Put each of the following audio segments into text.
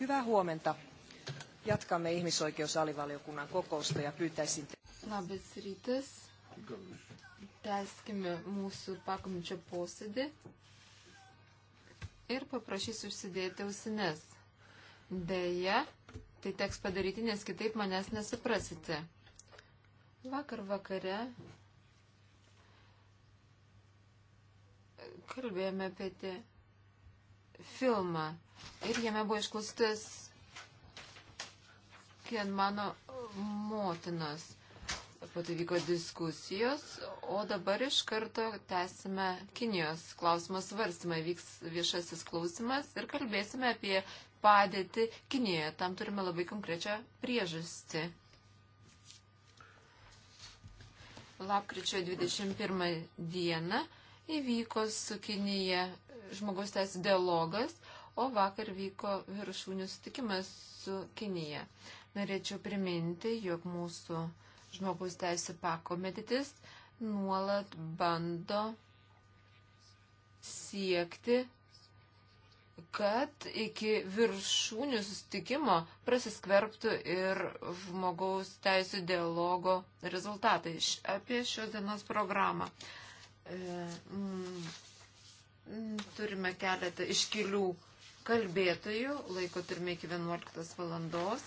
Hyvää huomenta. Jatkamme ihmisoikeusalivaliokunnan kokousta ja pyytäisin... Labas rytas. Tęskime mūsų pakomičio posėdį ir paprašysiu užsidėti ausines. Deja, tai teks padaryti, nes kitaip manęs nesuprasite. Vakar vakare kalbėjome apie filmą ir jame buvo išklaustas vien mano motinos. Po to tai vyko diskusijos, o dabar iš karto tęsime Kinijos klausimo svarstymą. Vyks viešasis klausimas ir kalbėsime apie padėtį Kinijoje. Tam turime labai konkrečią priežastį. Lapkričio 21 dieną įvyko su Kinija žmogaus teisų dialogas, o vakar vyko viršūnių sutikimas su Kinija. Norėčiau priminti, jog mūsų žmogaus teisų pakomitetis nuolat bando siekti, kad iki viršūnių sustikimo prasiskverbtų ir žmogaus teisų dialogo rezultatai apie šios dienos programą. E, mm, Turime keletą iškilių kalbėtojų, laiko turime iki 11 valandos.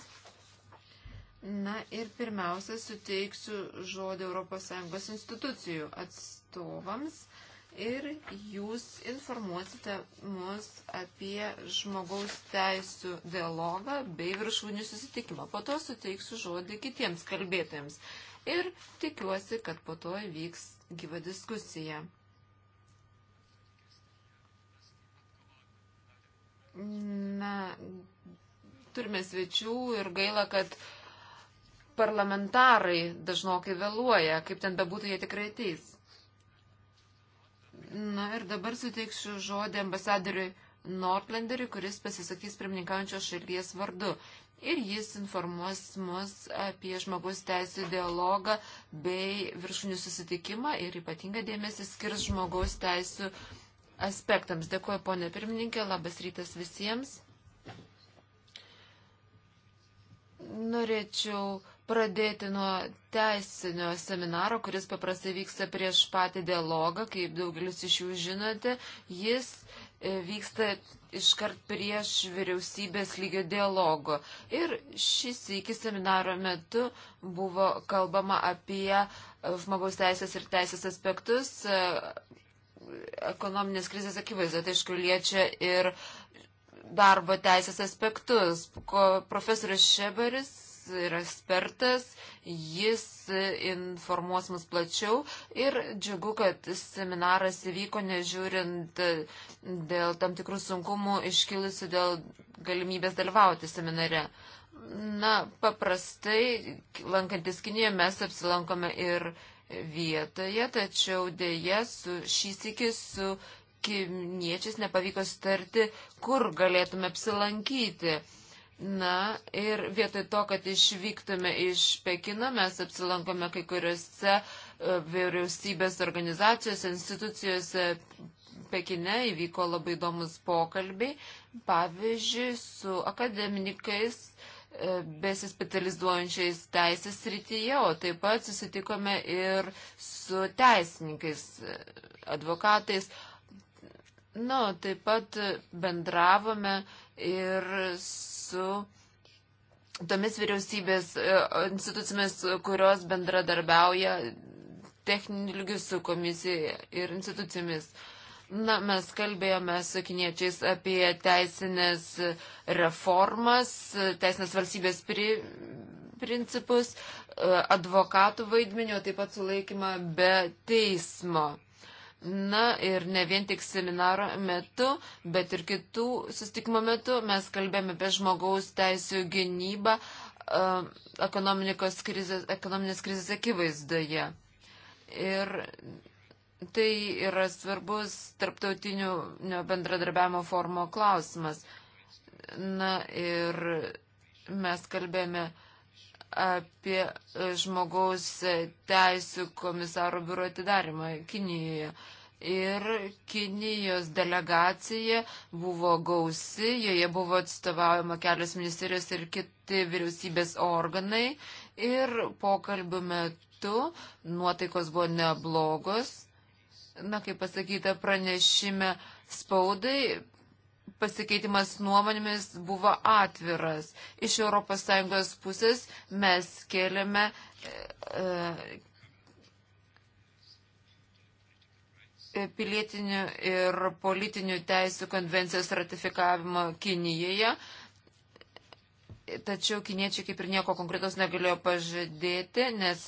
Na ir pirmiausia, suteiksiu žodį ES institucijų atstovams ir jūs informuosite mus apie žmogaus teisų dialogą bei viršūnių susitikimą. Po to suteiksiu žodį kitiems kalbėtojams ir tikiuosi, kad po to įvyks gyva diskusija. Na, turime svečių ir gaila, kad parlamentarai dažnokai vėluoja, kaip ten bebūtų, jie tikrai ateis. Na ir dabar suteiksiu žodį ambasadoriui Nordlanderiui, kuris pasisakys pirmininkaujančios šalies vardu. Ir jis informuos mus apie žmogus teisų dialogą bei viršūnių susitikimą ir ypatingą dėmesį skirs žmogaus teisų dialogą aspektams. Dėkuoju, ponė pirmininkė, labas rytas visiems. Norėčiau pradėti nuo teisinio seminaro, kuris paprastai vyksta prieš patį dialogą, kaip daugelis iš jų žinote. Jis e, vyksta iškart prieš vyriausybės lygio dialogo. Ir šis iki seminaro metu buvo kalbama apie e, žmogaus teisės ir teisės aspektus, e, ekonominės krizės akivaizdoje, tai aišku, liečia ir darbo teisės aspektus. Profesorius Šeberis yra ekspertas, jis informuos mus plačiau ir džiugu, kad seminaras įvyko nežiūrint dėl tam tikrų sunkumų iškilusių dėl galimybės dalyvauti seminare. Na, paprastai, lankantis Kinijoje, mes apsilankome ir vietoje, tačiau dėja su šis iki su kimiečiais nepavyko starti, kur galėtume apsilankyti. Na ir vietoj to, kad išvyktume iš Pekino, mes apsilankome kai kuriuose e, vyriausybės organizacijose, institucijose Pekine įvyko labai įdomus pokalbiai, pavyzdžiui, su akademikais E, besispecializuojančiais teisės srityje, o taip pat susitikome ir su teisininkais, e, advokatais. Nu, taip pat bendravome ir su tomis vyriausybės e, institucijomis, kurios bendradarbiauja techninių lygių su komisija ir institucijomis. Uh, Na, mes kalbėjome su kiniečiais apie teisinės reformas, teisinės valstybės pri, principus, e, advokatų vaidmenio, taip pat sulaikymą be teismo. Na ir ne vien tik seminaro metu, bet ir kitų sustikimo metu mes kalbėjome apie žmogaus teisų gynybą e, ekonominės krizės, ekonominės krizės akivaizdoje. Ir Tai yra svarbus tarptautinių bendradarbiavimo formo klausimas. Na ir mes kalbėjome apie žmogaus teisų komisaro biuro atidarimą Kinijoje. Ir Kinijos delegacija buvo gausi, joje buvo atstovaujama kelios ministerijos ir kiti vyriausybės organai. Ir pokalbių metu nuotaikos buvo neblogos na, kaip pasakyta, pranešime spaudai pasikeitimas nuomonėmis buvo atviras. Iš ES pusės mes kėlėme. E, e, pilietinių ir politinių teisų konvencijos ratifikavimo Kinijoje. E, Tačiau kiniečiai kaip ir nieko konkretaus negalėjo pažadėti, nes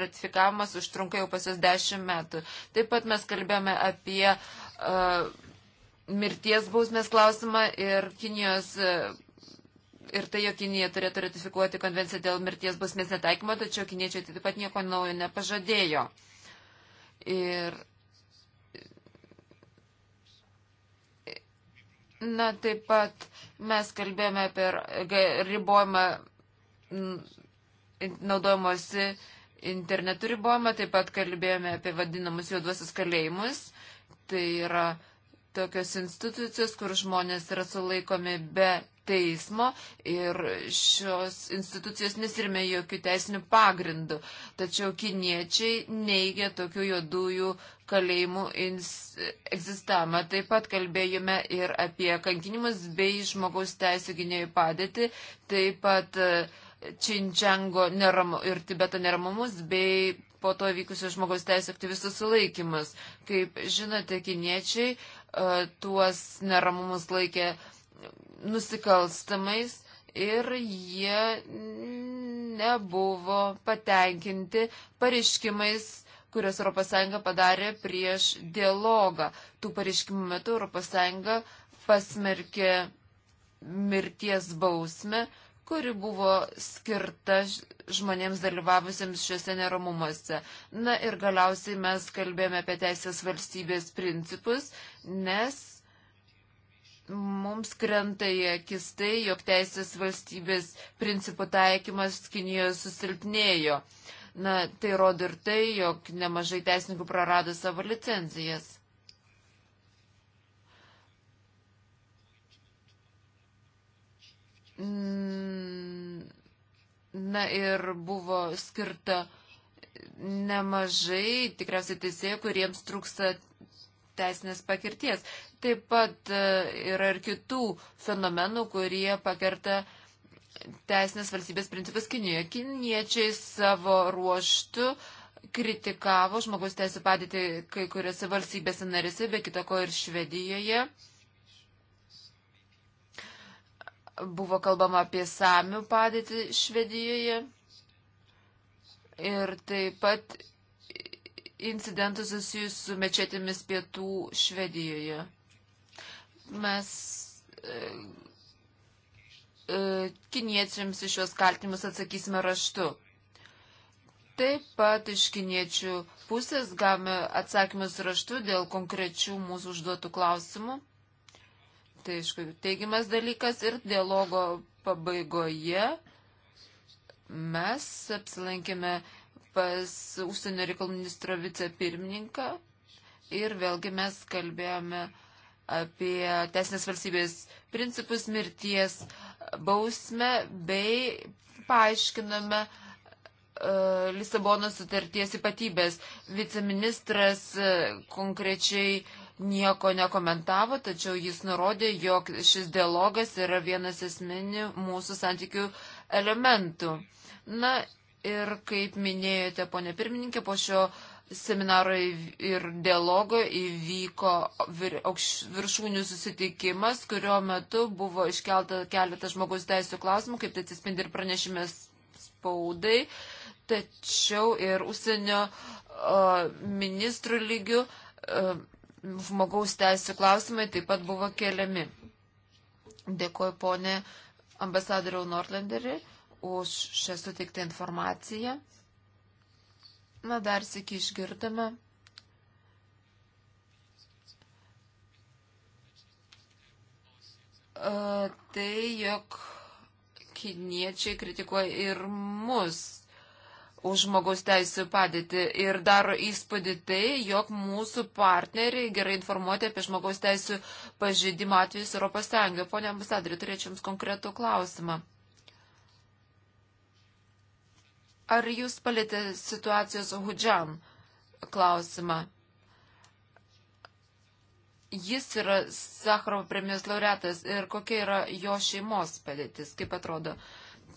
ratifikavimas užtrunka jau pas juos dešimt metų. Taip pat mes kalbėjome apie uh, mirties bausmės klausimą ir Kinijos. Uh, Ir tai, jog Kinija turėtų ratifikuoti konvenciją dėl mirties bausmės netaikymo, tačiau kiniečiai tai taip pat nieko naujo nepažadėjo. Ir Na, taip pat mes kalbėjome apie ribojimą naudojimuosi internetu ribojimą, taip pat kalbėjome apie vadinamus juoduosius kalėjimus. Tai yra tokios institucijos, kur žmonės yra sulaikomi be teismo ir šios institucijos nesirime jokių teisinių pagrindų. Tačiau kiniečiai neigia tokių juodųjų kalėjimų egzistavimą. Taip pat kalbėjome ir apie kankinimus bei žmogaus teisų gynėjų padėtį, taip pat e, Činčiango neramu, ir Tibeto neramumus bei po to vykusios žmogaus teisų aktyvistų sulaikymus. Kaip žinote, kiniečiai e, tuos neramumus laikė nusikalstamais ir jie nebuvo patenkinti pareiškimais, kurias ES padarė prieš dialogą. Tų pareiškimų metu ES pasmerkė mirties bausmę, kuri buvo skirta žmonėms dalyvavusiems šiuose neramumuose. Na ir galiausiai mes kalbėjome apie teisės valstybės principus, nes mums krenta į akis tai, jog teisės valstybės principų taikymas Kinijoje susilpnėjo. Na, tai rodo ir tai, jog nemažai teisininkų prarado savo licencijas. Na ir buvo skirta nemažai, tikriausiai teisėjų, kuriems trūksta teisinės pakirties. Taip pat e, yra ir kitų fenomenų, kurie pakerta teisinės valstybės principus Kinijoje. Kiniečiai savo ruoštų kritikavo žmogus teisų padėti kai kuriuose valstybėse narėse, be kitako ir Švedijoje. Buvo kalbama apie samių padėtį Švedijoje. Ir taip pat incidentų susijusių su mečetėmis pietų Švedijoje. Mes e, e, kiniečiams iš juos kaltimus atsakysime raštu. Taip pat iš kiniečių pusės gavome atsakymus raštu dėl konkrečių mūsų užduotų klausimų. Tai, aišku, teigiamas dalykas ir dialogo pabaigoje mes apsilankėme pas užsienio reikalų ministro vicepirmininką ir vėlgi mes kalbėjome apie teisinės valstybės principus mirties bausmę bei paaiškiname uh, e, Lisabono sutarties ypatybės. Viceministras uh, konkrečiai nieko nekomentavo, tačiau jis nurodė, jog šis dialogas yra vienas esminių mūsų santykių elementų. Na Ir kaip minėjote, ponė pirmininkė, po šio seminaro ir dialogo įvyko viršūnių susitikimas, kurio metu buvo iškelta keletas žmogaus teisų klausimų, kaip tai atsispindi ir pranešimės spaudai, tačiau ir užsienio uh, ministrų lygių uh, žmogaus teisų klausimai taip pat buvo keliami. Dėkuoju, ponė ambasadoriau Nortlanderiui už šią suteiktą informaciją. Na, dar sėki išgirdome. Uh, tai, jog kiniečiai kritikuoja ir mus už žmogaus teisų padėtį ir daro įspūdį tai, jog mūsų partneriai gerai informuoti apie žmogaus teisų pažeidimą atvejus Europos Sąjungoje. Pone ambasadoriu, turėčiau Jums konkretų klausimą. Ar jūs palėtė situacijos Hudžam klausimą? Jis yra Sakharovo premijos laureatas ir kokia yra jo šeimos padėtis, kaip atrodo.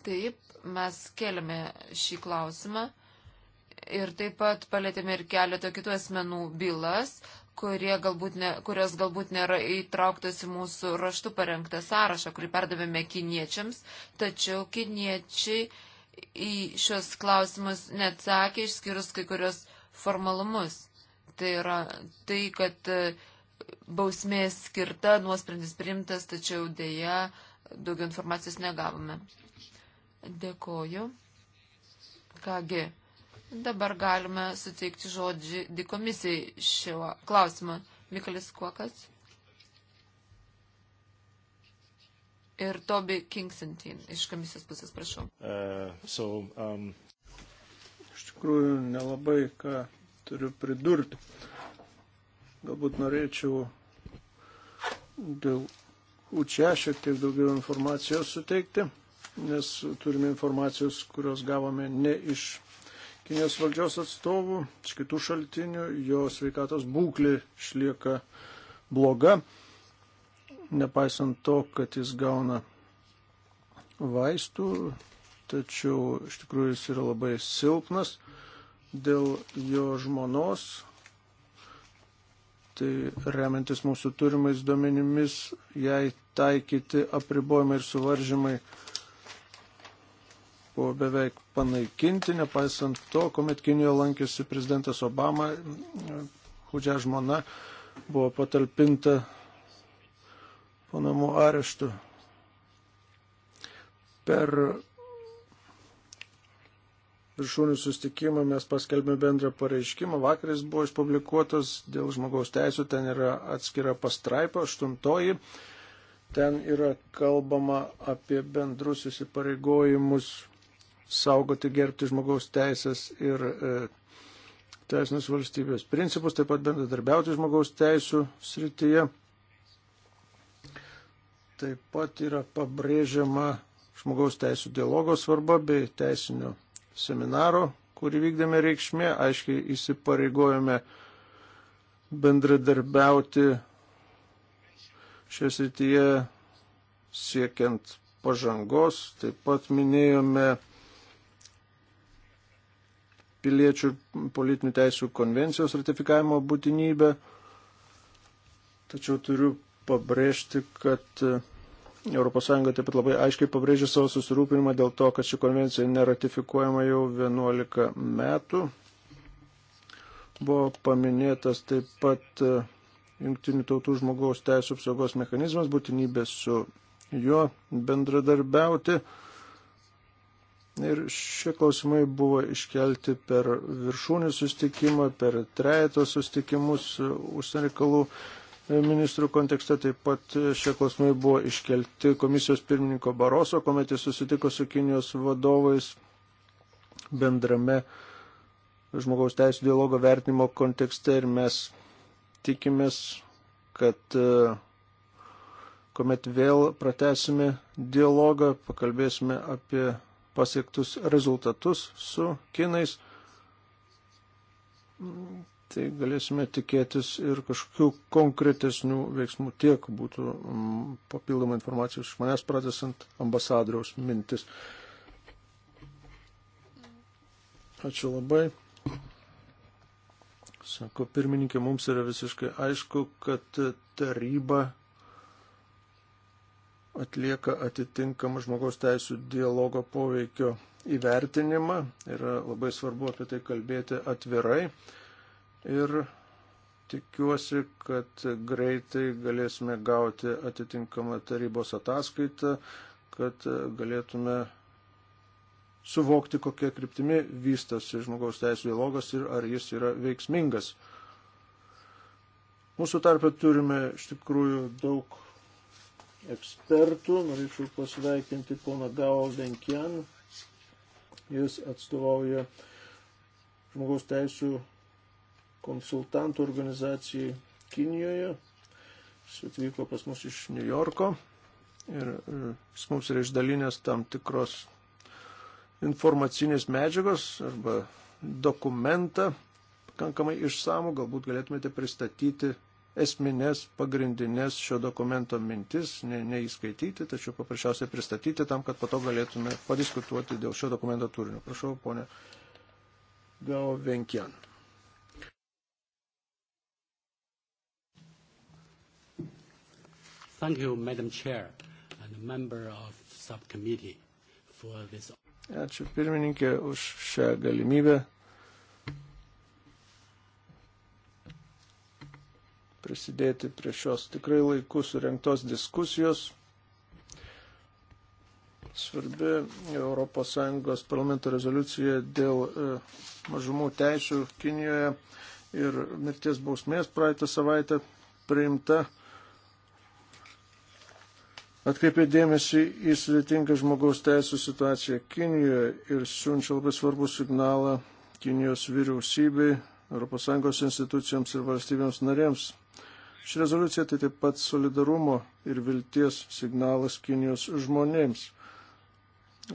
Taip, mes keliame šį klausimą ir taip pat palėtėme ir keletą kitų asmenų bylas, galbūt ne, kurios galbūt nėra įtrauktos į mūsų raštų parengtą sąrašą, kurį perdavėme kiniečiams, tačiau kiniečiai į šios klausimus neatsakė, išskyrus kai kurios formalumus. Tai yra tai, kad e, bausmė skirta, nuosprendis priimtas, tačiau dėja daugiau informacijos negavome. Dėkoju. Kągi, dabar galime suteikti žodžių dikomisijai šio klausimą. Mikalis Kuokas. ir Toby Kingsentine iš komisijos pusės, prašau. Uh, so, um... Iš tikrųjų, nelabai ką turiu pridurti. Galbūt norėčiau dėl UČE šiek tiek daugiau informacijos suteikti, nes turime informacijos, kurios gavome ne iš Kinijos valdžios atstovų, iš kitų šaltinių, jo sveikatos būklė išlieka bloga. Uh, nepaisant to, kad jis gauna vaistų, tačiau iš tikrųjų jis yra labai silpnas dėl jo žmonos. Tai remiantis mūsų turimais duomenimis, jai taikyti apribojimai ir suvaržymai buvo beveik panaikinti, nepaisant to, kuomet Kinijoje lankėsi prezidentas Obama, Hudžia žmona buvo patalpinta po namų areštų. Per viršūnių sustikimą mes paskelbėme bendrą pareiškimą. Vakaris buvo išpublikuotas dėl žmogaus teisų, ten yra atskira pastraipa, aštuntoji. Ten yra kalbama apie bendrus įsipareigojimus saugoti, gerbti žmogaus teisės ir e, teisinės valstybės principus, taip pat bendradarbiauti žmogaus teisų srityje. Taip pat yra pabrėžiama žmogaus teisų dialogo svarba bei teisinio seminaro, kurį vykdėme reikšmė, aiškiai įsipareigojame bendradarbiauti šią srityje siekiant pažangos. Taip pat minėjome piliečių politinių teisų konvencijos ratifikavimo būtinybę. Tačiau turiu pabrėžti, kad ES taip pat labai aiškiai pabrėžė savo susirūpinimą dėl to, kad ši konvencija neratifikuojama jau 11 metų. Buvo paminėtas taip pat e, Junktinių tautų žmogaus teisų apsaugos mechanizmas, būtinybė su juo bendradarbiauti. Ir šie klausimai buvo iškelti per viršūnį sustikimą, per trejato sustikimus e, užsienio reikalų ministrų kontekste taip pat šie klausimai buvo iškelti komisijos pirmininko Baroso, kuomet jis susitiko su Kinijos vadovais bendrame žmogaus teisų dialogo vertinimo kontekste ir mes tikimės, kad e, kuomet vėl pratesime dialogą, pakalbėsime apie pasiektus rezultatus su kinais tai galėsime tikėtis ir kažkokių konkretesnių veiksmų. Tiek būtų mm, papildoma informacija iš manęs pradėsant ambasadoriaus mintis. Ačiū labai. Sako pirmininkė, mums yra visiškai aišku, kad taryba atlieka atitinkamą žmogaus teisų dialogo poveikio įvertinimą. Yra labai svarbu apie tai kalbėti atvirai ir tikiuosi, kad greitai galėsime gauti atitinkamą tarybos ataskaitą, kad galėtume suvokti, kokie kryptimi vystosi žmogaus teisų dialogas ir ar jis yra veiksmingas. Mūsų tarpe turime iš tikrųjų daug ekspertų. Norėčiau pasveikinti poną Gao Venkian. Jis atstovauja žmogaus teisų konsultantų organizacijai Kinijoje. Jis atvyko pas mus iš New Yorko ir e, jis mums yra išdalinęs tam tikros informacinės medžiagos arba dokumentą, pakankamai išsamų, galbūt galėtumėte pristatyti esminės, pagrindinės šio dokumento mintis, ne, neįskaityti, tačiau paprasčiausiai pristatyti tam, kad po to galėtume padiskutuoti dėl šio dokumento turinio. Prašau, ponė Gao Venkian. Thank you, Madam Chair and member of subcommittee for this. Ačiū pirmininkė už šią galimybę prisidėti prie šios tikrai laikų surinktos diskusijos. Svarbi ES parlamento rezoliucija dėl e, mažumų teisų Kinijoje ir mirties bausmės praeitą savaitę priimta atkreipė dėmesį į sudėtingą žmogaus teisų situaciją Kinijoje ir siunčia labai svarbų signalą Kinijos vyriausybei, ES institucijoms ir valstybėms narėms. Ši rezoliucija tai taip pat solidarumo ir vilties signalas Kinijos žmonėms.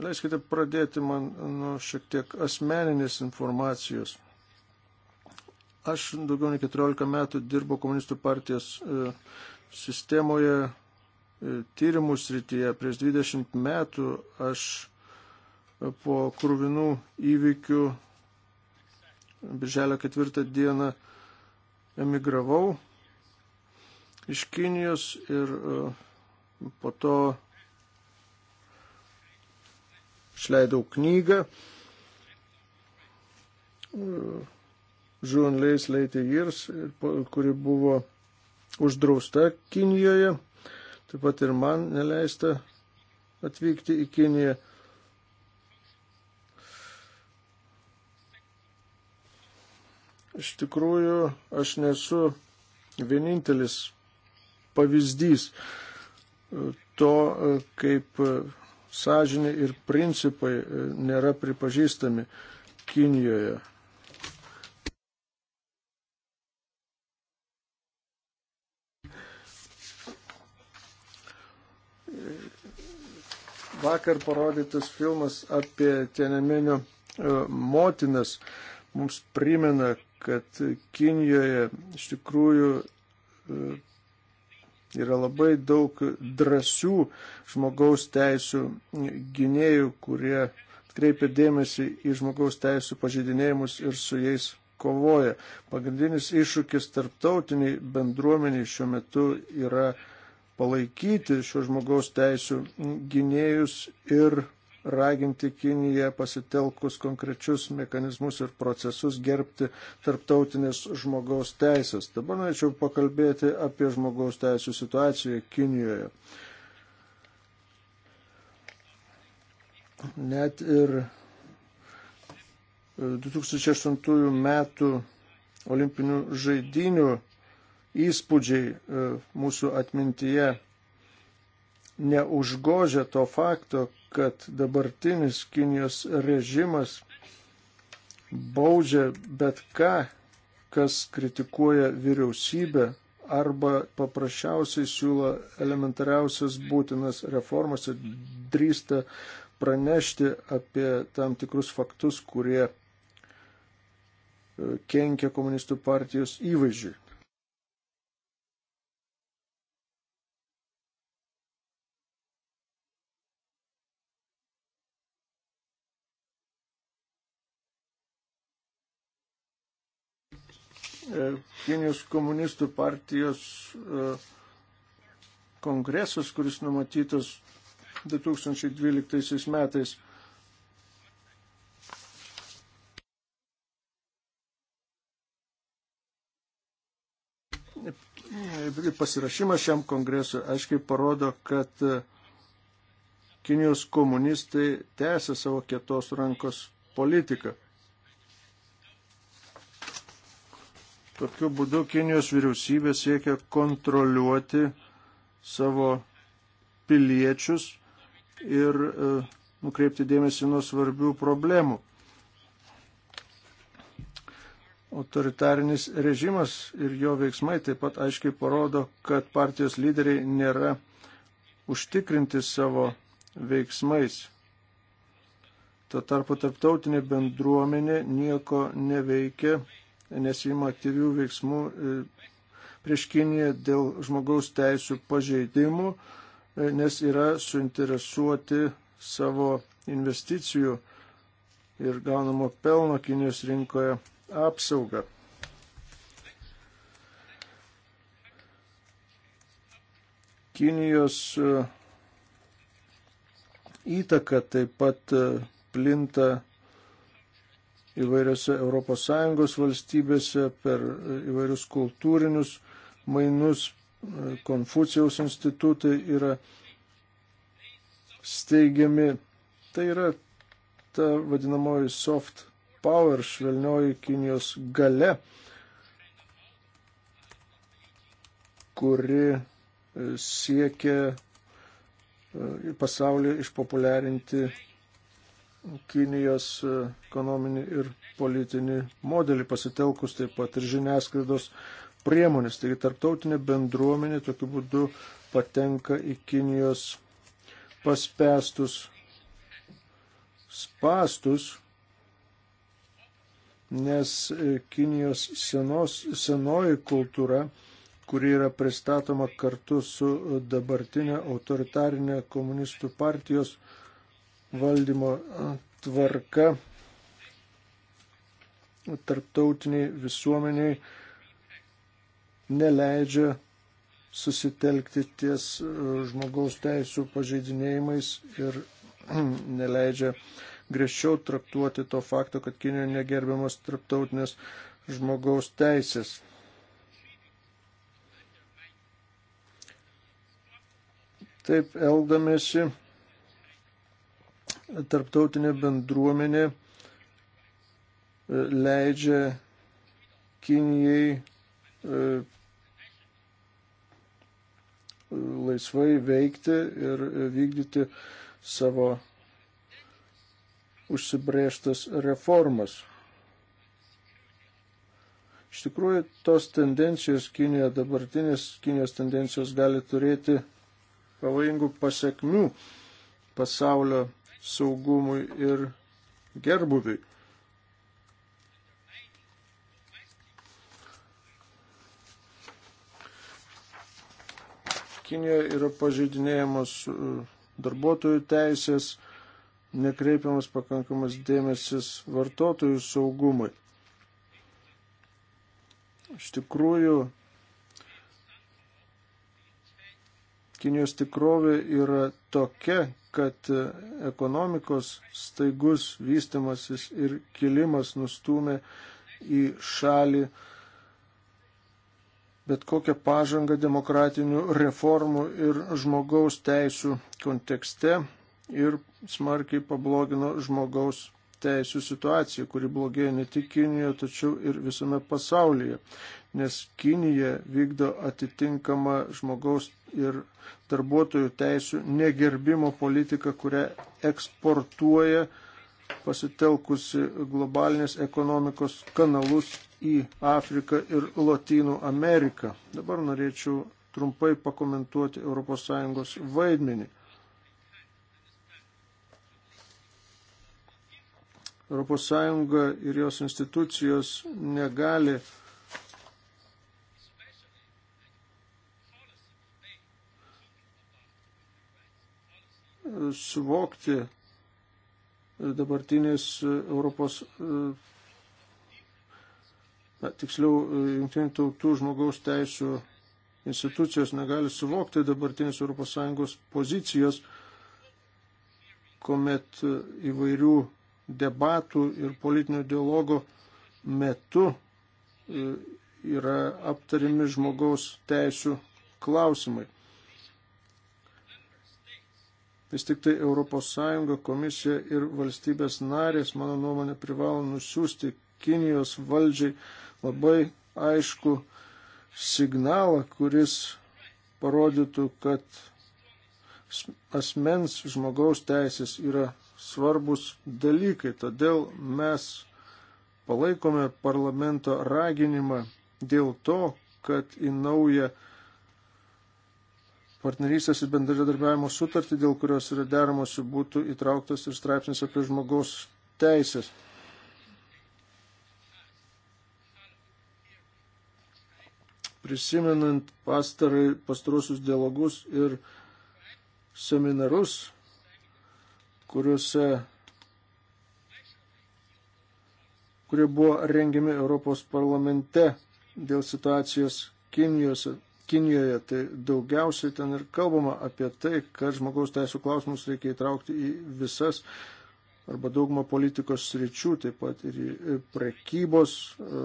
Leiskite pradėti man nuo šiek tiek asmeninės informacijos. Aš daugiau nei 14 metų dirbau komunistų partijos e, sistemoje, E, tyrimų srityje. Prieš 20 metų aš e, po krūvinų įvykių birželio ketvirtą dieną emigravau iš Kinijos ir e, po to išleidau knygą Žuonleis Leitė Girs, kuri buvo uždrausta Kinijoje Taip pat ir man neleista atvykti į Kiniją. Iš tikrųjų, aš nesu vienintelis pavyzdys to, kaip sąžinė ir principai nėra pripažįstami Kinijoje. Vakar parodytas filmas apie tienemenio e, motinas mums primena, kad Kinijoje iš tikrųjų e, yra labai daug drąsių žmogaus teisų gynėjų, kurie kreipia dėmesį į žmogaus teisų pažeidinėjimus ir su jais kovoja. Pagrindinis iššūkis tarptautiniai bendruomeniai šiuo metu yra palaikyti šios žmogaus teisų gynėjus ir raginti Kiniją pasitelkus konkrečius mechanizmus ir procesus gerbti tarptautinės žmogaus teisės. Dabar norėčiau pakalbėti apie žmogaus teisų situaciją Kinijoje. Net ir 2008 metų olimpinių žaidinių įspūdžiai e, mūsų atmintyje neužgožia to fakto, kad dabartinis Kinijos režimas baudžia bet ką, kas kritikuoja vyriausybę arba paprasčiausiai siūlo elementariausias būtinas reformas ir drįsta pranešti apie tam tikrus faktus, kurie e, kenkia komunistų partijos įvaizdžiui. E, Kinijos komunistų partijos e, kongresas, kuris numatytas 2012 metais. E, pasirašymas šiam kongresui aiškiai parodo, kad Kinijos komunistai tęsia savo kietos rankos politiką. Tokiu būdu Kinijos vyriausybė siekia kontroliuoti savo piliečius ir e, nukreipti dėmesį nuo svarbių problemų. Autoritarinis režimas ir jo veiksmai taip pat aiškiai parodo, kad partijos lyderiai nėra užtikrinti savo veiksmais. Tuo tarpu tarptautinė bendruomenė nieko neveikia nesima aktyvių veiksmų e, prieš Kiniją dėl žmogaus teisų pažeidimų, e, nes yra suinteresuoti savo investicijų ir gaunamo pelno Kinijos rinkoje apsaugą. Kinijos e, įtaka taip pat plinta įvairiose ES valstybėse per e, įvairius kultūrinius mainus. E, Konfucijaus institutai yra steigiami. Tai yra ta vadinamoji soft power, švelnioji Kinijos gale, kuri e, siekia pasaulį išpopuliarinti Kinijos e, ekonominį ir politinį modelį, pasitelkus taip pat ir žiniasklaidos priemonės. Taigi tarptautinė bendruomenė tokiu būdu patenka į Kinijos paspestus spastus, nes e, Kinijos senos, senoji kultūra, kuri yra pristatoma kartu su dabartinė autoritarinė komunistų partijos, valdymo tvarka tarptautiniai visuomeniai neleidžia susitelkti ties e, žmogaus teisų pažeidinėjimais ir neleidžia griežčiau traktuoti to fakto, kad Kinijoje negerbiamas tarptautinės žmogaus teisės. Taip elgdamėsi tarptautinė bendruomenė e, leidžia Kinijai e, laisvai veikti ir vykdyti savo užsibrėžtas reformas. Iš tikrųjų, tos tendencijos Kinijoje, dabartinės Kinijos tendencijos gali turėti pavojingų pasiekmių pasaulio saugumui ir gerbuviui. Kinijoje yra pažeidinėjamos uh, darbuotojų teisės, nekreipiamas pakankamas dėmesis vartotojų saugumui. Iš tikrųjų, Kinijos tikrovė yra tokia, kad ekonomikos staigus vystimasis ir kilimas nustūmė į šalį bet kokią pažangą demokratinių reformų ir žmogaus teisų kontekste ir smarkiai pablogino žmogaus teisų situaciją, kuri blogėjo ne tik Kinijoje, tačiau ir visame pasaulyje nes Kinija vykdo atitinkamą žmogaus ir darbuotojų teisų negerbimo politiką, kurią eksportuoja pasitelkusi globalinės ekonomikos kanalus į Afriką ir Latinų Ameriką. Dabar norėčiau trumpai pakomentuoti ES vaidmenį. ES ir jos institucijos negali suvokti dabartinės Europos, na, tiksliau, jungtinių tautų žmogaus teisų institucijos negali suvokti dabartinės ES pozicijos, kuomet įvairių debatų ir politinio dialogo metu e, yra aptarimi žmogaus teisų klausimai. Vis tik tai ES komisija ir valstybės narės, mano nuomonė, privalo nusiųsti Kinijos valdžiai labai aišku signalą, kuris parodytų, kad asmens žmogaus teisės yra svarbus dalykai. Todėl mes palaikome parlamento raginimą dėl to, kad į naują partnerystės ir bendradarbiavimo sutartį, dėl kurios yra deramosi, būtų įtrauktas ir straipsnis apie žmogaus teisės. Prisimenant pastarai, pastarosius dialogus ir seminarus, kuriuose kurie buvo rengiami Europos parlamente dėl situacijos Kinijose. Kinijoje, tai daugiausiai ten ir kalbama apie tai, kad žmogaus teisų klausimus reikia įtraukti į visas arba daugumą politikos sričių, taip pat ir į e, prekybos e,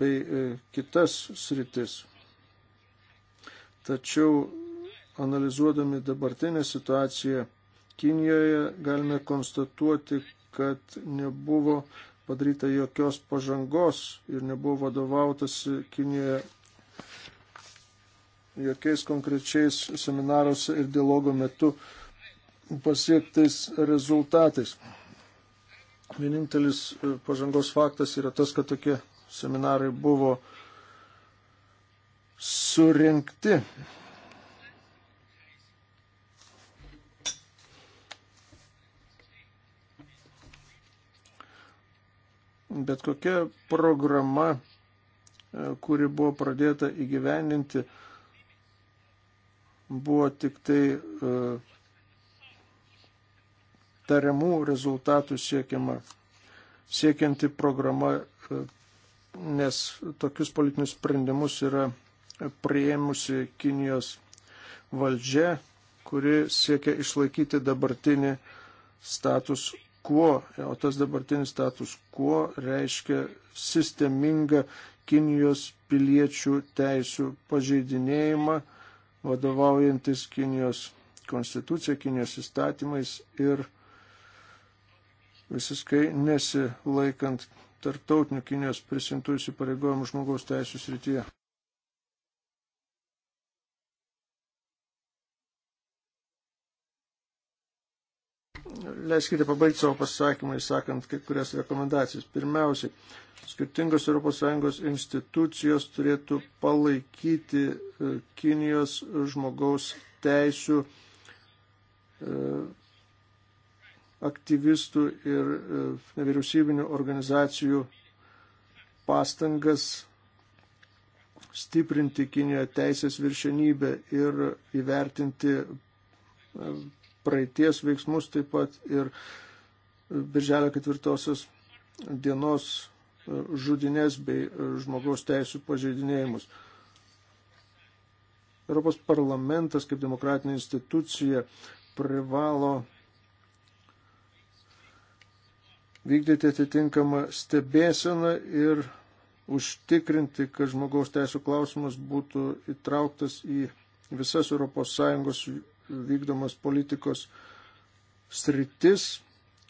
bei e, kitas sritis. Tačiau analizuodami dabartinę situaciją Kinijoje galime konstatuoti, kad nebuvo padaryta jokios pažangos ir nebuvo vadovautasi Kinijoje jokiais konkrečiais seminaruose ir dialogo metu pasiektais rezultatais. Vienintelis e, pažangos faktas yra tas, kad tokie seminarai buvo surinkti. Bet kokia programa, e, kuri buvo pradėta įgyveninti, buvo tik tai e, tariamų rezultatų siekiama, siekianti programa, e, nes tokius politinius sprendimus yra prieimusi Kinijos valdžia, kuri siekia išlaikyti dabartinį status quo, e, o tas dabartinis status quo reiškia sistemingą Kinijos piliečių teisų pažeidinėjimą vadovaujantis Kinijos konstitucija, Kinijos įstatymais ir visiškai nesilaikant tarptautinių Kinijos prisimtų įsipareigojimų žmogaus teisų srityje. leiskite pabaigti savo pasakymą, įsakant kai kurias rekomendacijas. Pirmiausiai, skirtingos ES institucijos turėtų palaikyti e, Kinijos žmogaus teisų e, aktyvistų ir e, nevyriausybinių organizacijų pastangas stiprinti Kinijoje teisės viršenybę ir įvertinti praeities veiksmus, taip pat ir Birželio ketvirtosios dienos e, žudinės bei e, žmogaus teisų pažeidinėjimus. Europos parlamentas kaip demokratinė institucija privalo vykdyti atitinkamą stebėseną ir užtikrinti, kad žmogaus teisų klausimas būtų įtrauktas į visas ES vykdomos politikos sritis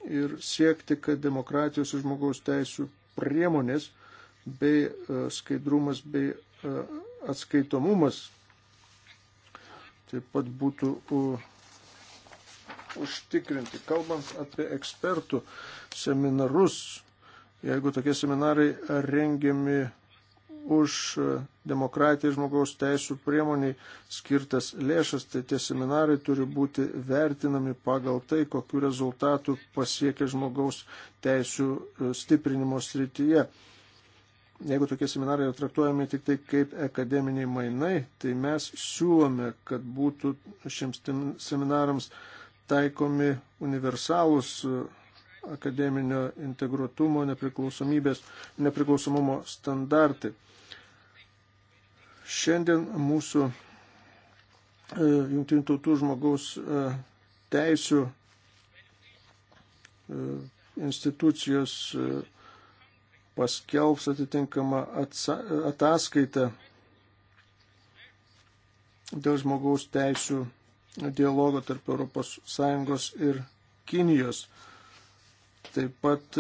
ir siekti, kad demokratijos ir žmogaus teisų priemonės bei e, skaidrumas bei e, atskaitomumas taip pat būtų užtikrinti. Kalbant apie ekspertų seminarus, jeigu tokie seminarai rengiami už e, demokratiją žmogaus teisų priemoniai skirtas lėšas, tai tie seminarai turi būti vertinami pagal tai, kokiu rezultatu pasiekia žmogaus teisų e, stiprinimo srityje. Jeigu tokie seminarai yra traktuojami tik tai kaip akademiniai mainai, tai mes siūlome, kad būtų šiems seminarams taikomi universalūs e, akademinio integruotumo, nepriklausomybės, nepriklausomumo standartai. Šiandien mūsų e, jungtinių tautų žmogaus e, teisų e, institucijos paskelbs atitinkamą ataskaitą dėl žmogaus teisų dialogo tarp ES ir Kinijos. Taip pat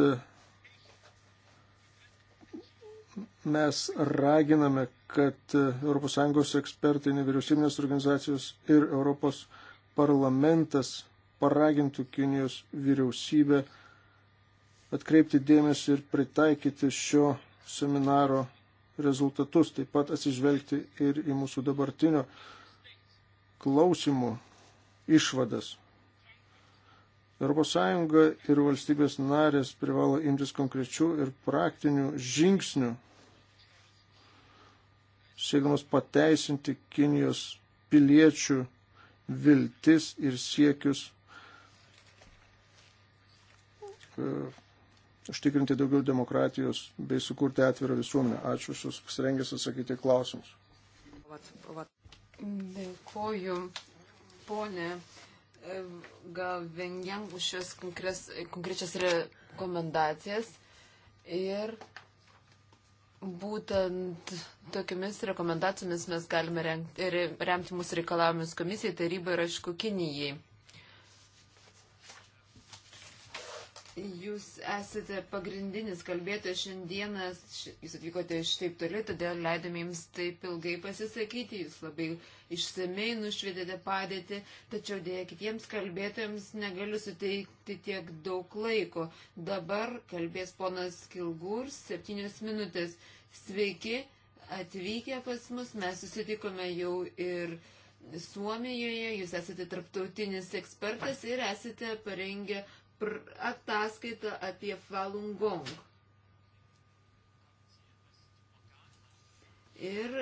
mes raginame, kad ES ekspertai, nevyriausybinės organizacijos ir Europos parlamentas paragintų Kinijos vyriausybę atkreipti dėmesį ir pritaikyti šio seminaro rezultatus, taip pat atsižvelgti ir į mūsų dabartinio klausimų išvadas. ES ir valstybės narės privalo imtis konkrečių ir praktinių žingsnių siekdamas pateisinti Kinijos piliečių viltis ir siekius e, užtikrinti daugiau demokratijos bei sukurti atvirą visuomenę. Ačiū, aš esu pasirengęs atsakyti klausimus. Dėkuoju, ponė e, Gavenjang, už šias konkrečias rekomendacijas. Ir Būtent tokiamis rekomendacijomis mes galime remti, remti mūsų reikalavimus komisijai, tarybai ir aišku Kinijai. Jūs esate pagrindinis kalbėtojas šiandienas, jūs atvykote iš taip toli, todėl leidome jums taip ilgai pasisakyti, jūs labai išsamei nušvietėte padėtį, tačiau dėja kitiems kalbėtojams negaliu suteikti tiek daug laiko. Dabar kalbės ponas Kilgur, septynios minutės. Sveiki, atvykę pas mus, mes susitikome jau ir. Suomijoje jūs esate tarptautinis ekspertas ir esate parengę ataskaitą apie Falun Gong. Ir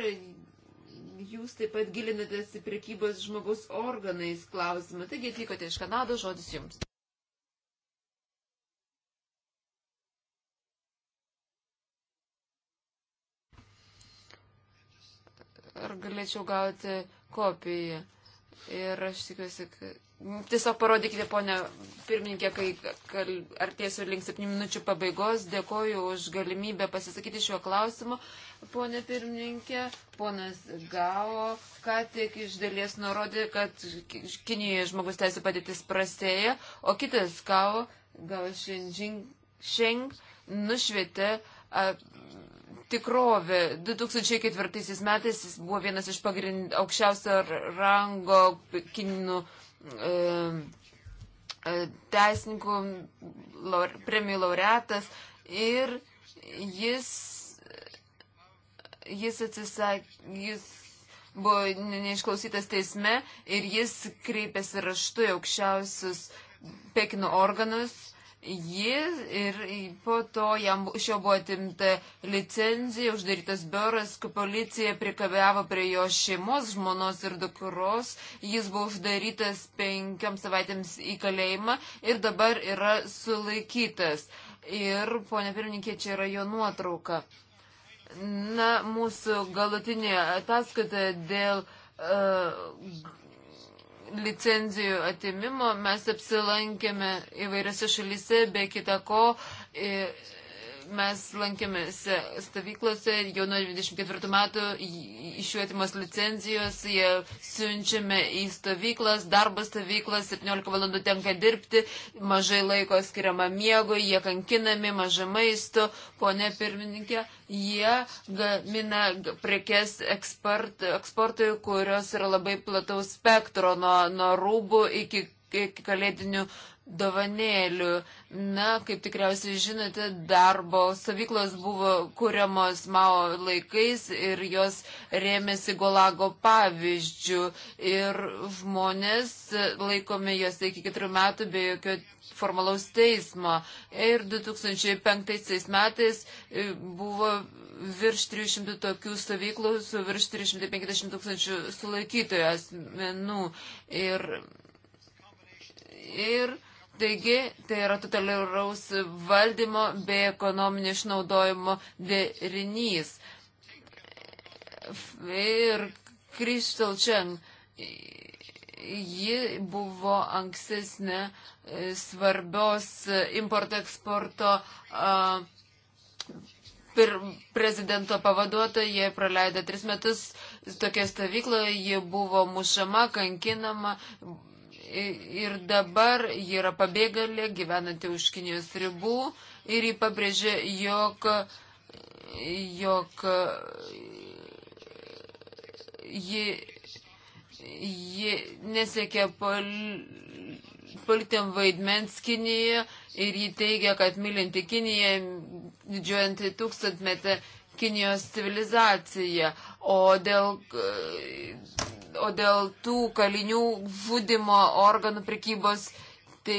jūs taip pat gilinatės į prekybos žmogaus organais klausimą. Taigi atvykote iš Kanados, žodis jums. Ar galėčiau gauti kopiją? Ir aš tikiuosi, kad Tiesiog parodykite, ponia pirmininkė, kai artėsiu link 7 minučių pabaigos. Dėkoju už galimybę pasisakyti šiuo klausimu. Pone pirmininkė, ponas Gao ką tik iš dalies nurodė, kad Kinijoje žmogus teisų padėtis prastėja, o kitas Gao, Gao Sheng, nušvietė. A, tikrovė. 2004 metais jis buvo vienas iš pagrind, aukščiausio rango kinų E, e, teisininkų laure, premijų laureatas ir jis, jis atsisakė, jis buvo neišklausytas teisme ir jis kreipėsi raštu į aukščiausius Pekino organus Ji ir po to jam iš jo buvo atimta licenzija, uždarytas biuras, policija prikabėjo prie jo šeimos, žmonos ir dukros. Jis buvo uždarytas penkiam savaitėms į kalėjimą ir dabar yra sulaikytas. Ir, ponė pirmininkė, čia yra jo nuotrauka. Na, mūsų galutinė ataskaita dėl uh, licenzijų atimimo mes apsilankėme įvairiose šalyse, be kita ko, mes lankėmės stovyklose, jau nuo 24 metų išvietimos licenzijos, jie siunčiame į stovyklas, darbo stovyklas, 17 valandų tenka dirbti, mažai laiko skiriama miego, jie kankinami, mažai maisto, ponė pirmininkė, jie gamina prekes eksport, eksportui, kurios yra labai plataus spektro, nuo, nuo rūbų iki kalėdinių dovanėlių. Na, kaip tikriausiai žinote, darbo savyklos buvo kuriamos Mao laikais ir jos rėmėsi Golago pavyzdžių. Ir žmonės laikomi jos iki keturių metų be jokio formalaus teismo. Ir 2005 metais e, buvo virš 300 tokių stovyklų su virš 350 tūkstančių sulaikytojų asmenų. Ir, ir Taigi, tai yra totaliraus valdymo bei ekonominio išnaudojimo derinys. Ir Kristal Čeng, ji buvo ankstesnė e, svarbios importo eksporto pir, prezidento pavaduotoja praleido tris metus tokia stovykloje, ji buvo mušama, kankinama, ir dabar ji yra pabėgalė, gyvenanti už Kinijos ribų ir ji pabrėžė, jog, jog ji, ji nesiekia pol, politiam vaidmens Kinijoje ir ji teigia, kad mylinti Kiniją, didžiuojantį tūkstantmetę Kinijos civilizaciją. O dėl O dėl tų kalinių žudimo organų prikybos tai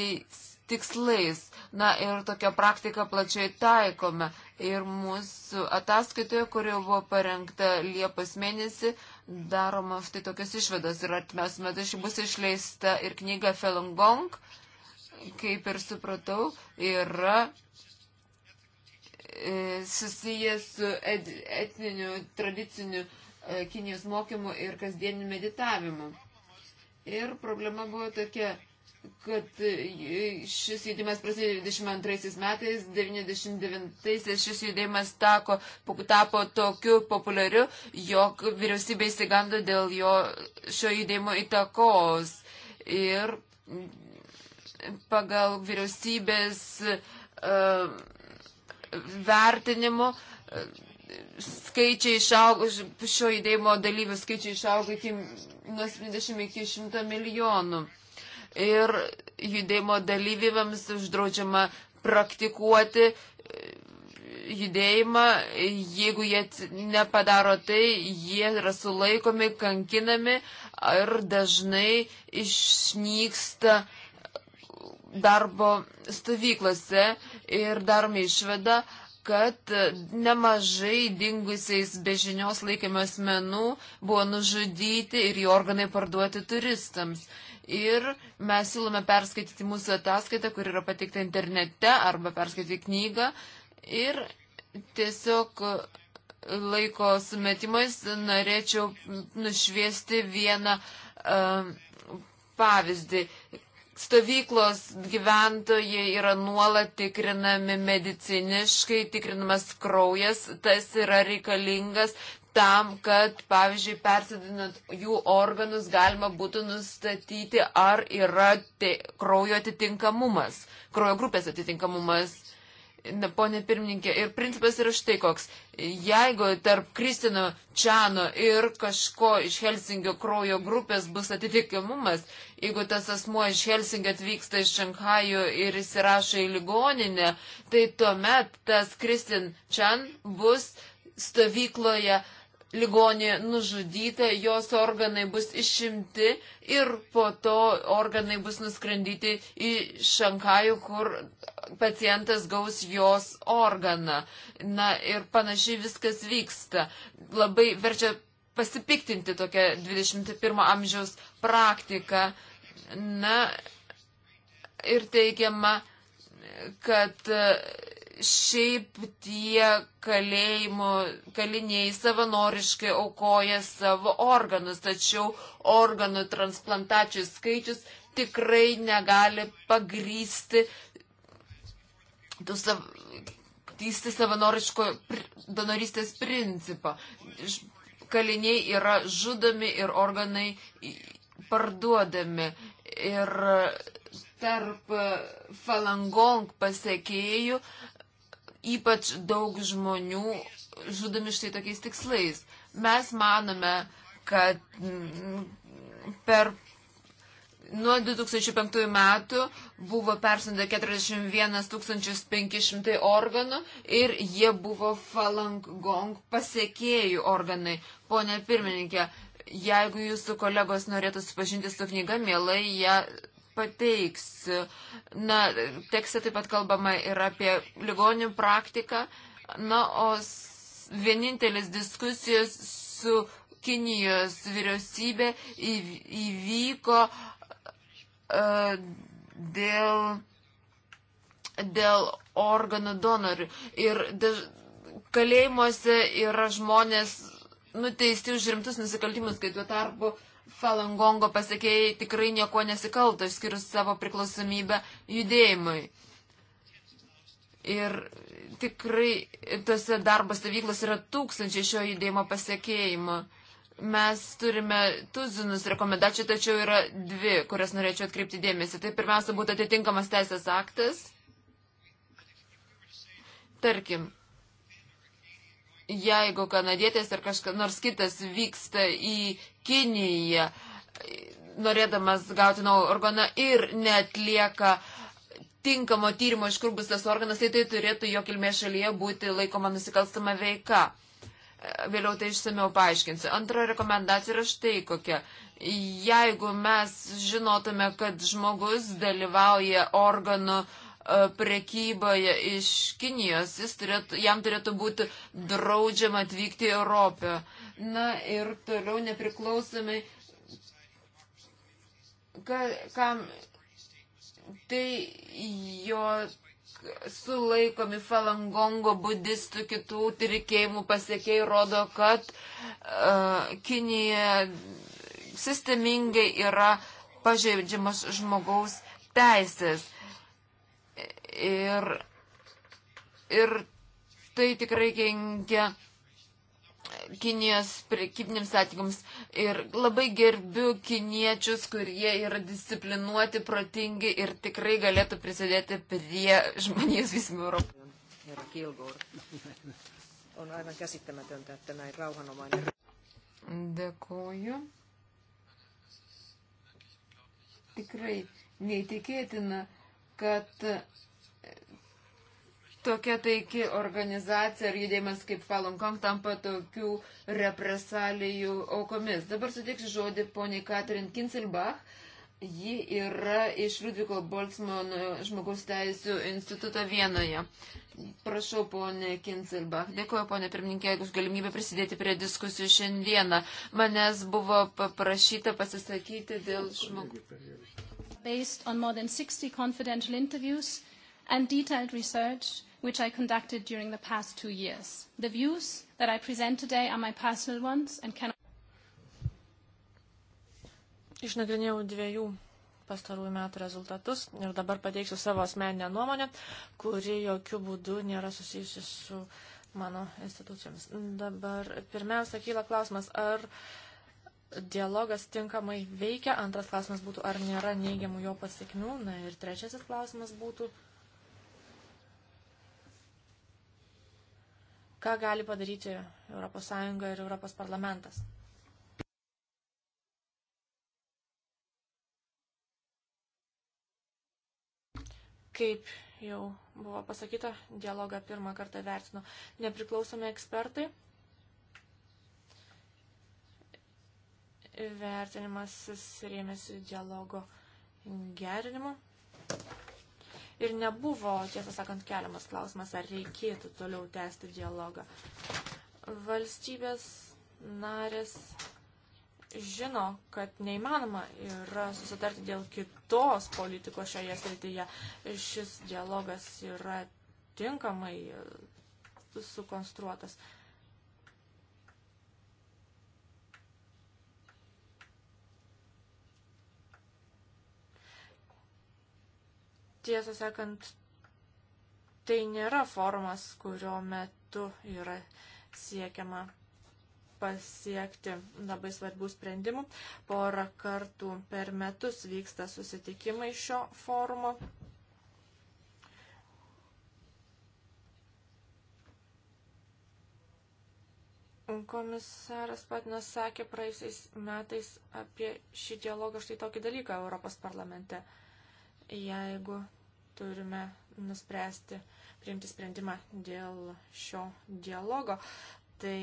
tikslais. Na ir tokia praktika plačiai taikome. Ir mūsų ataskaitoje, kuri buvo parengta Liepos mėnesį, daroma štai tokios išvados. Ir atmes metu ši bus išleista ir knyga Felongong, kaip ir supratau, yra e, susijęs su et, etniniu tradiciniu E, Kinijos mokymu ir kasdieniu meditavimu. Ir problema buvo tokia, kad e, šis judėjimas prasidėjo 22 metais, 99-aisiais šis judėjimas tako, tapo tokiu populiariu, jog vyriausybė įsigando dėl jo šio judėjimo įtakos. Ir pagal vyriausybės uh, vertinimu uh, skaičiai išaugo, šio judėjimo dalyvių skaičiai išaugo iki, nuo 70 iki 100 milijonų. Ir judėjimo dalyviams uždraudžiama praktikuoti e, judėjimą, jeigu jie nepadaro tai, jie yra sulaikomi, kankinami ir dažnai išnyksta darbo stovyklose ir darome išvada, kad nemažai dingusiais bežinios laikiamės menų buvo nužudyti ir jų organai parduoti turistams. Ir mes siūlome perskaityti mūsų ataskaitą, kur yra pateikta internete, arba perskaityti knygą. Ir tiesiog laiko sumetimais norėčiau nušviesti vieną uh, pavyzdį. Stovyklos gyventojai yra nuolat tikrinami mediciniškai, tikrinamas kraujas, tas yra reikalingas tam, kad, pavyzdžiui, persidinant jų organus galima būtų nustatyti, ar yra te, kraujo atitinkamumas, kraujo grupės atitinkamumas ponė pirmininkė, ir principas yra štai koks. Jeigu tarp Kristino Čiano ir kažko iš Helsingio kraujo grupės bus atitikimumas, jeigu tas asmuo iš Helsingio atvyksta iš Šankajų ir įsirašo į ligoninę, tai tuomet tas Kristin Čian bus stovykloje uh, ligonė nužudyta, jos organai bus išimti ir po to organai bus nuskrendyti į Šankajų, kur pacientas gaus jos organą. Na ir panašiai viskas vyksta. Labai verčia pasipiktinti tokią 21 amžiaus praktiką. Na ir teigiama, kad Šiaip tie kalėjimo kaliniai savanoriškai aukoja savo organus, tačiau organų transplantacijų skaičius tikrai negali pagrysti tų sav... savanoriško donoristės principą. Kaliniai yra žudomi ir organai parduodami. Ir tarp falangong pasiekėjų ypač daug žmonių žudomi štai tokiais tikslais. Mes manome, kad mm, per nuo 2005 metų buvo persunda 41 500 organų ir jie buvo falangong pasiekėjų organai. Pone pirmininkė, jeigu jūsų kolegos norėtų supažinti su knyga, mielai ją pateiks. Na, tekste taip pat kalbama ir apie ligonių praktiką. Na, o vienintelis diskusijos su Kinijos vyriausybė įvyko uh, dėl, dėl organų donorių. Ir daž, kalėjimuose yra žmonės nuteisti už rimtus nusikaltimus, kai tuo tarpu uh, Falangongo pasakėjai tikrai nieko nesikalto, išskyrus savo priklausomybę judėjimui. Ir tikrai tose darbo stovyklos yra tūkstančiai šio judėjimo pasiekėjimo. Mes turime tuzinus rekomendacijų, tačiau yra dvi, kurias norėčiau atkreipti dėmesį. Tai pirmiausia būtų atitinkamas teisės aktas. Tarkim, jeigu kanadietis ar kažkas nors kitas vyksta į Kiniją, norėdamas gauti naują organą ir netlieka tinkamo tyrimo, iš kur bus tas organas, tai tai turėtų jo kilmės šalyje būti laikoma nusikalstama veika. Vėliau tai išsameu paaiškinsiu. Antra rekomendacija yra štai kokia. Jeigu mes žinotume, kad žmogus dalyvauja organų uh, E, prekyboje iš Kinijos, jis turėtų, jam turėtų būti draudžiama atvykti į Europą. Na ir toliau nepriklausomai, ka, kam tai jo sulaikomi falangongo budistų kitų tirikėjimų pasiekėjai rodo, kad uh, Kinija sistemingai yra pažeidžiamas žmogaus teisės. Uh, ir, ir tai tikrai kenkia Kinijos prekybinėms sąlygoms. Ir labai gerbiu kiniečius, kurie yra disciplinuoti, protingi ir tikrai galėtų prisidėti prie žmonijos visimų Europų. Herra Kilgour. On aivan käsittämätöntä, että näin rauhanomainen. Dėkuoju. Tikrai neįtikėtina, kad tokia taiki organizacija ar judėjimas kaip Falun Gong tampa tokių represalijų aukomis. Dabar suteiksiu žodį poniai Katrin Kinselbach. Ji yra iš Liudviko Boltzmano žmogaus teisų instituto Vienoje. Prašau, ponė Kinselbach. Dėkuoju, ponė pirmininkė, už galimybę prisidėti prie diskusijų šiandieną. Manęs buvo paprašyta pasisakyti dėl žmogaus. Based on more than 60 confidential interviews and detailed research, which I conducted during the past two years. The views that I present today are my personal ones and cannot. Išnagrinėjau dviejų pastarųjų metų rezultatus ir dabar pateiksiu savo asmeninę nuomonę, kuri jokių būdų nėra susijusi su mano institucijomis. Dabar pirmiausia kyla klausimas, ar dialogas tinkamai veikia, antras klausimas būtų, ar nėra neigiamų jo pasiekmių, na ir trečiasis klausimas būtų, ką gali padaryti ES ir ES parlamentas. Kaip jau buvo pasakyta, dialogą pirmą kartą vertino nepriklausomi ekspertai. Vertinimas rėmėsi dialogo gerinimu ir nebuvo, tiesą sakant, keliamas klausimas, ar reikėtų toliau tęsti dialogą. Valstybės narės žino, kad neįmanoma yra susitarti dėl kitos politikos šioje srityje. Šis dialogas yra tinkamai sukonstruotas. Uh, tiesą sakant, tai nėra formas, kurio metu yra siekiama pasiekti labai svarbių sprendimų. Porą kartų per metus vyksta susitikimai šio forumo. Komisaras Patinas sakė praeisiais metais apie šį dialogą štai tokį dalyką Europos parlamente jeigu turime nuspręsti priimti sprendimą dėl šio dialogo, tai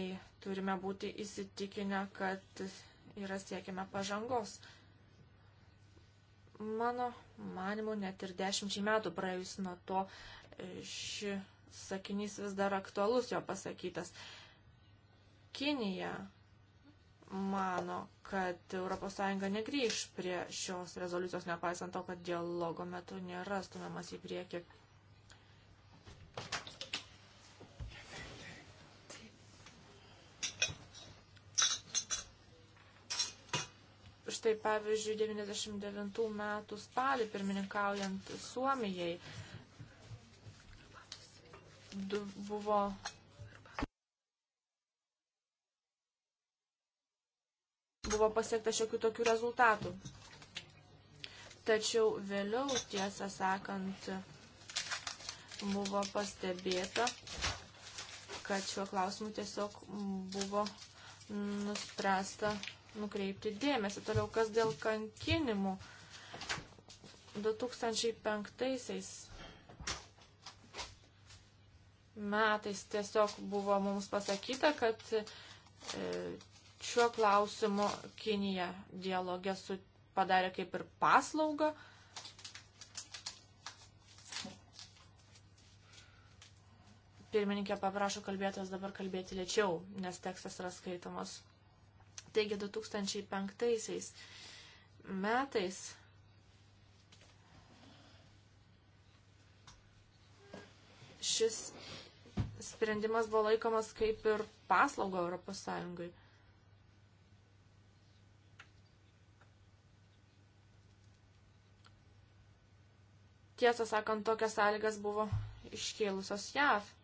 turime būti įsitikinę, kad yra siekiama pažangos. Mano manimu, net ir dešimčiai metų praėjus nuo to, ši sakinys vis dar aktualus jo pasakytas. Kinija mano, kad ES negrįž prie šios rezoliucijos, nepaisant to, kad dialogo metu nėra stumiamas į priekį. Štai pavyzdžiui, 99 metų spalį pirmininkaujant Suomijai du, buvo buvo pasiekta šiokių tokių rezultatų. Tačiau vėliau, tiesą sakant, buvo pastebėta, kad šiuo klausimu tiesiog buvo nuspręsta nukreipti dėmesį. Toliau, kas dėl kankinimų 2005 metais tiesiog buvo mums pasakyta, kad e, šiuo klausimu Kinija dialogė su, padarė kaip ir paslaugą. Pirmininkė paprašo kalbėtas dabar kalbėti lėčiau, nes tekstas yra skaitomas. Taigi 2005 metais šis sprendimas buvo laikomas kaip ir paslauga Europos Sąjungai. Tiesą sakant, tokias sąlygas buvo iškėlusios JAV.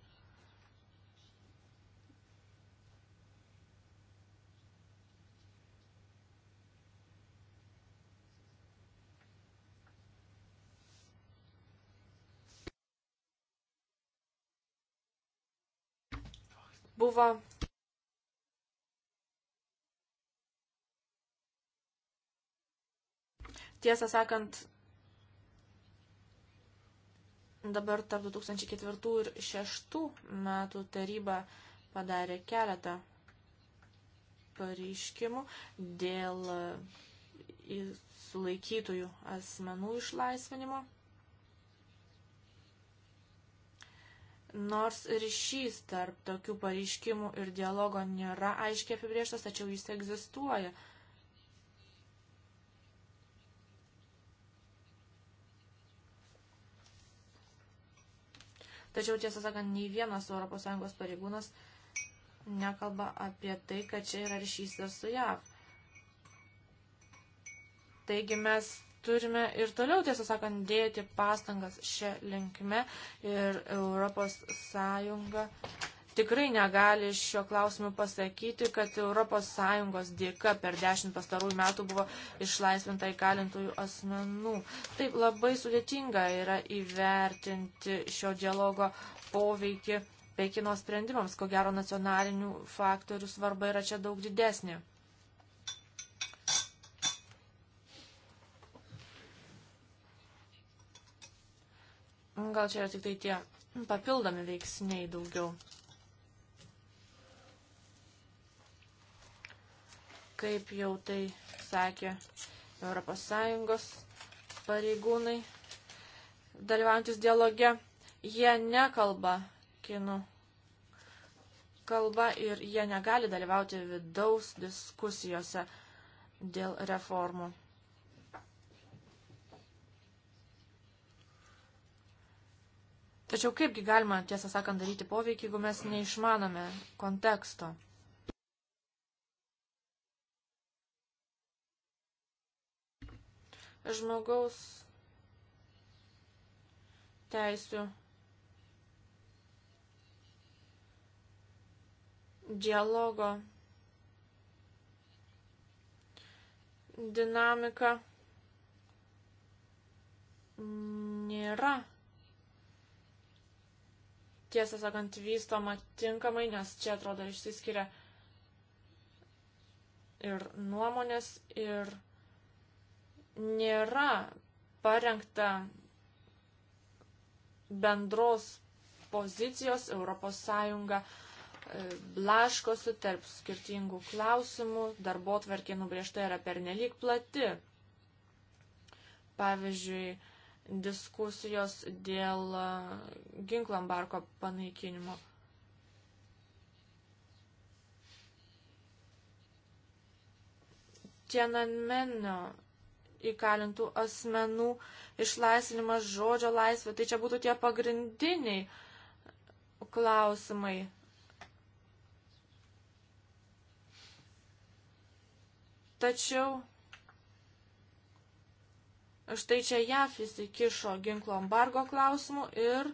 buvo tiesą sakant Dabar tarp 2004 ir 2006 metų taryba padarė keletą pareiškimų dėl sulaikytųjų asmenų išlaisvinimo. Nors ryšys tarp tokių pareiškimų ir dialogo nėra aiškiai apibrieštas, tačiau jis egzistuoja. Tačiau, tiesą sakant, nei vienas ES pareigūnas nekalba apie tai, kad čia yra ryšys ir su JAV. Taigi mes turime ir toliau, tiesą sakant, dėti pastangas šią linkme ir Europos Sąjunga tikrai negali šio klausimu pasakyti, kad ES dėka per dešimt pastarųjų metų buvo išlaisvinta įkalintųjų asmenų. Taip labai sudėtinga yra įvertinti šio dialogo poveikį Pekino sprendimams. Ko gero nacionalinių faktorių svarba yra čia daug didesnė. Gal čia yra tik tai tie papildomi veiksniai daugiau. kaip jau tai sakė ES pareigūnai, dalyvaujantis dialoge, jie nekalba kinų kalba ir jie negali dalyvauti vidaus diskusijose dėl reformų. Tačiau kaipgi galima, tiesą sakant, daryti poveikį, jeigu mes neišmanome konteksto? žmogaus teisų dialogo dinamika nėra tiesą sakant, vystoma tinkamai, nes čia atrodo išsiskiria ir nuomonės, ir nėra parengta bendros pozicijos Europos Sąjunga e, blaškosi tarp skirtingų klausimų, darbo tvarkė nubriežta yra pernelyg plati. Pavyzdžiui, diskusijos dėl e, ginklo embargo panaikinimo. Tienanmenio įkalintų asmenų, išlaisvinimas žodžio laisvė. Tai čia būtų tie pagrindiniai klausimai. Tačiau štai čia JAF įsikišo ginklo embargo klausimų ir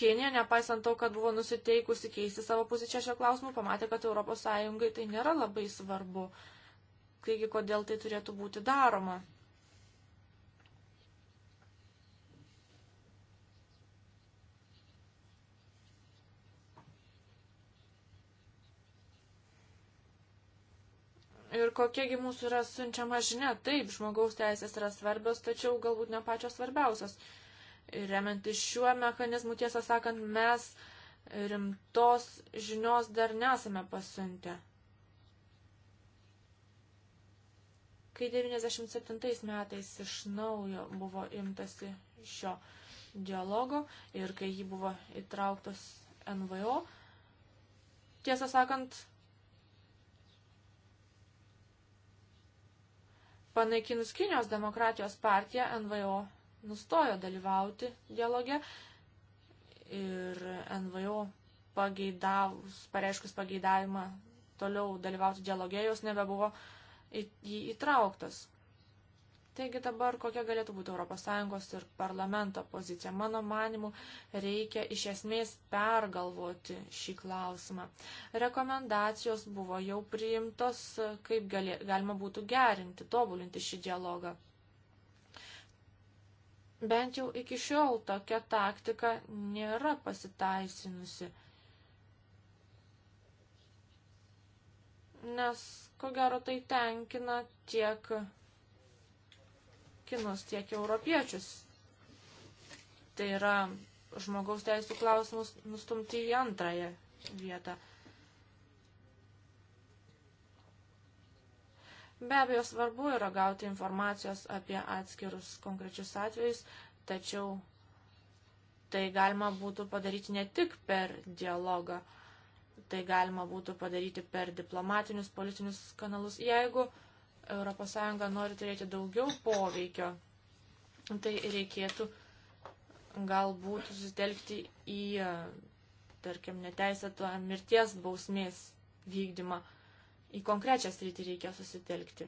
Kinija, nepaisant to, kad buvo nusiteikusi keisti savo poziciją šio klausimu, pamatė, kad ES tai nėra labai svarbu. Taigi, kodėl tai turėtų būti daroma? Ir kokiegi mūsų yra siunčiama žinia, taip, žmogaus teisės yra svarbios, tačiau galbūt ne pačios svarbiausios. Remiantis šiuo mechanizmu, tiesą sakant, mes rimtos žinios dar nesame pasiuntę. Kai 97 metais iš naujo buvo imtasi šio dialogo ir kai jį buvo įtrauktos NVO, tiesą sakant, panaikinus Kinijos demokratijos partiją NVO nustojo dalyvauti dialoge ir NVO pageidavus, pareiškus pageidavimą toliau dalyvauti dialoge, jos nebebuvo į jį įtrauktas. Taigi dabar kokia galėtų būti ES ir parlamento pozicija? Mano manimu, reikia iš esmės pergalvoti šį klausimą. Rekomendacijos buvo jau priimtos, kaip galė, galima būtų gerinti, tobulinti šį dialogą. Bent jau iki šiol tokia taktika nėra pasiteisinusi. Nes, ko gero, tai tenkina tiek kinus, tiek europiečius. Tai yra žmogaus teisų klausimus nustumti į antrąją vietą. Be abejo, svarbu yra gauti informacijos apie atskirus konkrečius atvejus, tačiau tai galima būtų padaryti ne tik per dialogą, tai galima būtų padaryti per diplomatinius, politinius kanalus. Jeigu ES nori turėti daugiau poveikio, tai reikėtų galbūt susitelkti į, tarkim, neteisėtą mirties bausmės vykdymą į konkrečią sritį reikia susitelkti.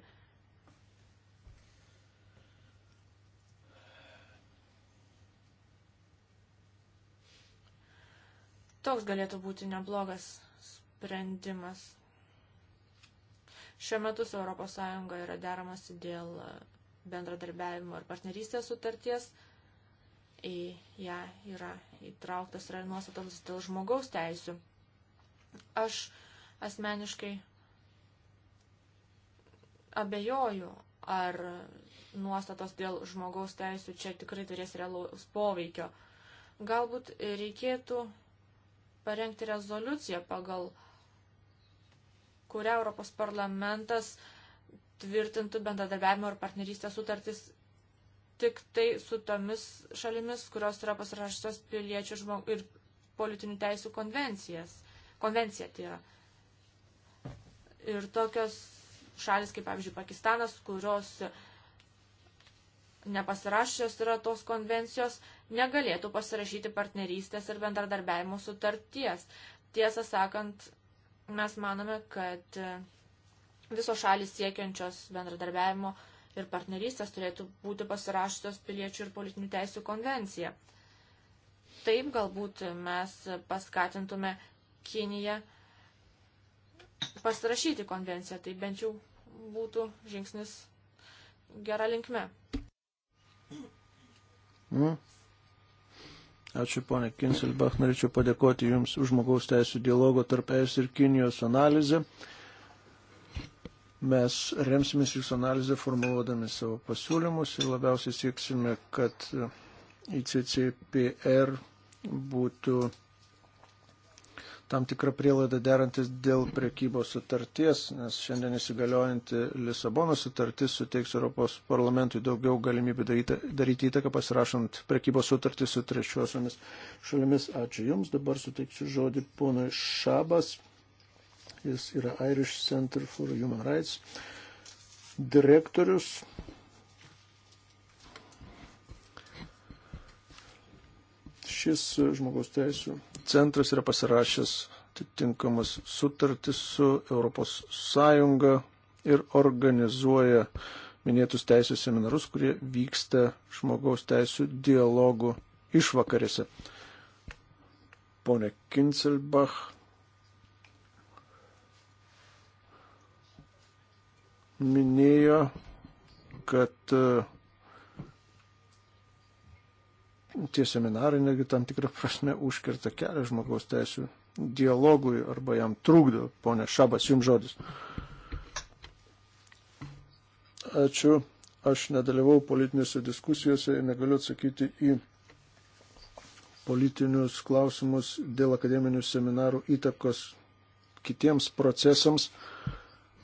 Toks galėtų būti neblogas sprendimas. Šiuo metu su ES yra deramasi dėl bendradarbiavimo ir partnerystės sutarties. Į ją yra įtrauktas yra nuostatas dėl žmogaus teisų. Aš asmeniškai abejoju, ar nuostatos dėl žmogaus teisų čia tikrai turės realaus poveikio. Galbūt reikėtų parengti rezoliuciją, pagal kurią Europos parlamentas tvirtintų bendradarbiavimo ir partnerystės sutartis tik tai su tomis šalimis, kurios yra pasirašytos piliečių žmog... ir politinių teisų konvencijas. Konvencija tai yra. Ir tokios šalis, kaip pavyzdžiui Pakistanas, kurios nepasirašęs yra tos konvencijos, negalėtų pasirašyti partnerystės ir bendradarbiavimo sutarties. Tiesą sakant, mes manome, kad visos šalis siekiančios bendradarbiavimo ir partnerystės turėtų būti pasirašytos piliečių ir politinių teisų konvencija. Taip galbūt mes paskatintume Kiniją pasirašyti konvenciją, tai bent jau būtų žingsnis gerą linkme. Mm. Ačiū, ponė Kinselbach, norėčiau padėkoti Jums už žmogaus teisų dialogo tarp ES ir Kinijos analizę. Mes remsimės Jūsų analizę formuluodami savo pasiūlymus ir labiausiai sieksime, kad ICCPR būtų tam tikrą prielaidą derantis dėl prekybos sutarties, nes šiandien įsigaliojanti Lisabono sutartis suteiks Europos parlamentui daugiau galimybių daryti, daryti įtaką pasirašant prekybos sutartį su trečiosiomis šalimis. Ačiū Jums, dabar suteiksiu žodį ponui Šabas. Jis yra Irish Center for Human Rights direktorius. Šis žmogaus teisų centras yra pasirašęs atitinkamas sutartis su Europos Sąjunga ir organizuoja minėtus teisės seminarus, kurie vyksta žmogaus teisų dialogų išvakarėse. Pone Kinselbach. Minėjo, kad uh, tie seminarai netgi tam tikrą prasme užkirta kelią žmogaus teisų dialogui arba jam trukdo. Pone Šabas, jums žodis. Ačiū. Aš nedalyvau politinėse diskusijose ir negaliu atsakyti į politinius klausimus dėl akademinių seminarų įtakos kitiems procesams.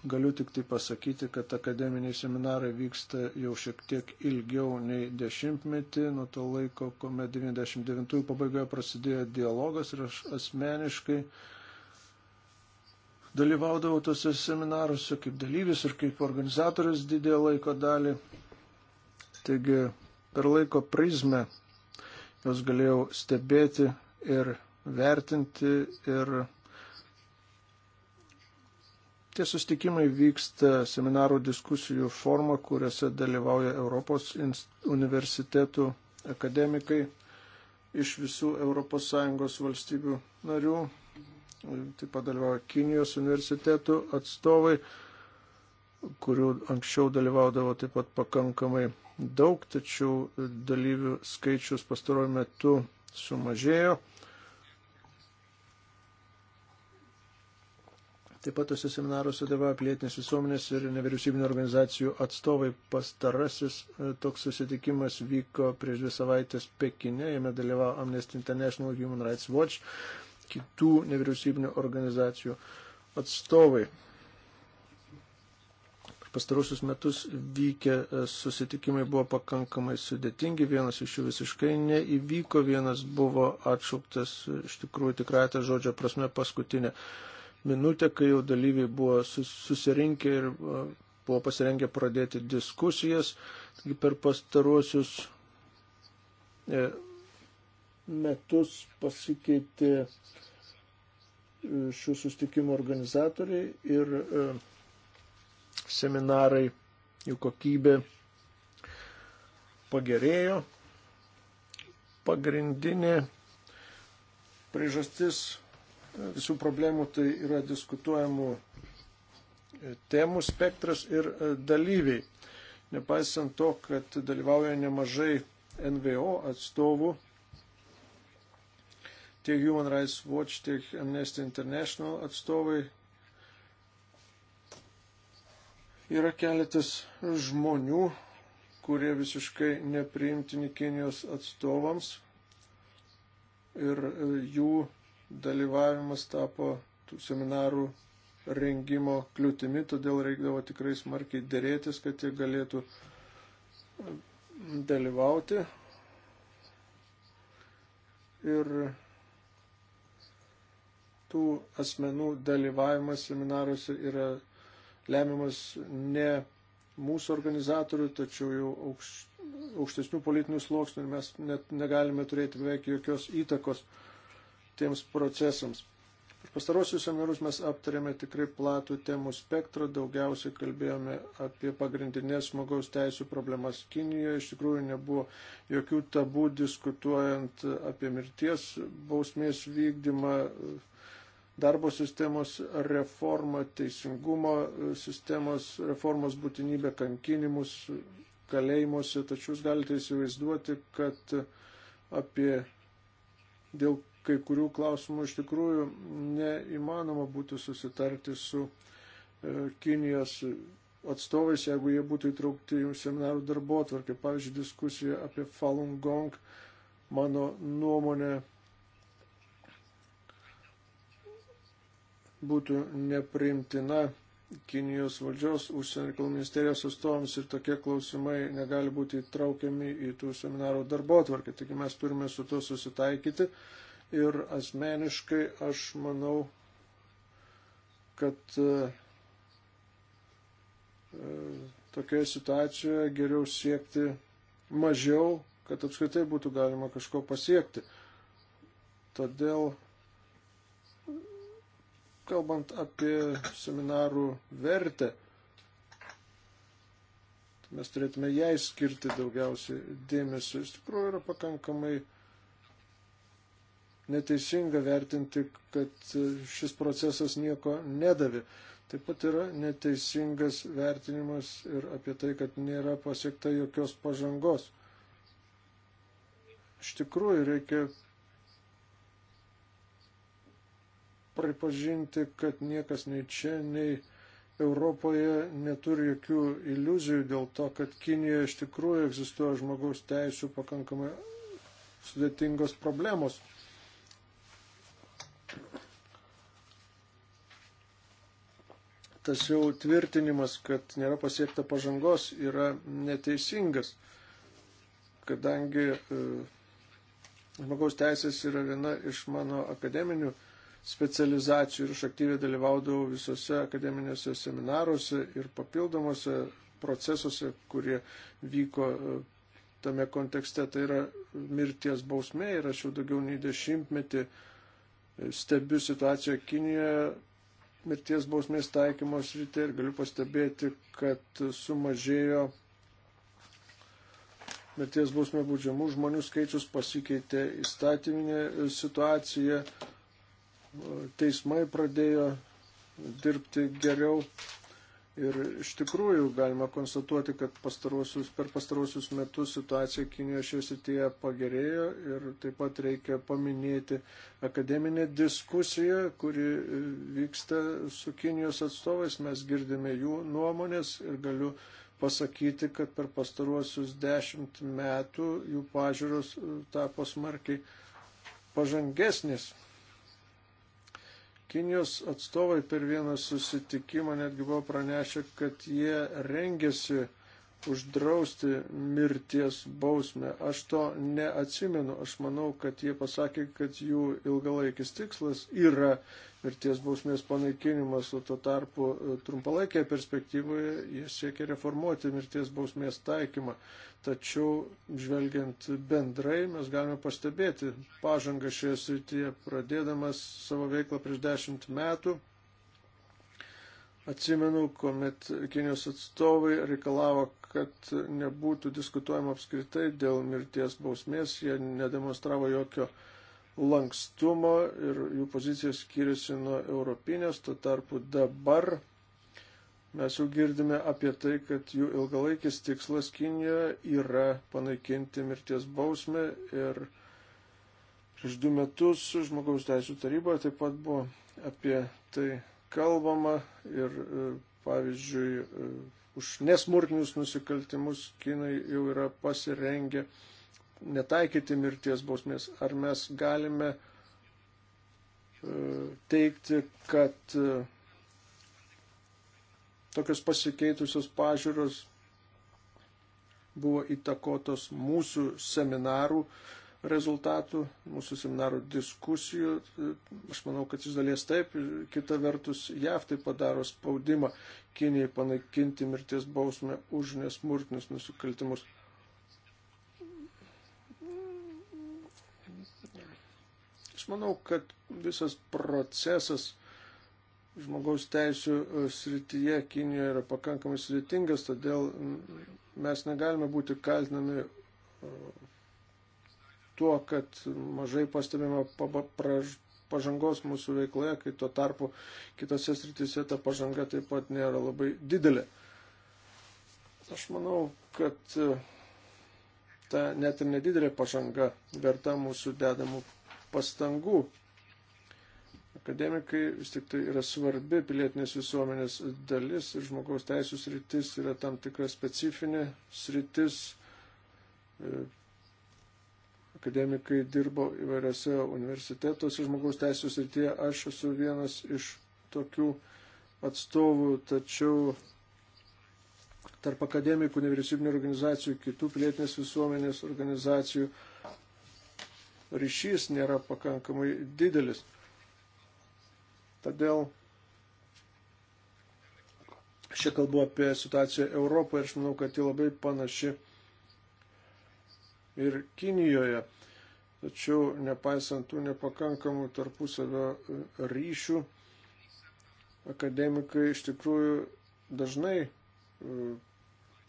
Galiu tik tai pasakyti, kad akademiniai seminarai vyksta jau šiek tiek ilgiau nei dešimtmetį, nuo to laiko, kuomet 99-ųjų pabaigoje prasidėjo dialogas ir aš asmeniškai dalyvaudavau tose seminaruose kaip dalyvis ir kaip organizatorius didėję laiko dalį. Taigi per laiko prizmę jos galėjau stebėti ir vertinti ir Tie sustikimai vyksta seminarų diskusijų forma, kuriuose dalyvauja Europos universitetų akademikai iš visų ES valstybių narių. Taip pat dalyvauja Kinijos universitetų atstovai, kurių anksčiau dalyvaudavo taip pat pakankamai daug, tačiau dalyvių skaičius pastaruoju metu sumažėjo. Taip pat tose seminaruose dalyvauja pilietinės visuomenės ir nevyriausybinio organizacijų atstovai. Pastarasis e, toks susitikimas vyko prieš dvi savaitės Pekine, jame dalyvavo Amnesty International, Human Rights Watch, kitų nevyriausybinio organizacijų atstovai. Pastarusius metus vykę e, susitikimai buvo pakankamai sudėtingi, vienas iš jų visiškai neįvyko, vienas buvo atšauktas e, iš tikrųjų tikrąją žodžio prasme paskutinė minutę, kai jau dalyviai buvo susirinkę ir buvo pasirengę pradėti diskusijas. Taigi per pastaruosius e, metus pasikeitė e, šių sustikimų organizatoriai ir e, seminarai, jų kokybė pagerėjo. Pagrindinė priežastis visų problemų, tai yra diskutuojamų e, temų spektras ir e, dalyviai. Nepaisant to, kad dalyvauja nemažai NVO atstovų, tiek Human Rights Watch, tiek Amnesty International atstovai, yra keletas žmonių, kurie visiškai nepriimtini Kinijos atstovams ir e, jų dalyvavimas tapo tų seminarų rengimo kliūtimi, todėl reikdavo tikrai smarkiai dėrėtis, kad jie galėtų e, dalyvauti. Ir tų asmenų dalyvavimas seminaruose yra lemiamas ne mūsų organizatorių, tačiau jau aukštesnių politinių sluoksnių ir mes net negalime turėti beveik jokios įtakos tiems procesams. Per pastarosius seminarus mes aptarėme tikrai platų temų spektrą, daugiausiai kalbėjome apie pagrindinės žmogaus teisų problemas Kinijoje. Iš tikrųjų nebuvo jokių tabų diskutuojant apie mirties bausmės vykdymą, darbo sistemos reformą, teisingumo sistemos reformos būtinybę, kankinimus kalėjimuose. Tačiau jūs galite įsivaizduoti, kad apie dėl kai kurių klausimų iš tikrųjų neįmanoma būtų susitarti su e, Kinijos atstovais, jeigu jie būtų įtraukti į seminarų darbo atvarkę. Pavyzdžiui, diskusija apie Falun Gong, mano nuomonė, būtų nepriimtina Kinijos valdžios užsienio reikalų ministerijos atstovams ir tokie klausimai negali būti įtraukiami į tų seminarų darbo atvarkę. Taigi mes turime su to susitaikyti Ir asmeniškai aš manau, kad e, e, tokioje situacijoje geriau siekti mažiau, kad apskritai būtų galima kažko pasiekti. Todėl, kalbant apie seminarų vertę, mes turėtume jai skirti daugiausiai dėmesio. Iš tikrųjų yra pakankamai uh, neteisinga vertinti, kad šis procesas nieko nedavė. Taip pat yra neteisingas vertinimas ir apie tai, kad nėra pasiekta jokios pažangos. Iš tikrųjų reikia pripažinti, kad niekas nei čia, nei Europoje neturi jokių iliuzijų dėl to, kad Kinijoje iš tikrųjų egzistuoja žmogaus teisų pakankamai sudėtingos problemos. tas jau tvirtinimas, kad nėra pasiekta pažangos, yra neteisingas, kadangi e, žmogaus teisės yra viena iš mano akademinių specializacijų ir aš aktyviai dalyvaudavau visose akademinėse seminaruose ir papildomose procesuose, kurie vyko e, tame kontekste. Tai yra mirties bausmė ir aš jau daugiau nei dešimtmetį stebiu situaciją Kinijoje, mirties bausmės taikymos rytė ir galiu pastebėti, kad sumažėjo mirties bausmė būdžiamų žmonių skaičius, pasikeitė įstatyminė situacija, teismai pradėjo dirbti geriau Ir iš tikrųjų galima konstatuoti, kad pastarosius, per pastarosius metus situacija Kinijoje šioje srityje pagerėjo ir taip pat reikia paminėti akademinę diskusiją, kuri vyksta su Kinijos atstovais. Mes girdime jų nuomonės ir galiu pasakyti, kad per pastaruosius dešimt metų jų pažiūros tapo smarkiai pažangesnis Kinijos atstovai per vieną susitikimą netgi buvo pranešę, kad jie rengiasi uždrausti mirties bausmę. Aš to neatsimenu. Aš manau, kad jie pasakė, kad jų ilgalaikis tikslas yra mirties bausmės panaikinimas, o tuo tarpu e, trumpalaikėje perspektyvoje jie siekia reformuoti mirties bausmės taikymą. Tačiau, žvelgiant bendrai, mes galime pastebėti pažangą šioje srityje, pradėdamas savo veiklą prieš dešimt metų. Atsimenu, kuomet Kinijos atstovai reikalavo, kad nebūtų diskutuojama apskritai dėl mirties bausmės, jie nedemonstravo jokio lankstumo ir jų pozicijos skiriasi nuo europinės, tuo tarpu dabar mes jau girdime apie tai, kad jų ilgalaikis tikslas Kinijoje yra panaikinti mirties bausmę ir prieš du metus žmogaus teisų taryboje taip pat buvo apie tai kalbama ir e, pavyzdžiui e, už nesmurtinius nusikaltimus Kinai jau yra pasirengę netaikyti mirties bausmės. Ar mes galime e, teikti, kad e, tokios pasikeitusios pažiūros buvo įtakotos mūsų seminarų rezultatų, mūsų seminarų diskusijų. Aš manau, kad iš dalies taip. Kita vertus, JAV taip padaro spaudimą Kinijai panaikinti mirties bausmę už nesmurtinius nusikaltimus. Aš manau, kad visas procesas žmogaus teisų e, srityje Kinijoje yra pakankamai sudėtingas, todėl mes negalime būti kaltinami e, tuo, kad mažai pastebima pažangos mūsų veikloje, kai tuo tarpu kitose srityse ta pažanga taip pat nėra labai didelė. Aš manau, kad e, ta net ir nedidelė pažanga verta mūsų dedamų pastangų. Akademikai vis tik tai yra svarbi pilietinės visuomenės dalis ir žmogaus teisų sritis yra tam tikra specifinė sritis e, akademikai dirbo įvairiose universitetuose žmogaus teisų srityje. Aš esu vienas iš tokių atstovų, tačiau tarp akademikų, nevyriausybinio organizacijų, kitų pilietinės visuomenės organizacijų ryšys nėra pakankamai didelis. Todėl aš čia kalbu apie situaciją Europoje ir aš manau, kad ji labai panaši ir Kinijoje. Tačiau nepaisant tų nepakankamų tarpusavio e, ryšių, akademikai iš tikrųjų dažnai e,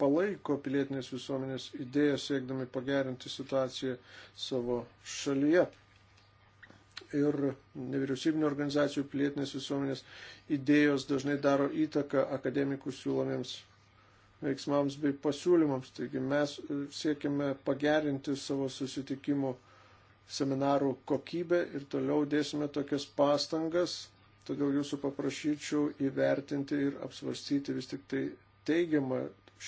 palaiko pilietinės visuomenės idėją siekdami pagerinti situaciją savo šalyje. Ir nevyriausybinio organizacijų pilietinės visuomenės idėjos dažnai daro įtaką akademikų siūlomiems veiksmams bei pasiūlymams. Taigi mes siekime pagerinti savo susitikimų seminarų kokybę ir toliau dėsime tokias pastangas. Todėl jūsų paprašyčiau įvertinti ir apsvarstyti vis tik tai teigiamą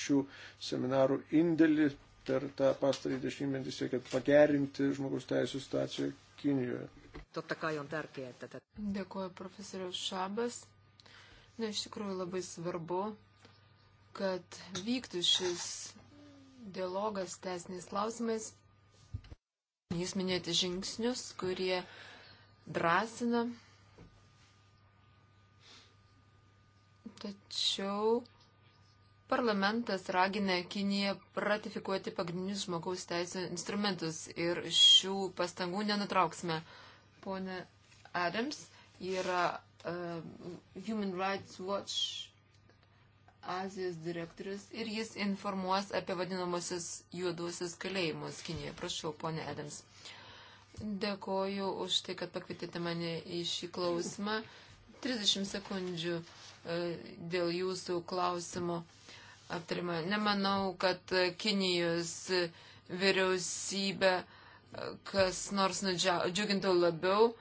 šių seminarų indėlį per tą pastarį dešimtmetį siekiant pagerinti žmogus teisų situaciją Kinijoje. Totta kai on tärkeää, että... Dėkuoju profesorius Šabas. Na, iš tikrųjų labai svarbu kad vyktų šis dialogas teisiniais klausimais. Jūs minėjote žingsnius, kurie drąsina. Tačiau parlamentas ragina Kiniją ratifikuoti pagrindinius žmogaus teisų instrumentus ir šių pastangų nenutrauksime. Pone Adams yra uh, Human Rights Watch Azijos direktorius ir jis informuos apie vadinamosius juoduosius kalėjimus Kinijoje. Prašau, ponė Edams. Dėkoju už tai, kad pakvietėte mane į šį klausimą. 30 sekundžių e, dėl jūsų klausimo aptarimo. Nemanau, kad Kinijos vyriausybė e, kas nors nudžiaugintų labiau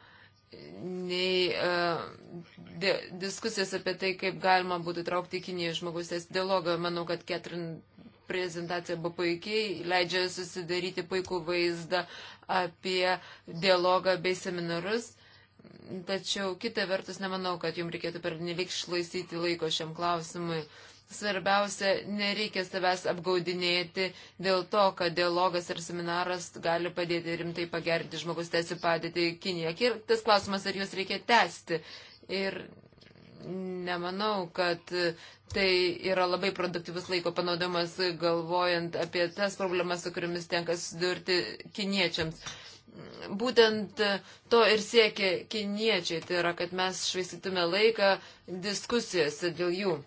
nei uh, di diskusijas apie tai, kaip galima būtų traukti Kiniją žmogus teisų dialogą. Manau, kad Ketrin prezentacija buvo puikiai, leidžia susidaryti puikų vaizdą apie dialogą bei seminarus. Tačiau kita vertus nemanau, kad jums reikėtų per nelik šlaistyti laiko šiam klausimui. Uh, Svarbiausia, nereikia savęs apgaudinėti dėl to, kad dialogas ir seminaras gali padėti rimtai pagerinti žmogus teisų padėti Kinijoje. Ir tas klausimas, ar juos reikia tęsti. Ir nemanau, kad tai yra labai produktyvus laiko panaudomas, galvojant apie tas problemas, su kuriamis tenka susidurti kiniečiams. Būtent to ir siekia kiniečiai, tai yra, kad mes švaistytume laiką diskusijose dėl jų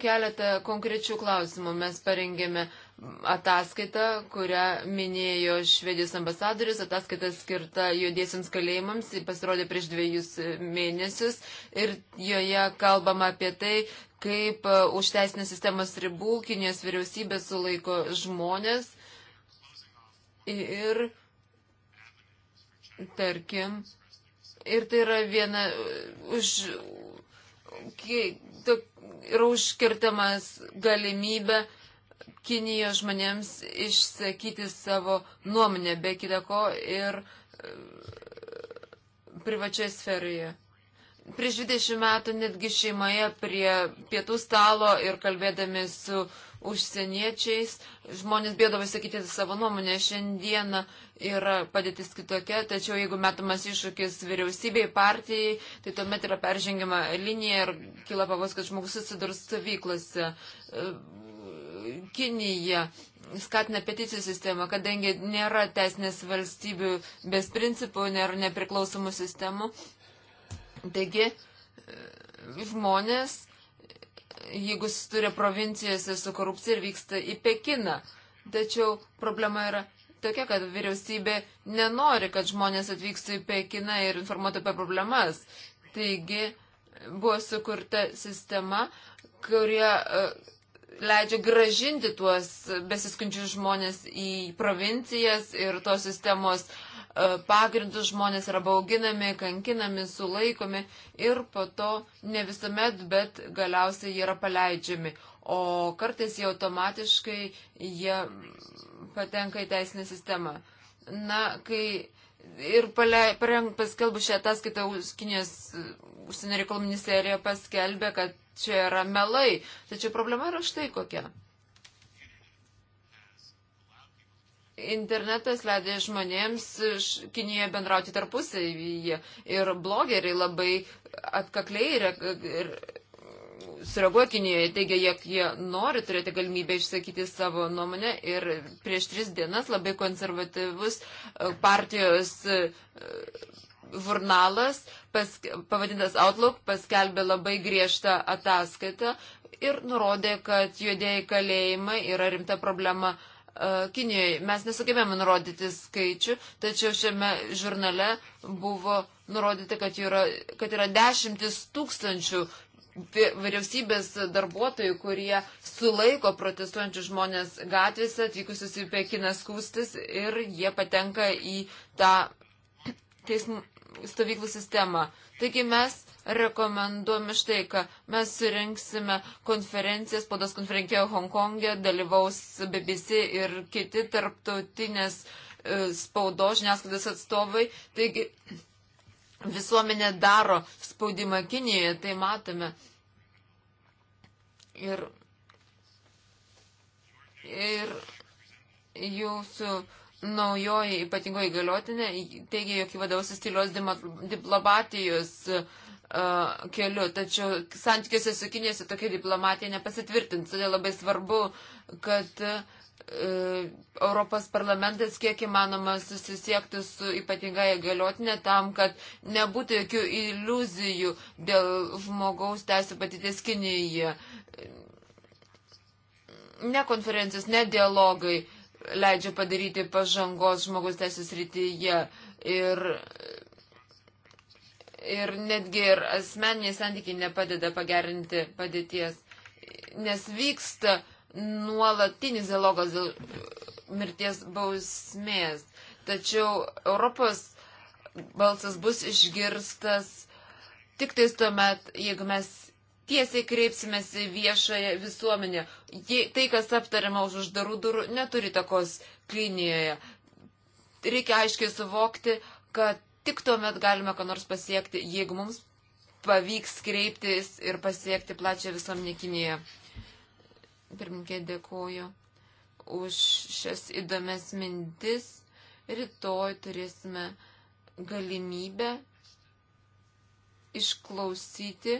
keletą konkrečių klausimų. Mes parengėme ataskaitą, kurią minėjo švedijos ambasadoris. Ataskaita skirta juodiesiams kalėjimams, pasirodė prieš dviejus mėnesius ir joje kalbama apie tai, kaip e, už teisinės sistemos ribų Kinijos vyriausybė sulaiko žmonės ir, tarkim, ir tai yra viena e, už yra užkirtamas galimybė Kinijos žmonėms išsakyti savo nuomonę, be kitako ir e, privačioje sferoje. Prieš 20 metų netgi šeimoje prie pietų stalo ir kalbėdami su uh, užsieniečiais, žmonės bėdavo sakyti savo nuomonę, šiandieną yra padėtis kitokia, tačiau jeigu metamas iššūkis vyriausybei, partijai, tai tuomet yra peržengiama linija ir kila pavos, kad žmogus susidurs stovyklose. Kinija skatina peticijų sistemą, kadangi nėra teisinės valstybių bez principų, nėra nepriklausomų sistemų. Taigi, žmonės jeigu susiduria provincijose su korupcija ir vyksta į Pekiną. Tačiau problema yra tokia, kad vyriausybė nenori, kad žmonės atvykstų į Pekiną ir informuotų apie problemas. Taigi buvo sukurta sistema, kurie leidžia gražinti tuos besiskundžius žmonės į provincijas ir tos sistemos e, pagrindus žmonės yra bauginami, kankinami, sulaikomi ir po to ne visuomet, bet galiausiai jie yra paleidžiami. O kartais jie automatiškai jie patenka į teisinę sistemą. Na, kai ir paskelbus šią ataskaitą Kinijos e, užsienio reikalų ministerija paskelbė, kad čia yra melai. Tačiau problema yra štai kokia. Internetas leidė žmonėms Kinijoje bendrauti tarpusavyje ir blogeriai labai atkakliai re sureaguoja Kinijoje, teigia, jog jie nori turėti galimybę išsakyti savo nuomonę ir prieš tris dienas labai konservatyvus e, partijos e, žurnalas, pavadintas Outlook, paskelbė labai griežtą ataskaitą ir nurodė, kad juodėjai kalėjimai yra rimta problema. E, Kinijoje mes nesugebėjome nurodyti skaičių, tačiau šiame žurnale buvo nurodyti, kad yra, kad yra dešimtis tūkstančių vyriausybės darbuotojų, kurie sulaiko protestuojančius žmonės gatvėse, atvykusius į Pekiną skūstis ir jie patenka į tą teismų stovyklų sistemą. Taigi mes rekomenduojame štai, kad mes surinksime konferencijas, podas konferencijoje Hongkongė, e, dalyvaus BBC ir kiti tarptautinės e, spaudos žiniasklaidos atstovai. Taigi visuomenė daro spaudimą Kinijoje, tai matome. Ir, ir jūsų naujoji ypatingoji galiotinė teigia, jog įvadausi stilios diplomatijos uh, keliu, tačiau santykiuose su Kinijose tokia diplomatija nepasitvirtins, todėl labai svarbu, kad uh, Europos parlamentas kiek įmanoma susisiekti su ypatingai galiotinė tam, kad nebūtų jokių iliuzijų dėl žmogaus teisų patyties Kinijoje. Ne konferencijos, ne dialogai leidžia padaryti pažangos žmogaus teisės rytyje. Ir ir netgi ir asmeniniai santykiai nepadeda pagerinti padėties, nes vyksta nuolatinis dialogas dėl uh, mirties bausmės. Tačiau Europos balsas bus išgirstas tik tais tuomet, jeigu mes tiesiai kreipsimės į viešąją visuomenę. Tai, kas aptariama už uždarų durų, neturi takos klinijoje. Reikia aiškiai suvokti, kad tik tuomet galime ką nors pasiekti, jeigu mums pavyks kreiptis ir pasiekti plačią visuomenę Kinijoje. Pirminkė dėkoju už šias įdomias mintis. Rytoj turėsime galimybę išklausyti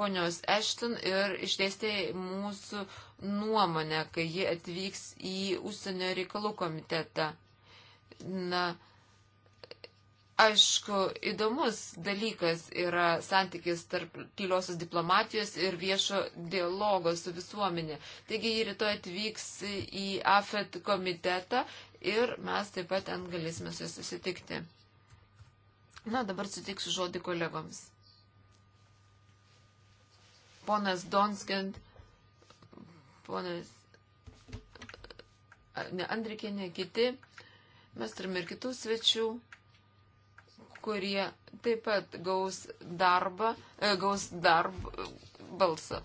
ponios Ešton ir išdėstė mūsų nuomonę, kai ji atvyks į užsienio reikalų komitetą. Na, Aišku, įdomus dalykas yra santykis tarp tyliosios diplomatijos ir viešo dialogo su visuomenė. Taigi jį rytoj atvyks į AFET komitetą ir mes taip pat ten galėsime su jais susitikti. Na, dabar sutiksiu žodį kolegoms. Ponas Donskent, ponas ne, Andrikėnė, kiti. Mes turime ir kitų svečių kurie taip pat gaus darbą, e, gaus darb balsą.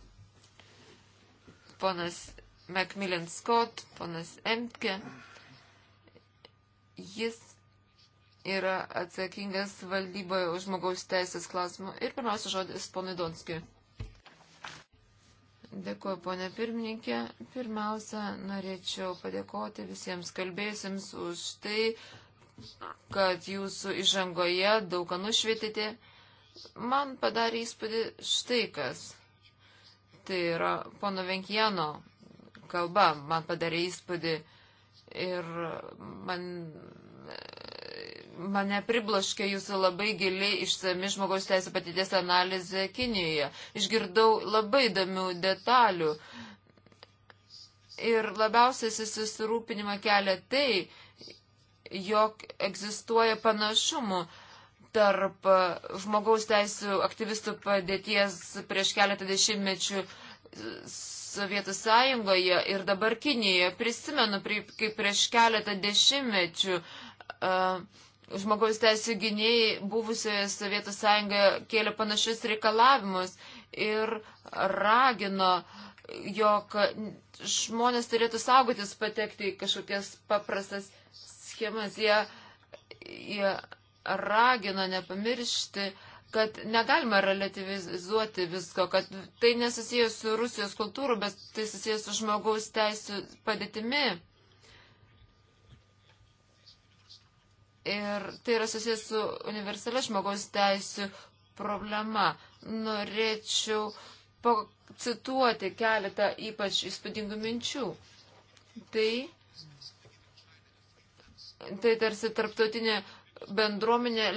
Ponas Macmillan Scott, ponas Emtke, jis yra atsakingas valdyboje už žmogaus teisės klausimų. Ir pirmiausia žodis ponui Donskiu. Dėkuoju, ponė pirmininkė. Pirmiausia, norėčiau padėkoti visiems kalbėjusiems už tai, kad jūsų įžangoje daugą nušvietėte, man padarė įspūdį štai kas. Tai yra pono Venkiano kalba, man padarė įspūdį ir man, mane priblaškė jūsų labai giliai išsami žmogaus teisų patyties analizė Kinijoje. Išgirdau labai įdomių detalių. Ir labiausiai susirūpinimą kelia tai, jog egzistuoja panašumų tarp žmogaus teisų aktyvistų padėties prieš keletą dešimtmečių Sovietų sąjungoje ir dabar Kinijoje. Prisimenu, kaip prieš keletą dešimtmečių uh, žmogaus teisų gynėjai buvusioje Sovietų sąjungoje kėlė panašius reikalavimus ir ragino, jog žmonės turėtų saugotis patekti į kažkokias paprastas schemas, jie, jie ragino nepamiršti, kad negalima relativizuoti visko, kad tai nesusijęs su Rusijos kultūru, bet tai susijęs su žmogaus teisų padėtimi. Ir tai yra susijęs su universalia žmogaus teisų problema. Norėčiau pacituoti keletą ypač įspūdingų minčių. Tai Tai tarsi tarptautinė bendruomenė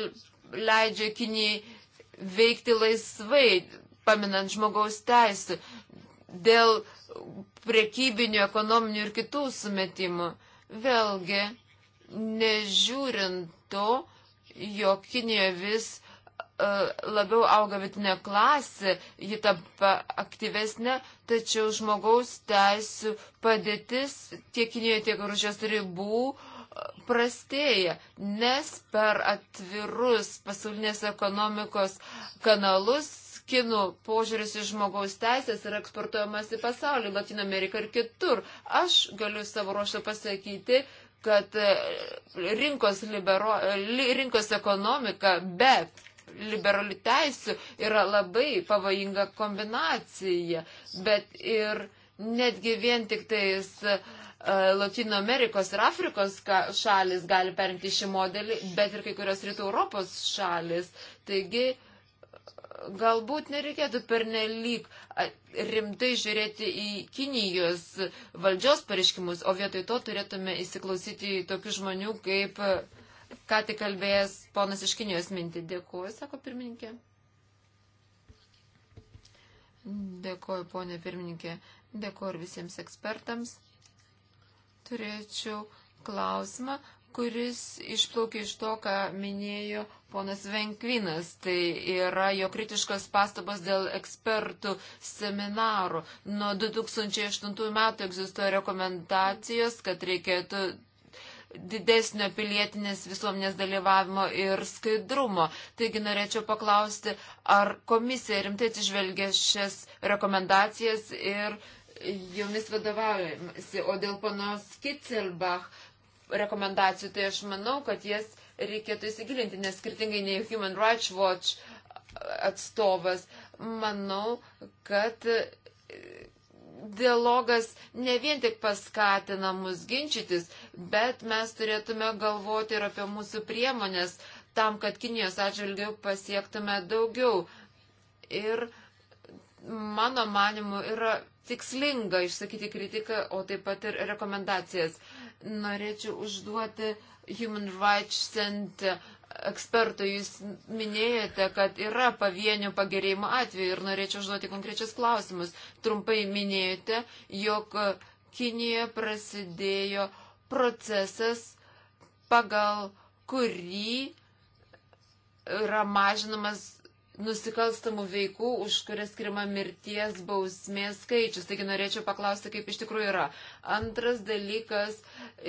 leidžia Kinijai veikti laisvai, paminant žmogaus teisų, dėl priekybinių, ekonominių ir kitų sumetimų. Vėlgi, nežiūrint to, jog Kinija vis uh, labiau auga vidinė klasė, ji tampa aktyvesnė, tačiau žmogaus teisų padėtis tiek Kinijoje, tiek Rusijos ribų uh, prastėja, nes per atvirus pasaulinės ekonomikos kanalus kinų požiūris į žmogaus teisės yra eksportuojamas į pasaulį, Latino Ameriką ir kitur. Aš galiu savo ruošą pasakyti, kad e, rinkos, libero, rinkos ekonomika be liberalių teisų yra labai pavojinga kombinacija, bet ir netgi vien tik tais uh, E, Latino Amerikos ir Afrikos šalis gali perimti šį modelį, bet ir kai kurios rytų Europos šalis. Taigi, galbūt nereikėtų pernelyg rimtai žiūrėti į Kinijos valdžios pareiškimus, o vietoj to turėtume įsiklausyti į tokių žmonių, kaip e, ką tik kalbėjęs ponas iš Kinijos mintį. Dėkuoju, sako pirmininkė. Dėkuoju, ponė pirmininkė. Dėkuoju visiems ekspertams turėčiau klausimą, kuris išplaukė iš to, ką minėjo ponas Venkvinas. Tai yra jo kritiškos pastabos dėl ekspertų seminarų. Nuo 2008 metų egzistuoja rekomendacijos, kad reikėtų didesnio pilietinės visuomenės dalyvavimo ir skaidrumo. Taigi norėčiau paklausti, ar komisija rimtai atsižvelgia šias rekomendacijas ir jomis vadovaujamasi. O dėl panos Kitzelbach rekomendacijų, tai aš manau, kad jas reikėtų įsigilinti, nes skirtingai nei Human Rights Watch atstovas, manau, kad dialogas ne vien tik paskatina mus ginčytis, bet mes turėtume galvoti ir apie mūsų priemonės tam, kad Kinijos atžvilgių pasiektume daugiau. Ir mano manimu yra tikslinga išsakyti kritiką, o taip pat ir rekomendacijas. Norėčiau užduoti Human Rights Center ekspertų. Jūs minėjote, kad yra pavienių pagerėjimo atveju ir norėčiau užduoti konkrečius klausimus. Trumpai minėjote, jog Kinijoje prasidėjo procesas, pagal kurį yra mažinamas nusikalstamų veikų, už kurias skirima mirties bausmės skaičius. Taigi norėčiau paklausti, kaip iš tikrųjų yra. Antras dalykas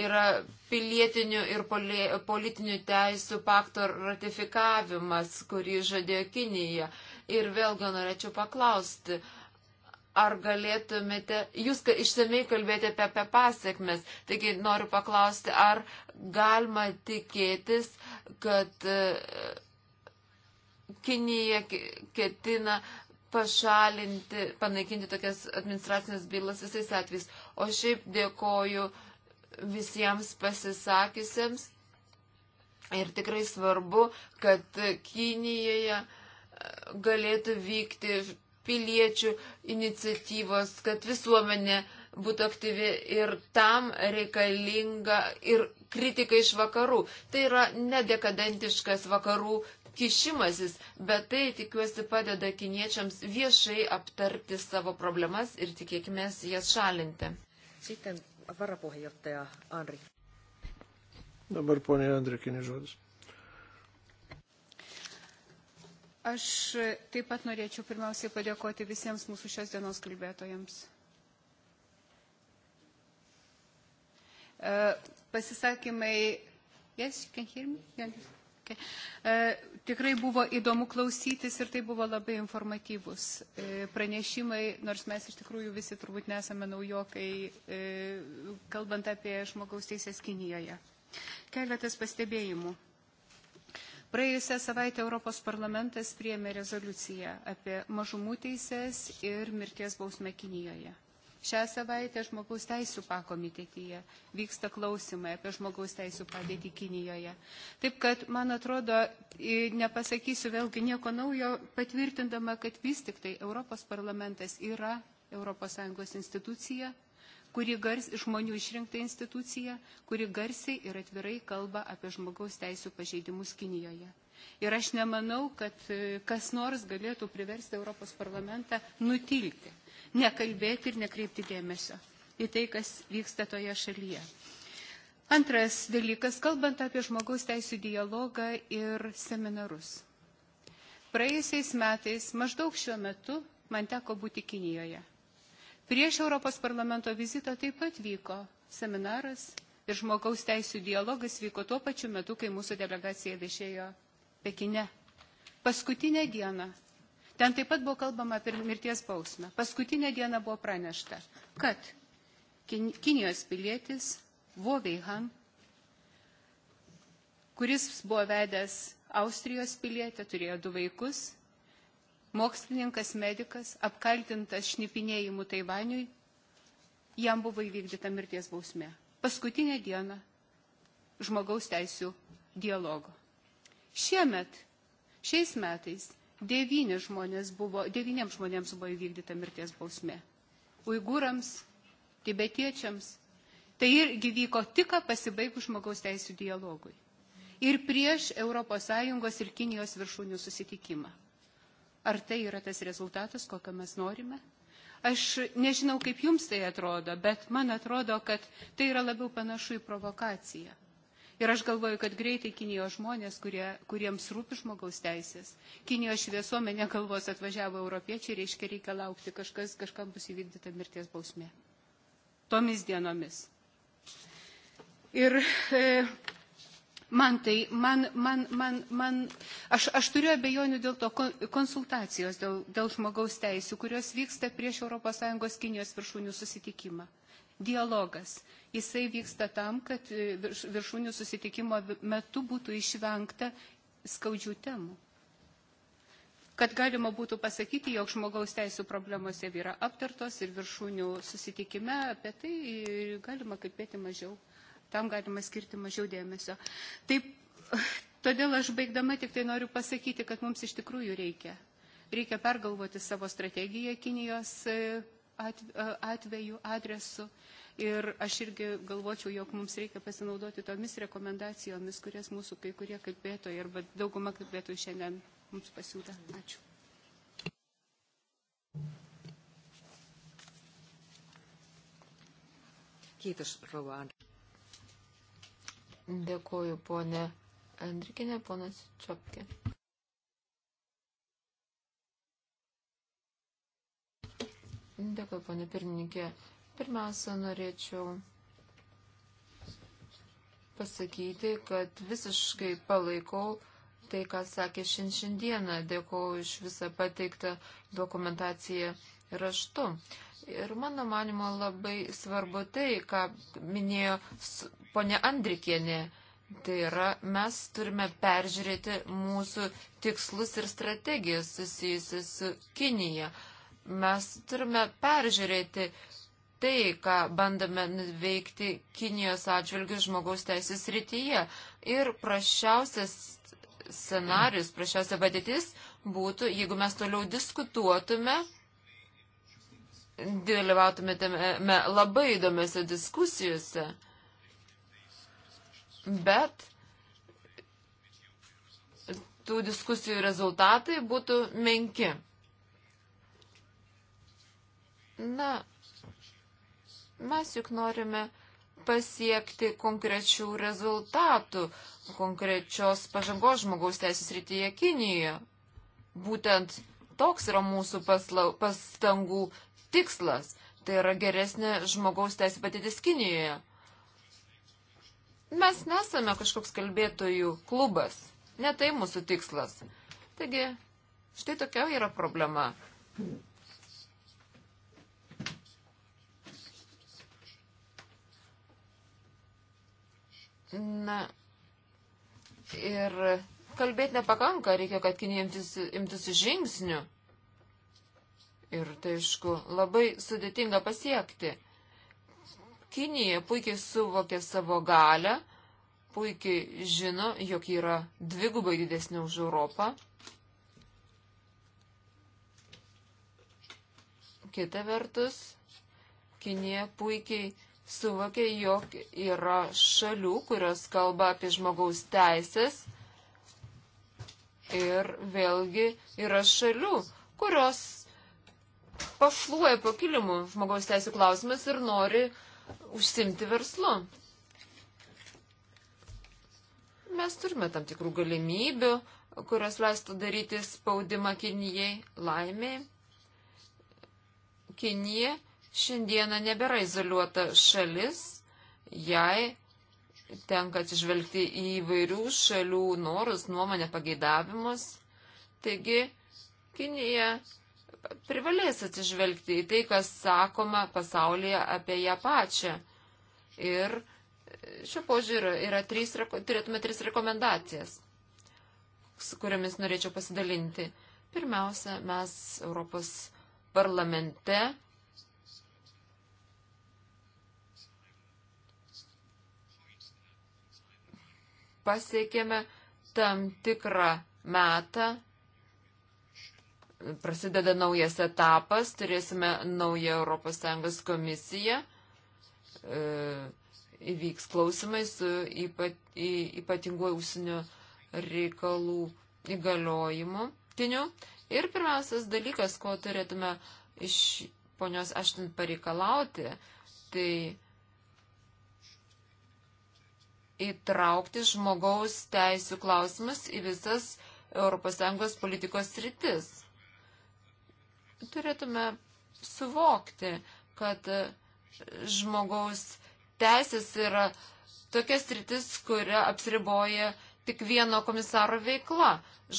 yra pilietinių ir poli politinių teisų pakto ratifikavimas, kurį žadėjo Kinija. Ir vėlgi norėčiau paklausti. Ar galėtumėte, jūs išsamei kalbėjote apie, apie pasiekmes, taigi noriu paklausti, ar galima tikėtis, kad uh, Kinija ketina pašalinti, panaikinti tokias administracinės bylas visais atvejais. O šiaip dėkoju visiems pasisakysiams. Ir tikrai svarbu, kad Kinijoje e, galėtų vykti piliečių iniciatyvos, kad visuomenė būtų aktyvi ir tam reikalinga ir kritika iš vakarų. Tai yra nedekadentiškas vakarų kišimasis, bet tai tikiuosi padeda kiniečiams viešai aptarti savo problemas ir tikėkime jas šalinti. Sitten varapuheenjohtaja Andri. Dabar ponė Andrikinė žodis. Aš taip pat norėčiau pirmiausiai padėkoti visiems mūsų šios dienos kalbėtojams. E, pasisakymai. Yes, you can hear me? You understand? pasakė. E, tikrai buvo įdomu klausytis ir tai buvo labai informatyvus e, pranešimai, nors mes iš tikrųjų visi turbūt nesame naujokai, e, kalbant apie žmogaus teisės Kinijoje. Keletas pastebėjimų. Praėjusią savaitę Europos parlamentas priėmė rezoliuciją apie mažumų teises ir mirties bausmę Kinijoje. Šią savaitę žmogaus teisų pakomitetyje vyksta klausimai apie žmogaus teisų padėtį Kinijoje. Taip kad, man atrodo, nepasakysiu vėlgi nieko naujo, patvirtindama, kad vis tik tai Europos parlamentas yra ES institucija, kuri gars, žmonių išrinkta institucija, kuri garsiai ir atvirai kalba apie žmogaus teisų pažeidimus Kinijoje. Ir aš nemanau, kad kas nors galėtų priversti Europos parlamentą nutilti nekalbėti ir nekreipti dėmesio į tai, kas vyksta toje šalyje. Antras dalykas, kalbant apie žmogaus teisų dialogą ir seminarus. Praėjusiais metais, maždaug šiuo metu, man teko būti Kinijoje. Prieš Europos parlamento vizitą taip pat vyko seminaras ir žmogaus teisų dialogas vyko tuo pačiu metu, kai mūsų delegacija viešėjo Pekine. Paskutinę dieną Ten taip pat buvo kalbama apie mirties bausmę. Paskutinę dieną buvo pranešta, kad Kinijos pilietis Vovei Han, kuris buvo vedęs Austrijos pilietę, turėjo du vaikus, mokslininkas, medikas, apkaltintas šnipinėjimu Taivaniui, jam buvo įvykdyta mirties bausmė. Paskutinę dieną žmogaus teisų dialogo. Šiemet, šiais metais devyni žmonės buvo, devyniems žmonėms buvo įvykdyta mirties bausmė. Uigūrams, tibetiečiams. Tai irgi vyko tik pasibaigus žmogaus teisų dialogui. Ir prieš ES ir Kinijos viršūnių susitikimą. Ar tai yra tas rezultatas, kokio mes norime? Aš nežinau, kaip jums tai atrodo, bet man atrodo, kad tai yra labiau panašu į provokaciją. Ir aš galvoju, kad greitai Kinijos žmonės, kurie, kuriems rūpi žmogaus teisės, Kinijos šviesuome negalvos atvažiavo europiečiai, reiškia reikia laukti, kažkas, kažkam bus įvykdyta mirties bausmė. Tomis dienomis. Ir e, Man tai, man, man, man, man, aš, aš turiu abejonių dėl to konsultacijos dėl, dėl žmogaus teisų, kurios vyksta prieš ES Kinijos viršūnių susitikimą dialogas. Jisai vyksta tam, kad e, viršūnių susitikimo metu būtų išvengta skaudžių temų. Kad galima būtų pasakyti, jog žmogaus teisų problemos jau yra aptartos ir viršūnių susitikime apie tai e, galima kalbėti mažiau. Tam galima skirti mažiau dėmesio. Taip, todėl aš baigdama tik tai noriu pasakyti, kad mums iš tikrųjų reikia reikia pergalvoti savo strategiją Kinijos e, E, atveju, adresu. Ir aš irgi galvočiau, jog mums reikia pasinaudoti tomis rekomendacijomis, kurias mūsų kai kurie kalbėtojai arba dauguma kalbėtojų šiandien mums pasiūlė. Ačiū. Kiitos, rouva Dėkuoju, ponė Andrikinė, ponas Čiopkė. Dėkui, ponė pirmininkė. Pirmiausia, norėčiau pasakyti, kad visiškai palaikau tai, ką sakė šiandieną. Dėkuoju iš visą pateiktą dokumentaciją raštu. Ir mano manimo labai svarbu tai, ką minėjo ponė Andrikienė. Tai yra, mes turime peržiūrėti mūsų tikslus ir strategijas susijusias su Kinija. Mes turime peržiūrėti tai, ką bandome nuveikti Kinijos atžvilgių žmogaus teisės rytyje. Ir prašiausias scenarius, prašiausia padėtis būtų, jeigu mes toliau diskutuotume, dalyvautume tame labai įdomiose diskusijose. Bet tų diskusijų rezultatai būtų menki. Na, mes juk norime pasiekti konkrečių rezultatų, konkrečios pažangos žmogaus teisės rytyje Kinijoje. Būtent toks yra mūsų paslau, pastangų tikslas. Tai yra geresnė žmogaus teisė patytis Kinijoje. Mes nesame kažkoks kalbėtojų klubas. Ne tai mūsų tikslas. Taigi, štai tokia yra problema. Na, ir kalbėti nepakanka, reikia, kad Kinija imtųsi imtis žingsnių. Ir tai, aišku, labai sudėtinga pasiekti. Kinija puikiai suvokė savo galę, puikiai žino, jog yra dvigubai didesnė už Europą. Kita vertus, Kinija puikiai suvokė, jog yra šalių, kurios kalba apie žmogaus teisės ir vėlgi yra šalių, kurios pašluoja po kilimu žmogaus teisų klausimas ir nori užsimti verslu. Mes turime tam tikrų galimybių, kurios leistų daryti spaudimą Kinijai laimiai. Kinija šiandieną nebėra izoliuota šalis, jai tenka atsižvelgti į vairių šalių norus, nuomonę, pageidavimus. Taigi, Kinija privalės atsižvelgti į tai, kas sakoma pasaulyje apie ją pačią. Ir šio požiūriu yra trys, turėtume tris rekomendacijas, su kuriamis norėčiau pasidalinti. Pirmiausia, mes Europos parlamente pasiekėme tam tikrą metą, prasideda naujas etapas, turėsime naują ES komisiją, e, įvyks klausimai su ypat, ypatinguoju užsienio reikalų įgaliojimu. Tiniu. Ir pirmiausias dalykas, ko turėtume iš ponios Aštin pareikalauti, tai įtraukti žmogaus teisų klausimus į visas ES politikos sritis. Turėtume suvokti, kad žmogaus teisės yra tokia sritis, kuria apsiriboja tik vieno komisaro veikla.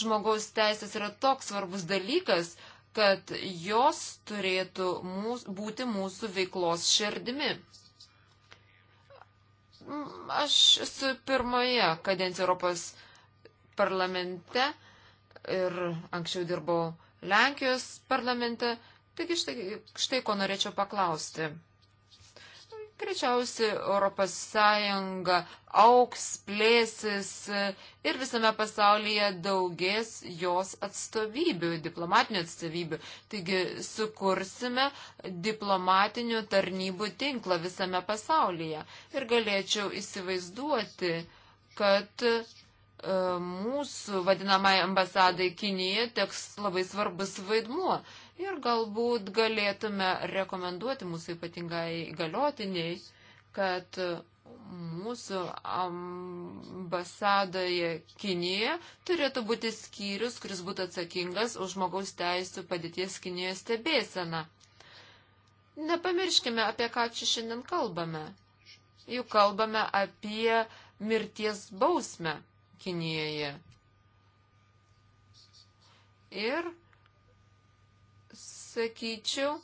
Žmogaus teisės yra toks svarbus dalykas, kad jos turėtų mūs, būti mūsų veiklos širdimi. Aš esu pirmoje kadencijoje Europos parlamente ir anksčiau dirbau Lenkijos parlamente, taigi štai, štai ko norėčiau paklausti greičiausiai Europos Sąjunga auks, plėsis ir visame pasaulyje daugės jos atstovybių, diplomatinių atstovybių. Taigi sukursime diplomatinių tarnybų tinklą visame pasaulyje. Ir galėčiau įsivaizduoti, kad e, mūsų vadinamai ambasadai Kinija teks labai svarbus vaidmuo ir galbūt galėtume rekomenduoti mūsų ypatingai galiotiniai, kad mūsų ambasadoje Kinijoje turėtų būti skyrius, kuris būtų atsakingas už žmogaus teisų padėties Kinijoje stebėseną. Nepamirškime, apie ką čia šiandien kalbame. Juk kalbame apie mirties bausmę Kinijoje. Ir sakyčiau,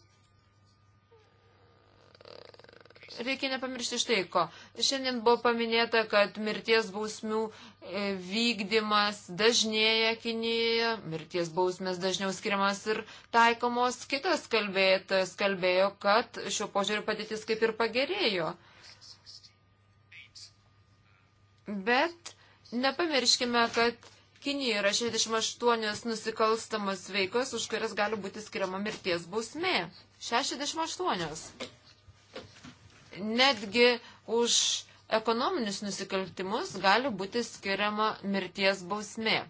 reikia nepamiršti štai ko. Šiandien buvo paminėta, kad mirties bausmių e, vykdymas dažnėja Kinijoje, mirties bausmės dažniau skiriamas ir taikomos. Kitas kalbėtas kalbėjo, kad šiuo požiūriu padėtis kaip ir pagerėjo. Bet nepamirškime, kad Kinijoje yra 68 nusikalstamos veikos, už kurias gali būti skiriama mirties bausmė. 68. Netgi už ekonominius nusikaltimus gali būti skiriama mirties bausmė.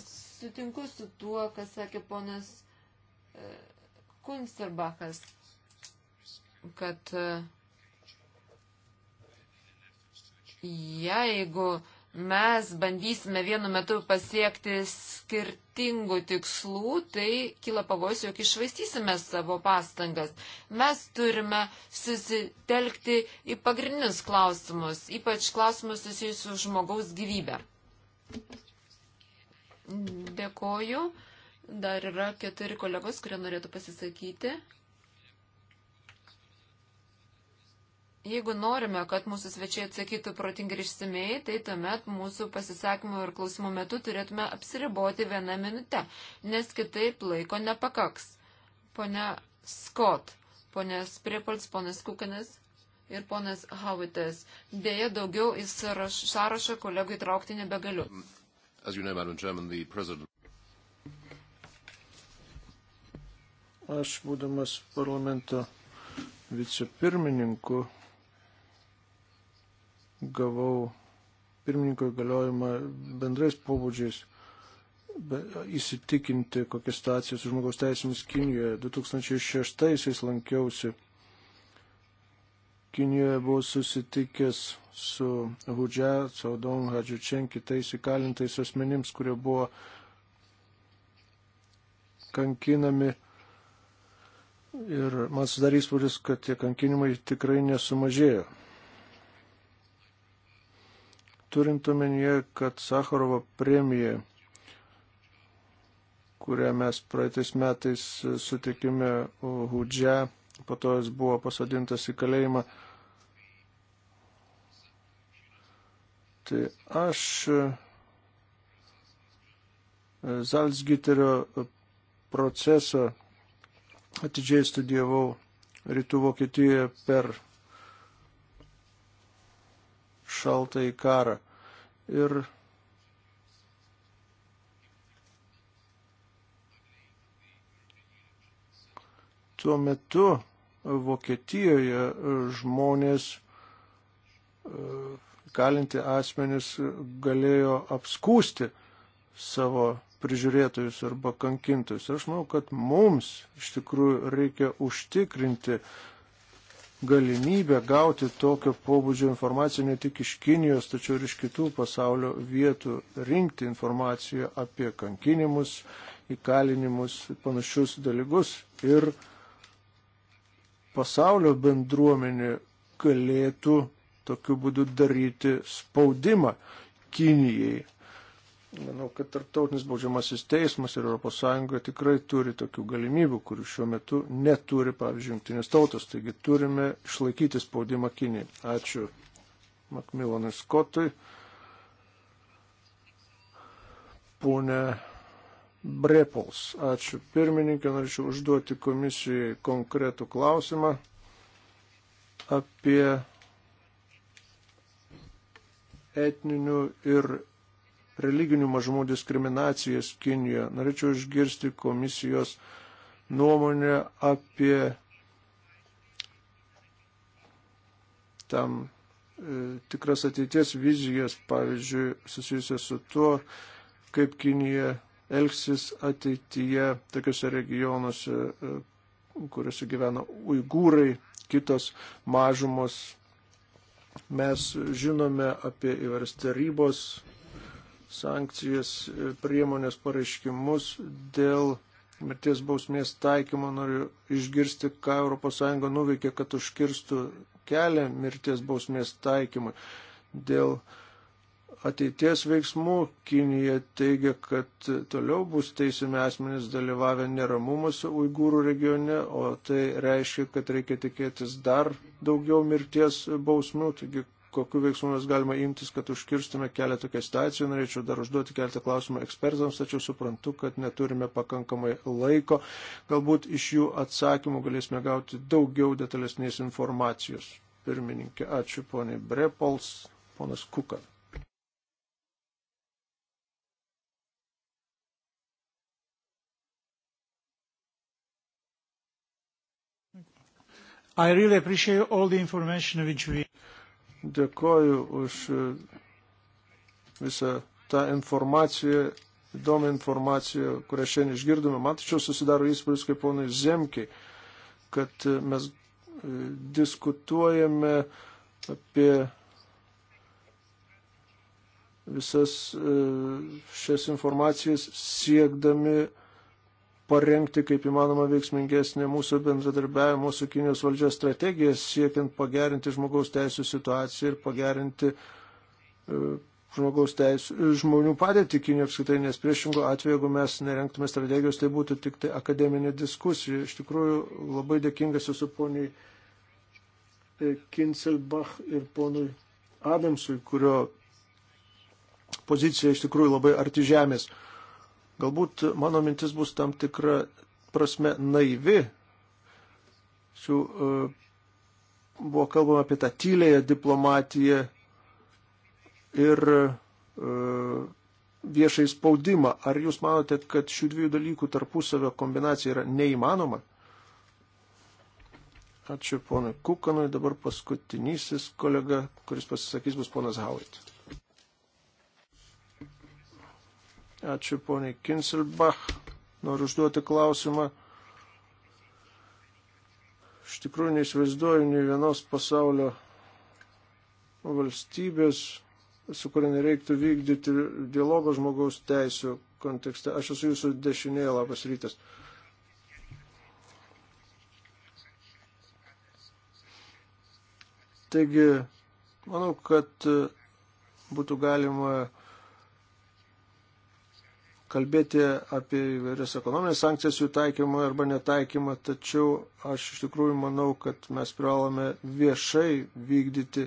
Sutinku su tuo, kas sakė ponas e, Kunsterbakas, kad e, jeigu ja, mes bandysime vienu metu pasiekti skirtingų tikslų, tai kila pavojus, jog išvaistysime savo pastangas. Mes turime susitelkti į pagrindinius klausimus, ypač klausimus susijusius su žmogaus gyvybė. Dėkoju. Dar yra keturi kolegos, kurie norėtų pasisakyti. Jeigu norime, kad mūsų svečiai atsakytų protingai ir išsimei, tai tuomet mūsų pasisakymų ir klausimų metu turėtume apsiriboti vieną minutę, nes kitaip laiko nepakaks. Pone Scott, pone Spriepals, ponas Kukinas ir ponas Havitas. Dėja, daugiau į sąrašą kolegų įtraukti nebegaliu. You know, Chairman, president... Aš, būdamas parlamento vicepirmininku, gavau pirmininko įgaliojimą bendrais pobūdžiais įsitikinti, kokia situacija su žmogaus teisėmis Kinijoje. 2006-aisiais lankiausi Kinijoje, buvau susitikęs su Hudžia, Saudon, Hadžiučen, kitais įkalintais asmenims, kurie buvo kankinami. Ir man sudarys įspūdis, kad tie kankinimai tikrai nesumažėjo turint omenyje, kad Sakarovo premija, kurią mes praeitais metais sutikime Hudžia, po to jis buvo pasodintas į kalėjimą. Tai aš Zalzgiterio e, procesą atidžiai studijavau rytų Vokietijoje per šaltąjį karą. Ir tuo metu Vokietijoje e, žmonės e, kalinti asmenys galėjo apskūsti savo prižiūrėtojus arba kankintojus. Aš manau, kad mums iš tikrųjų reikia užtikrinti galimybę gauti tokio pobūdžio informaciją ne tik iš Kinijos, tačiau ir iš kitų pasaulio vietų, rinkti informaciją apie kankinimus, įkalinimus, panašius dalykus ir pasaulio bendruomenė galėtų tokiu būdu daryti spaudimą Kinijai Manau, kad tarptautinis baudžiamasis teismas ir ES tikrai turi tokių galimybių, kurių šiuo metu neturi, pavyzdžiui, jungtinės tautos. Taigi turime išlaikyti spaudimą Kinijai. Ačiū Makmilonui Skotui. Pone Brepols, ačiū pirmininkė, norėčiau užduoti komisijai konkretų klausimą apie etninių ir religinių mažumų diskriminacijas Kinijoje. Norėčiau išgirsti komisijos nuomonę apie tam e, tikras ateities vizijas, pavyzdžiui, susijusias su tuo, kaip Kinija elgsis ateityje tokiuose regionuose, e, kuriuose gyvena uigūrai, kitos mažumos. Mes žinome apie įvairias tarybos sankcijas, e, priemonės pareiškimus dėl mirties bausmės taikymo. Noriu išgirsti, ką ES nuveikė, kad užkirstų kelią mirties bausmės taikymui. Dėl ateities veiksmų Kinija teigia, kad toliau bus teisime asmenys dalyvavę neramumuose Uigūrų regione, o tai reiškia, kad reikia tikėtis dar daugiau mirties bausmių. Taigi, kokiu veiksmu mes galime imtis, kad užkirstume kelią tokiai situacijai. Norėčiau dar užduoti keletą klausimų ekspertams, tačiau suprantu, kad neturime pakankamai laiko. Galbūt iš jų atsakymų galėsime gauti daugiau detalesnės informacijos. Pirmininkė, ačiū poniai Brepols, ponas Kuka. I really appreciate all the information which we Dėkoju už e, visą tą informaciją, įdomią informaciją, kurią šiandien išgirdome. Man tačiau susidaro įspūdis kaip ponai Zemkiai, kad e, mes e, diskutuojame apie visas šias informacijas siekdami parengti kaip įmanoma veiksmingesnė mūsų bendradarbiavimo su Kinijos valdžios strategija, siekiant pagerinti žmogaus teisų situaciją ir pagerinti e, žmogaus teisų, e, žmonių padėti Kinijoje apskritai, nes priešingų atveju, jeigu mes nerenktume strategijos, tai būtų tik tai akademinė diskusija. Iš tikrųjų, labai dėkingas esu poniai e, Kinselbach ir ponui Adamsui, kurio pozicija iš tikrųjų labai arti žemės. Galbūt mano mintis bus tam tikra prasme naivi. Šių, e, buvo kalbama apie tą tylėją diplomatiją ir e, viešai spaudimą. Ar jūs manote, kad šių dviejų dalykų tarpusavio kombinacija yra neįmanoma? Ačiū ponui Kukanui, dabar paskutinysis kolega, kuris pasisakys, bus ponas Hauit. Ačiū poniai Kinselbach. Noriu užduoti klausimą. Iš tikrųjų neįsivaizduoju nei vienos pasaulio valstybės, su kuria nereiktų vykdyti dialogo žmogaus teisų kontekste. Aš esu jūsų dešinėje, labas rytas. Taigi, manau, kad būtų galima kalbėti apie įvairias ekonominės sankcijas jų taikymą arba netaikymą, tačiau aš iš tikrųjų manau, kad mes privalome viešai vykdyti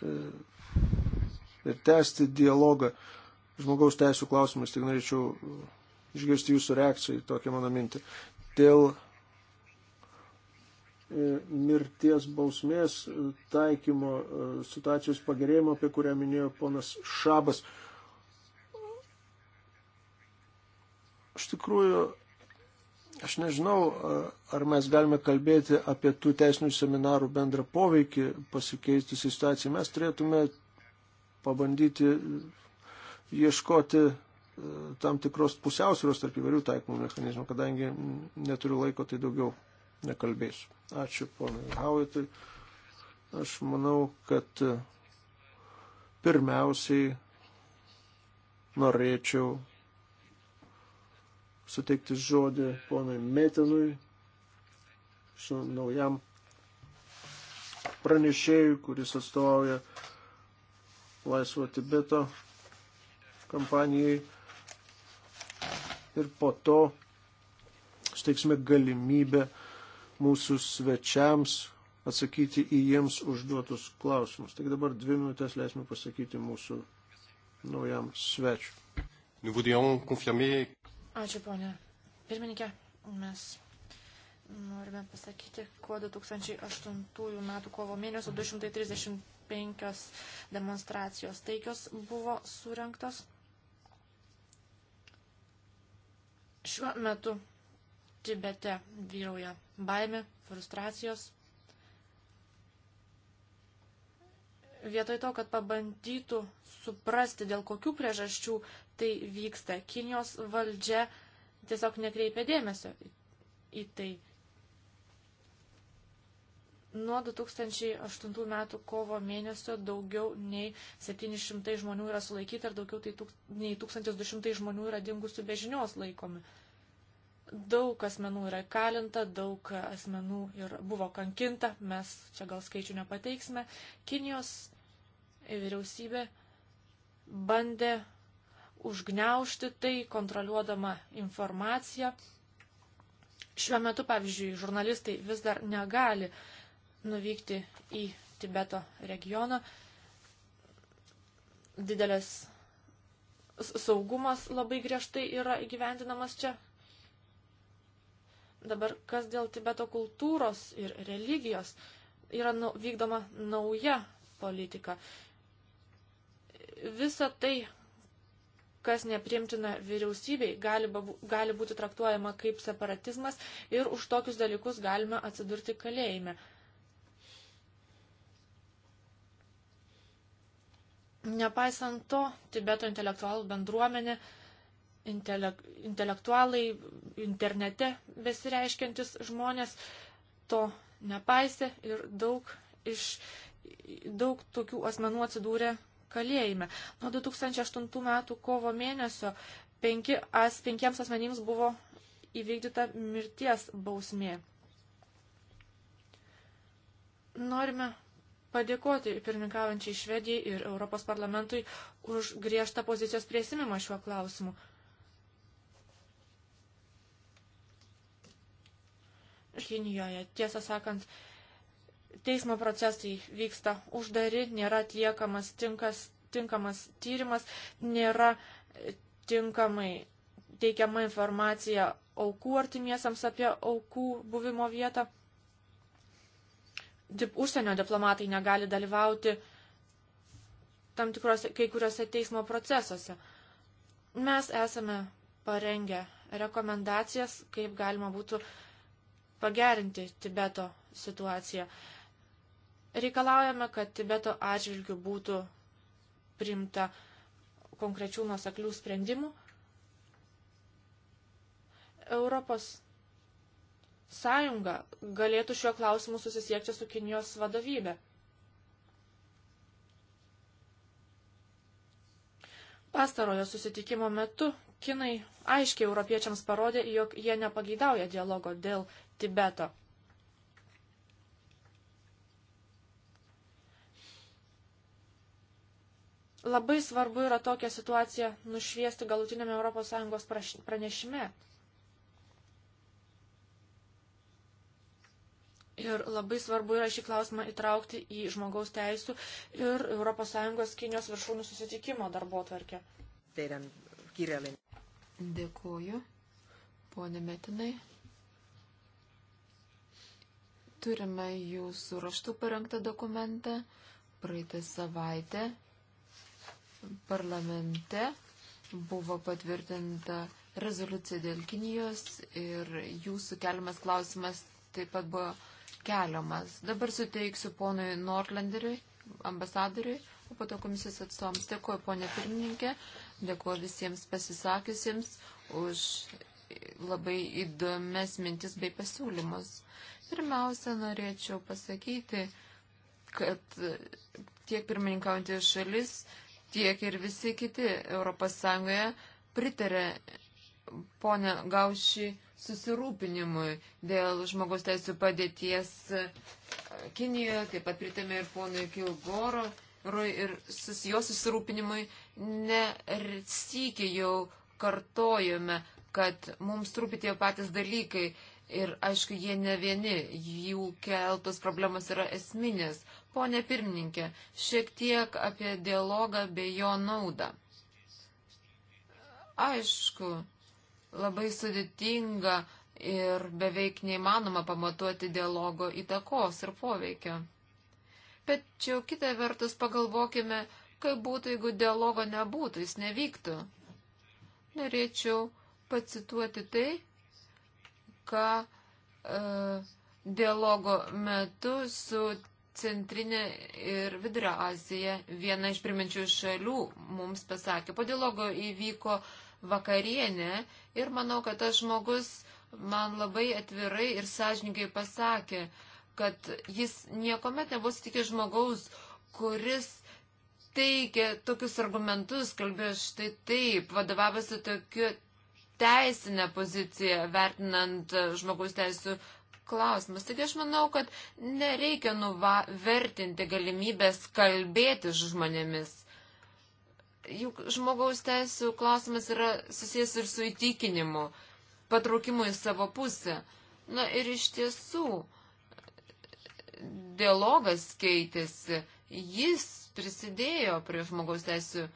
e, ir tęsti dialogą žmogaus teisų klausimais. Tik norėčiau išgirsti jūsų reakciją į tokią mano mintį. Dėl E, mirties bausmės e, taikymo e, situacijos pagerėjimo, apie kurią minėjo ponas Šabas. Iš tikrųjų, aš nežinau, ar mes galime kalbėti apie tų teisinių seminarų bendrą poveikį pasikeisti situaciją. Mes turėtume pabandyti ieškoti tam tikros pusiausvėros tarp įvairių taikomų mechanizmų, kadangi neturiu laiko, tai daugiau nekalbėsiu. Ačiū ponui Hauitui. Aš manau, kad e, pirmiausiai norėčiau suteikti žodį ponui Metinui su naujam pranešėjui, kuris atstovauja Laisvo Tibeto kampanijai. Ir po to steiksime galimybę uh, mūsų svečiams atsakyti į jiems užduotus klausimus. Tik dabar dvi minutės leisime pasakyti mūsų naujam svečiu. Ačiū, ponė. Pirmininkė, mes norime pasakyti, kuo 2008 m. kovo mėnesio 235 demonstracijos taikios buvo surinktos. Šiuo metu Tibete vyrauja baimė, frustracijos. Vietoj to, kad pabandytų suprasti, dėl kokių priežasčių tai vyksta, Kinijos valdžia tiesiog nekreipia dėmesio į tai. Nuo 2008 metų kovo mėnesio daugiau nei 700 žmonių yra sulaikyti ir daugiau tai tuk, nei 1200 žmonių yra dingusių be žinios laikomi daug asmenų yra kalinta, daug asmenų ir buvo kankinta, mes čia gal skaičių nepateiksime. Kinijos vyriausybė bandė užgneušti tai, kontroliuodama informaciją. Šiuo metu, pavyzdžiui, žurnalistai vis dar negali nuvykti į Tibeto regioną. Didelis saugumas labai griežtai yra įgyvendinamas čia, Dabar kas dėl Tibeto kultūros ir religijos yra nu, vykdoma nauja politika. Visa tai, kas neprimtina vyriausybei, gali, gali būti traktuojama kaip separatizmas ir už tokius dalykus galime atsidurti kalėjime. Nepaisant to, Tibeto intelektualų bendruomenė uh, intelektualai, internete besireiškiantis žmonės to nepaisė ir daug, iš, daug tokių asmenų atsidūrė kalėjime. Nuo 2008 metų kovo mėnesio penki, as, penkiems asmenims buvo įvykdyta mirties bausmė. Norime padėkoti pirmininkaujančiai Švedijai ir Europos parlamentui už griežtą pozicijos priesimimą šiuo klausimu. Kinijoje. Tiesą sakant, teismo procesai vyksta uždari, nėra atliekamas tinkas, tinkamas tyrimas, nėra tinkamai teikiama informacija aukų artimiesiams apie aukų buvimo vietą. Dip, užsienio diplomatai negali dalyvauti tam tikrose, kai kuriuose teismo procesuose. Mes esame parengę rekomendacijas, kaip galima būtų pagerinti Tibeto situaciją. Reikalaujame, kad Tibeto atžvilgių būtų primta konkrečių nuosaklių sprendimų. Europos Sąjunga galėtų šiuo klausimu susisiekti su Kinijos vadovybė. Pastarojo susitikimo metu Kinai aiškiai europiečiams parodė, jog jie nepageidauja dialogo dėl Tibeto. Labai svarbu yra tokią situaciją nušviesti galutinėme ES pranešime. Ir labai svarbu yra šį klausimą įtraukti į žmogaus teisų ir ES Kinijos viršūnų susitikimo darbo tvarkę. Dėkuoju, ponė Metinai. Turime jūsų raštų parengtą dokumentą praeitą savaitę parlamente buvo patvirtinta rezoliucija dėl Kinijos ir jūsų keliamas klausimas taip pat buvo keliamas. Dabar suteiksiu ponui Norlanderiui, ambasadoriui, o po to komisijos atstovams. Dėkuoju, ponė pirmininkė, dėkuoju visiems pasisakiusiems už labai įdomias mintis bei pasiūlymus. Pirmiausia, norėčiau pasakyti, kad tiek pirmininkaujantė šalis, tiek ir visi kiti ES pritarė ponę Gaušį susirūpinimui dėl žmogaus teisų padėties Kinijoje, taip pat pritėmė ir ponui Kilgoro ir sus, jo susirūpinimui nesykiai jau kartojome, kad mums truputį patys dalykai Ir aišku, jie ne vieni, jų keltos problemos yra esminės. Pone pirmininkė, šiek tiek apie dialogą bei jo naudą. Aišku, labai sudėtinga ir beveik neįmanoma pamatuoti dialogo įtakos ir poveikio. Bet čia jau kitą vertus pagalvokime, kaip būtų, jeigu dialogo nebūtų, jis nevyktų. Norėčiau pacituoti tai, dėka e, dialogo metu su Centrinė ir Vidurio Azija, viena iš priminčių šalių, mums pasakė. Po dialogo įvyko vakarienė ir manau, kad tas žmogus man labai atvirai ir sąžininkai pasakė, kad jis niekuomet nebus tikė žmogaus, kuris teikia tokius argumentus, kalbėjo štai taip, vadovavosi tokiu teisinę poziciją, vertinant e, žmogaus teisų klausimus. Taigi aš manau, kad nereikia nuvertinti galimybės kalbėti žmonėmis. Juk žmogaus teisų klausimas yra susijęs ir su įtikinimu, patraukimu į savo pusę. Na ir iš tiesų, dialogas keitėsi, jis prisidėjo prie žmogaus teisų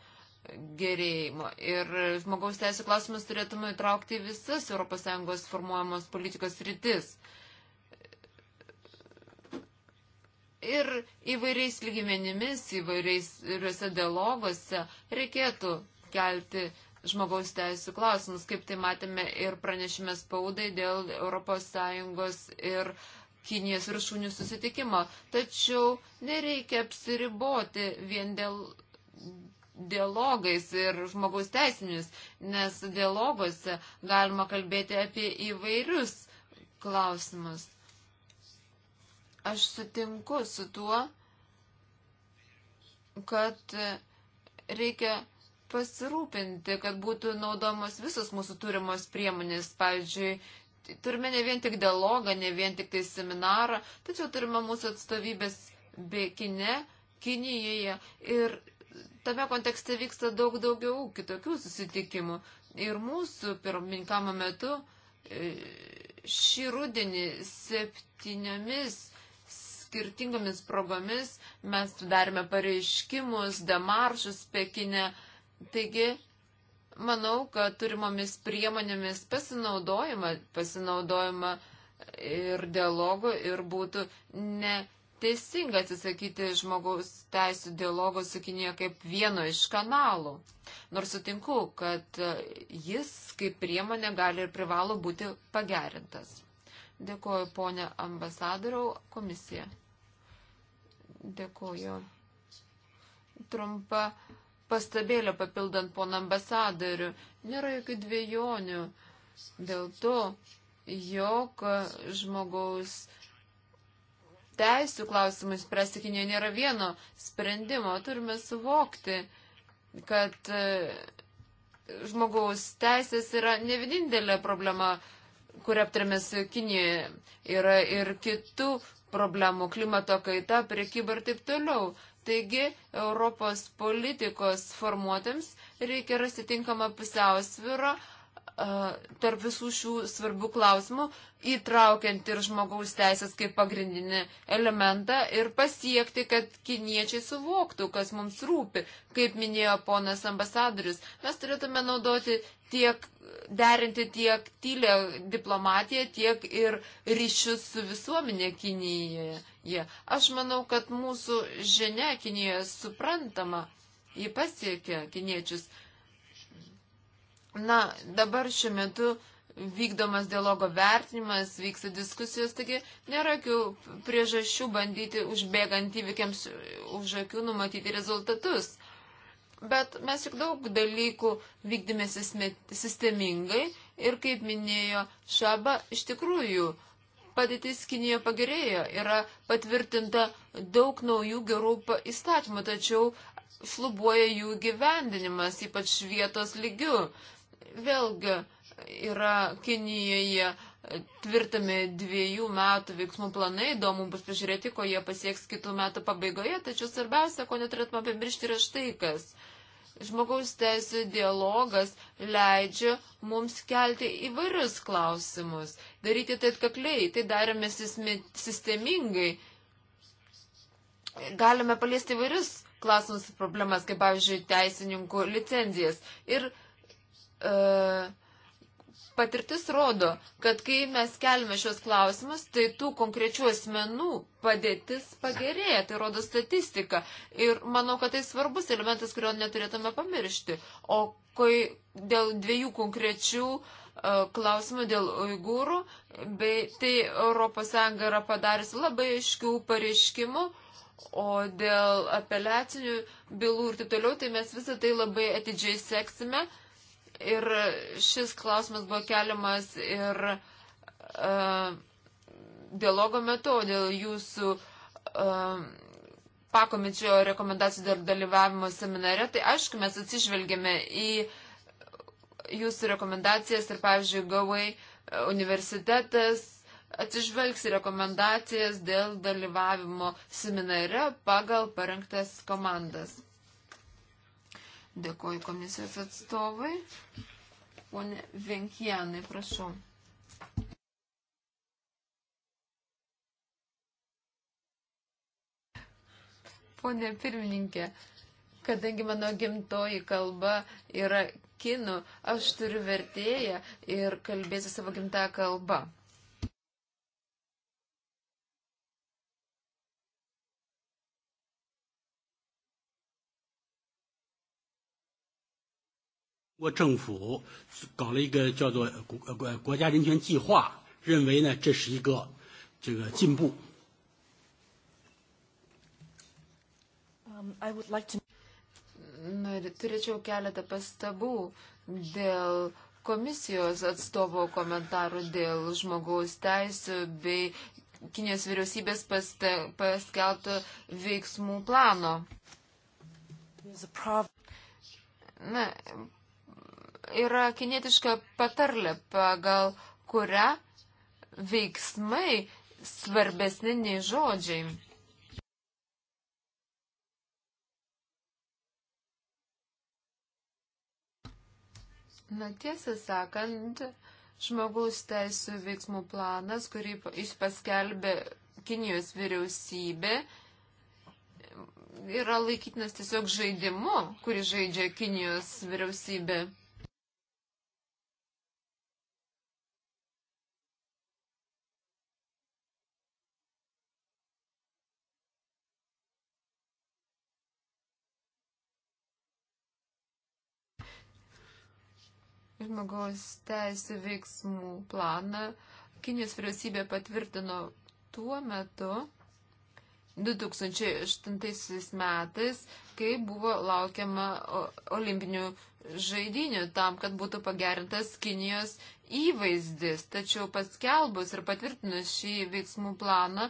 gerėjimo. Ir žmogaus teisų klausimus turėtume įtraukti visas ES formuojamos politikos rytis. Ir įvairiais lygmenimis, įvairiais dialoguose reikėtų kelti žmogaus teisų klausimus, kaip tai matėme ir pranešime spaudai dėl ES ir Kinijos viršūnių susitikimo. Tačiau nereikia apsiriboti vien dėl dialogais ir žmogaus teisinius, nes dialoguose galima kalbėti apie įvairius klausimus. Aš sutinku su tuo, kad reikia pasirūpinti, kad būtų naudojamos visos mūsų turimos priemonės. Pavyzdžiui, turime ne vien tik dialogą, ne vien tik tai seminarą, tačiau turime mūsų atstovybės be kine, Kinijoje ir tame kontekste vyksta daug daugiau kitokių susitikimų. Ir mūsų pirmininkamo metu e, šį rudenį septyniomis skirtingomis progomis mes darėme pareiškimus, demaršus Pekine. Taigi, manau, kad turimomis priemonėmis pasinaudojama, pasinaudojama ir dialogo ir būtų ne teisinga atsisakyti žmogaus teisų dialogo su Kinija kaip vieno iš kanalų. Nors sutinku, kad jis kaip priemonė gali ir privalo būti pagerintas. Dėkoju, ponė ambasadoriau, komisija. Dėkoju. Trumpa pastabėlė papildant poną ambasadorių. Nėra jokių dviejonių dėl to, jog žmogaus teisų teisų klausimui spręsti Kinijoje nėra vieno sprendimo. Turime suvokti, kad e, žmogaus teisės yra ne vienintelė problema, kurią aptarėme su Kinijoje. Yra ir kitų problemų - klimato kaita, priekyba ir taip toliau. Taigi Europos politikos formuotėms reikia rasti tinkamą pusiausvyrą tarp visų šių svarbių klausimų, įtraukiant ir žmogaus teisės kaip pagrindinį elementą ir pasiekti, kad kiniečiai suvoktų, kas mums rūpi. Kaip minėjo ponas ambasadorius, mes turėtume naudoti tiek, derinti tiek tylę diplomatiją, tiek ir ryšius su visuomenė Kinijoje. Aš manau, kad mūsų žinia Kinijoje suprantama, jį pasiekia kiniečius. Na, dabar šiuo metu vykdomas dialogo vertinimas, vyksta diskusijos, taigi nėra jokių priežasčių bandyti užbėgant įvykiams už akių numatyti rezultatus. Bet mes juk daug dalykų vykdėme sistemingai ir, kaip minėjo Šaba, iš tikrųjų padėtis Kinijoje pagerėjo, yra patvirtinta daug naujų gerų įstatymų, tačiau šlubuoja jų gyvendinimas, ypač vietos lygių vėlgi yra Kinijoje tvirtami dviejų metų veiksmų planai, įdomu bus pažiūrėti, ko jie pasieks kitų metų pabaigoje, tačiau svarbiausia, ko neturėtume pamiršti, yra štai kas. Žmogaus teisų dialogas leidžia mums kelti įvairius klausimus, daryti tai atkakliai, tai darėme sistemingai. Galime paliesti įvairius klausimus ir problemas, kaip pavyzdžiui, teisininkų licenzijas. Ir E, patirtis rodo, kad kai mes kelime šios klausimus, tai tų konkrečių asmenų padėtis pagerėja, tai rodo statistika. Ir manau, kad tai svarbus elementas, kurio neturėtume pamiršti. O kai dėl dviejų konkrečių uh, klausimų dėl uigūrų, bei tai ES yra padariusi labai aiškių pareiškimų, o dėl apeliacinių bylų ir taip toliau, tai mes visą tai labai atidžiai seksime ir šis klausimas buvo keliamas ir uh, dialogo metu dėl jūsų uh, e, pakomičio rekomendacijų dėl dalyvavimo seminare. Tai aišku, mes atsižvelgėme į jūsų rekomendacijas ir, pavyzdžiui, gavai universitetas atsižvelgs į rekomendacijas dėl dalyvavimo seminare pagal parengtas komandas. Dėkoju komisijos atstovai. Pone Venkijanai, prašau. Pone pirmininkė, kadangi mano gimtoji kalba yra kinų, aš turiu vertėją ir kalbėsiu savo gimtąją kalbą. 国政府搞了一个叫做国国国家人权计划，认为呢这是一个这个进步。Um, I would like to... Na, turėčiau keletą pastabų dėl komisijos atstovo komentarų dėl žmogaus teisų bei Kinijos vyriausybės paste, paskelbto veiksmų plano. Na, yra kinietiška patarlė, pagal kurią veiksmai svarbesni nei žodžiai. Na tiesą sakant, žmogaus teisų veiksmų planas, kurį jis paskelbė Kinijos vyriausybė, yra laikytinas tiesiog žaidimu, kurį žaidžia Kinijos vyriausybė. žmogaus teisų veiksmų planą Kinijos vyriausybė patvirtino tuo metu, 2008 metais, kai buvo laukiama olimpinių žaidinių tam, kad būtų pagerintas Kinijos įvaizdis. Tačiau paskelbus ir patvirtinus šį veiksmų planą,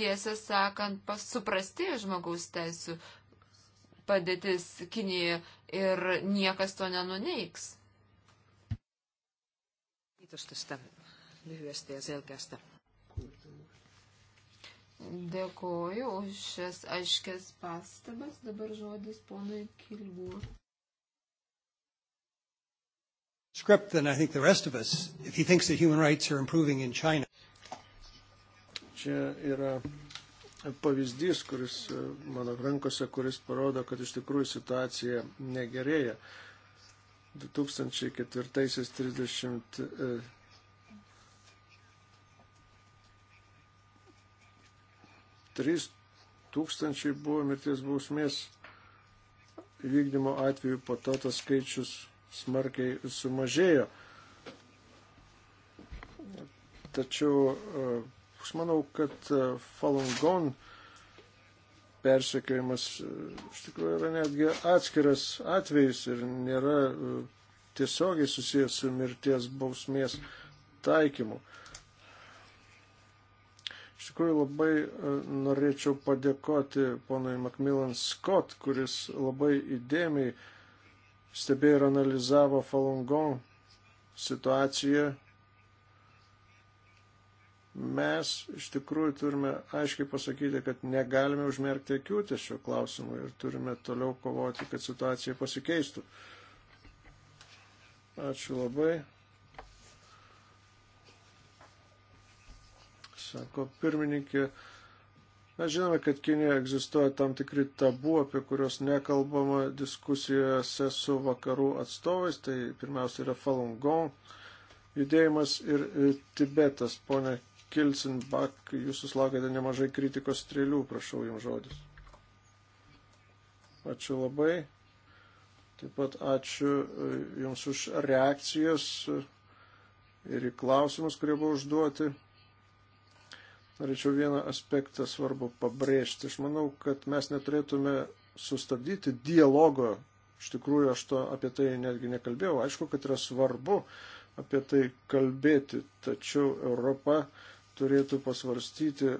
tiesą sakant, suprastėjo žmogaus teisų padėtis Kinijoje ir niekas to nenuneiks. Kiitos tästä lyhyestä ja selkeästä. Dėkoju už šias aiškės pastabas. Dabar žodis ponui Kilgų. Script than I think the rest of us, if he thinks that human rights are improving in China. Čia yra pavyzdys, kuris mano rankose, kuris parodo, kad iš tikrųjų situacija negerėja. Uh, 2004-30. Trys tūkstančiai buvo mirties bausmės vykdymo atveju, po to tas skaičius smarkiai sumažėjo. Tačiau e, aš manau, kad e, Falun Gong persekiojimas e, iš tikrųjų yra netgi atskiras atvejis ir nėra e, tiesiogiai susijęs su mirties bausmės taikymu. Iš tikrųjų labai e, norėčiau padėkoti ponui Macmillan Scott, kuris labai įdėmiai stebėjo ir analizavo Falun Gong situaciją mes iš tikrųjų turime aiškiai pasakyti, kad negalime užmerkti akių ties šio klausimu ir turime toliau kovoti, kad situacija pasikeistų. Ačiū labai. Sako pirmininkė. Mes žinome, kad Kinijoje egzistuoja tam tikri tabu, apie kuriuos nekalbama diskusijose su vakarų atstovais. Tai pirmiausia yra Falun Gong judėjimas ir Tibetas. Pone Kilsenbach, jūs susilaukėte nemažai kritikos strėlių, prašau jums žodis. Ačiū labai. Taip pat ačiū e, Jums už reakcijas ir į klausimus, kurie buvo užduoti. Norėčiau vieną aspektą svarbu pabrėžti. Aš manau, kad mes neturėtume sustabdyti dialogo. Iš tikrųjų, aš to apie tai netgi nekalbėjau. Aišku, kad yra svarbu apie tai kalbėti, tačiau Europa turėtų pasvarstyti,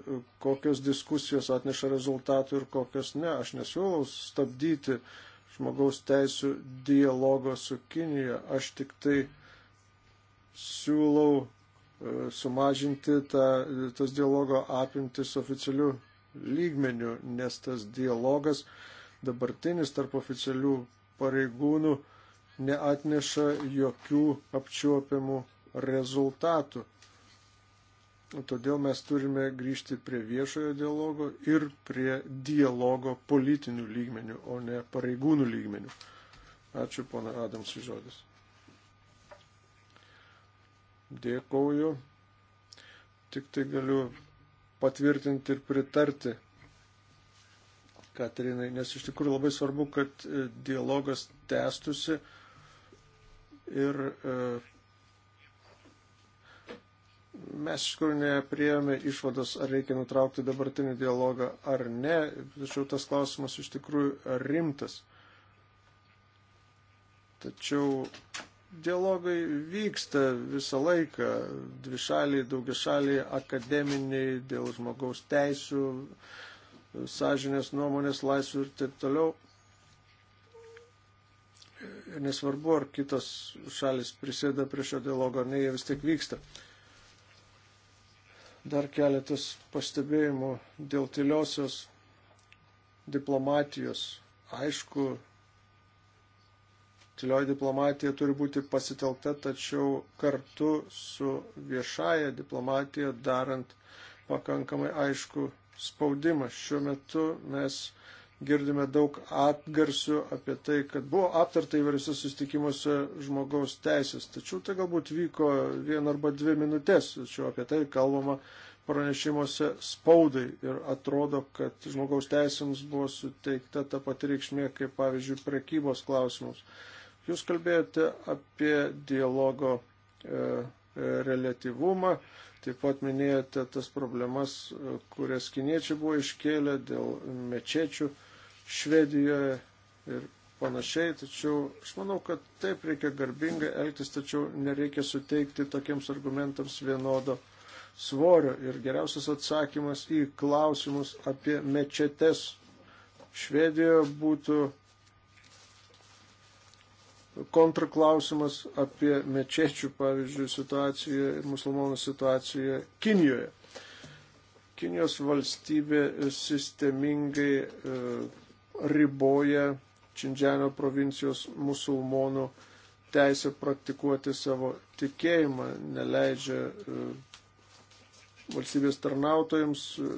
kokios diskusijos atneša rezultatų ir kokios ne. Aš nesiūlau stabdyti žmogaus teisų dialogo su Kinija. Aš tik tai siūlau e, sumažinti tą, tas dialogo apimtis oficialių lygmenių, nes tas dialogas dabartinis tarp oficialių pareigūnų neatneša jokių apčiuopiamų rezultatų. Todėl mes turime grįžti prie viešojo dialogo ir prie dialogo politinių lygmenių, o ne pareigūnų lygmenių. Ačiū, pana Adams, žodis. Dėkauju. Tik tai galiu patvirtinti ir pritarti Katrinai, nes iš tikrųjų labai svarbu, kad dialogas tęstusi ir e, mes iš tikrųjų nepriejome išvados, ar reikia nutraukti dabartinį dialogą ar ne, tačiau tas klausimas iš tikrųjų rimtas. Tačiau dialogai vyksta visą laiką, dvišaliai, daugiašaliai, akademiniai, dėl žmogaus teisų, sąžinės nuomonės laisvių ir taip toliau. Nesvarbu, ar kitos šalis prisėda prie šio dialogo, ar ne, jie vis tiek vyksta. Uh, Dar keletas pastebėjimų dėl tyliosios diplomatijos. Aišku, tylioji diplomatija turi būti pasitelkta, tačiau kartu su viešaja diplomatija darant pakankamai aišku spaudimą. Šiuo metu mes girdime daug atgarsių apie tai, kad buvo aptarta įvairiuose sustikimuose žmogaus teisės. Tačiau tai galbūt vyko vien arba dvi minutės, tačiau apie tai kalbama pranešimuose spaudai ir atrodo, kad žmogaus teisėms buvo suteikta ta pati reikšmė, kaip pavyzdžiui, prekybos klausimus. Jūs kalbėjote apie dialogo e, e relativumą, taip pat minėjote tas problemas, e, kurias kiniečiai buvo iškėlę dėl mečečių Švedijoje ir panašiai, tačiau aš manau, kad taip reikia garbingai elgtis, tačiau nereikia suteikti tokiems argumentams vienodo svorio. Ir geriausias atsakymas į klausimus apie mečetes Švedijoje būtų kontrklausimas apie mečečių, pavyzdžiui, situaciją ir musulmonų situaciją Kinijoje. Kinijos valstybė sistemingai e, riboja Čindžianio provincijos musulmonų teisę praktikuoti savo tikėjimą, neleidžia e, valstybės tarnautojams e,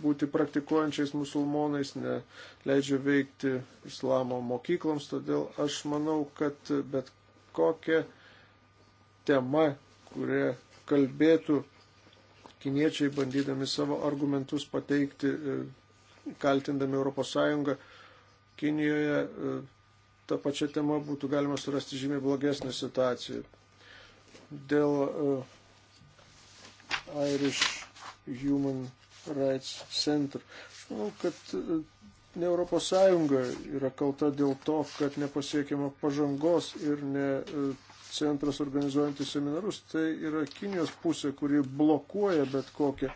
būti praktikuojančiais musulmonais, neleidžia veikti islamo mokykloms. Todėl aš manau, kad bet kokia tema, kurie kalbėtų kiniečiai bandydami savo argumentus pateikti e, kaltindami ES Kinijoje, e, ta pačia tema būtų galima surasti žymiai blogesnį situaciją. Dėl uh, Irish Human Rights Center. Aš manau, kad e, ne Europos Sąjunga yra kalta dėl to, kad nepasiekiama pažangos ir ne centras organizuojantis seminarus. Tai yra Kinijos pusė, kuri blokuoja bet kokią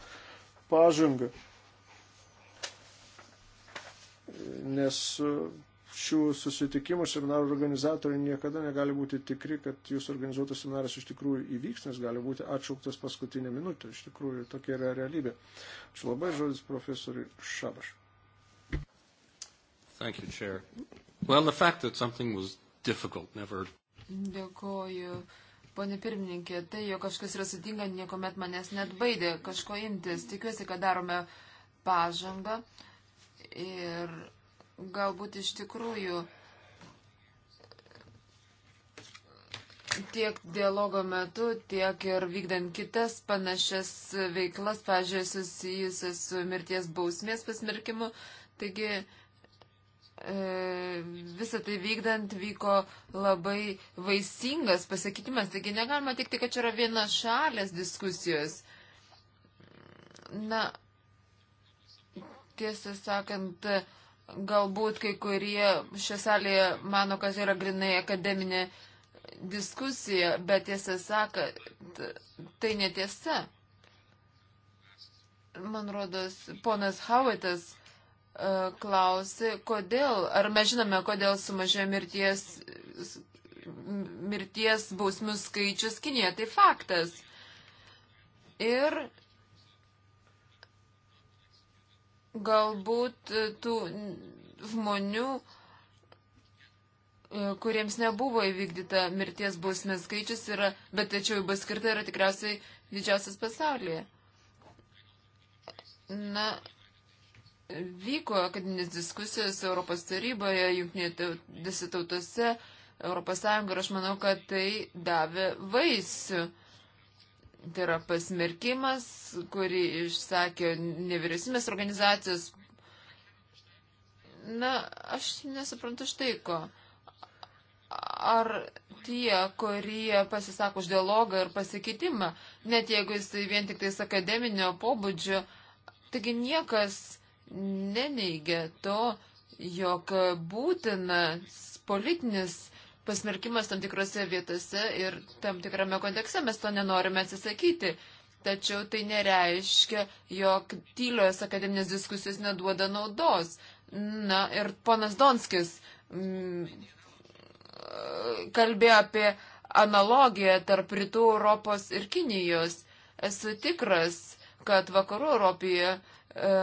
pažangą nes šių susitikimų seminarų organizatoriai niekada negali būti tikri, kad jūsų organizuotas seminaras iš tikrųjų įvyks, nes gali būti atšauktas paskutinę minutę. Iš tikrųjų, tokia yra realybė. Ačiū labai žodis profesoriui Šabaš. Thank you, Chair. Well, the fact that something was difficult never. Dėkoju. Pone pirmininkė, tai, jo kažkas yra sudinga, niekuomet manęs net baidė kažko imtis. Tikiuosi, kad darome pažangą. Uh, Ir galbūt iš tikrųjų tiek dialogo metu, tiek ir vykdant kitas panašias veiklas, pažiūrėjau, susijusias su mirties bausmės pasmerkimu. Taigi e, visą tai vykdant vyko labai vaisingas pasakytimas. Taigi negalima tik tai, kad čia yra viena šalės diskusijos. Na, Tiesą sakant, galbūt kai kurie šią salėje mano, kad yra grinai akademinė diskusija, bet tiesą sakant, tai netiesa. Man rodos, ponas Havitas e, klausė, kodėl, ar mes žinome, kodėl sumažėjo mirties, mirties bausmių skaičius Kinėje, tai faktas. Ir galbūt e, tų žmonių, e, kuriems nebuvo įvykdyta mirties bausmės skaičius, yra, bet tačiau į baskirtą yra tikriausiai didžiausias pasaulyje. Na, vyko akadinės diskusijos Europos taryboje, jungtinėse tautose, Europos Sąjungoje ir aš manau, kad tai davė vaisių. Tai yra pasmerkimas, kurį išsakė nevyriausybės organizacijos. Na, aš nesuprantu štai ko. Ar tie, kurie pasisako už dialogą ir pasikeitimą, net jeigu jis vien tik tais akademinio pobūdžio, taigi niekas neneigia to, jog būtinas politinis pasmerkimas tam tikrose vietose ir tam tikrame kontekste mes to nenorime atsisakyti. Tačiau tai nereiškia, jog tylios akademinės diskusijos neduoda naudos. Na ir ponas Donskis mm, kalbėjo apie analogiją tarp rytų Europos ir Kinijos. Esu tikras, kad vakarų Europoje e,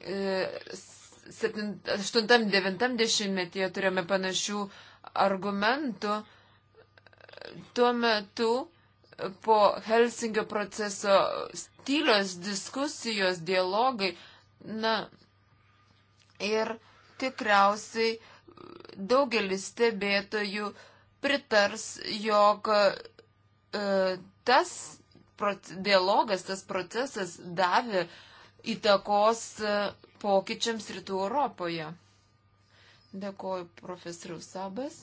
e, 8-9 dešimtmetyje turėjome panašių argumentų tuo metu po Helsingio proceso stilios diskusijos, dialogai, na ir tikriausiai daugelis stebėtojų pritars, jog e, tas dialogas, tas procesas davė įtakos e, pokyčiams rytų Europoje. Dėkoju profesorius Sabas.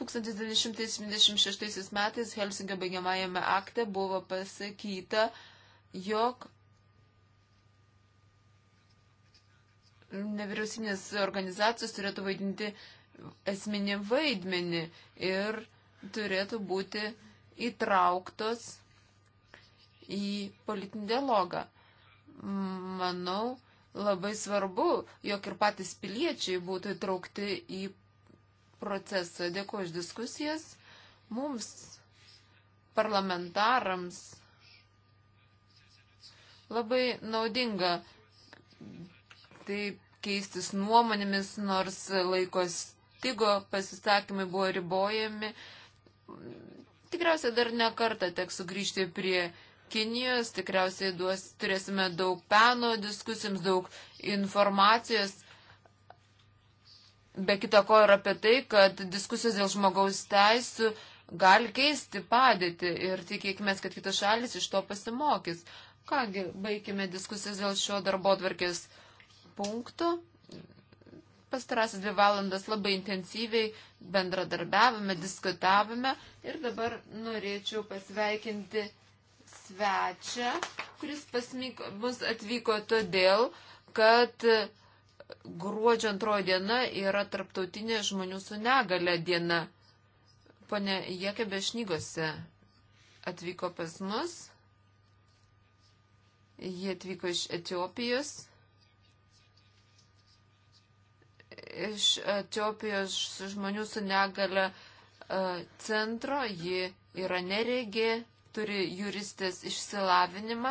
1976 metais Helsingio baigiamajame akte buvo pasakyta, jog nevyriausybinės organizacijos turėtų vaidinti esminį vaidmenį ir turėtų būti įtrauktos į politinį dialogą. Manau, labai svarbu, jog ir patys piliečiai būtų įtraukti į procesą. Dėkuoju iš diskusijas. Mums, parlamentarams, labai naudinga taip keistis nuomonėmis, nors laikos tigo pasisakymai buvo ribojami. Tikriausiai dar ne kartą teks sugrįžti prie Kinijos, tikriausiai duos, turėsime daug peno diskusijams, daug informacijos. Be kita ko ir apie tai, kad diskusijos dėl žmogaus teisų gali keisti padėtį ir tikėkime, kad kitos šalis iš to pasimokys. Kągi, baigime diskusijas dėl šio darbo atvarkės punktų. Pastarasis dvi valandas labai intensyviai bendradarbiavome, diskutavome ir dabar norėčiau pasveikinti svečią, kuris pas mus atvyko todėl, kad gruodžio antroji diena yra tarptautinė žmonių su negale diena. Pane Jekebė Šnygose atvyko pas mus. Jie atvyko iš Etiopijos. Iš Etiopijos žmonių su negale e, centro ji yra neregė turi juristės išsilavinimą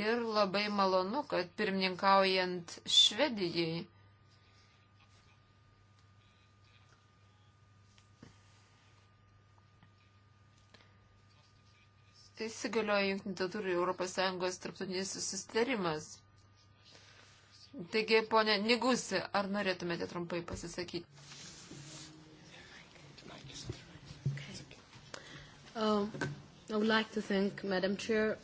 ir labai malonu, kad pirmininkaujant Švedijai Tai įsigalioja Junktinių tautų ir Europos Sąjungos tarptautinis susitarimas. Taigi, ponė Nigusi, ar norėtumėte trumpai pasisakyti? Um, Like Chair,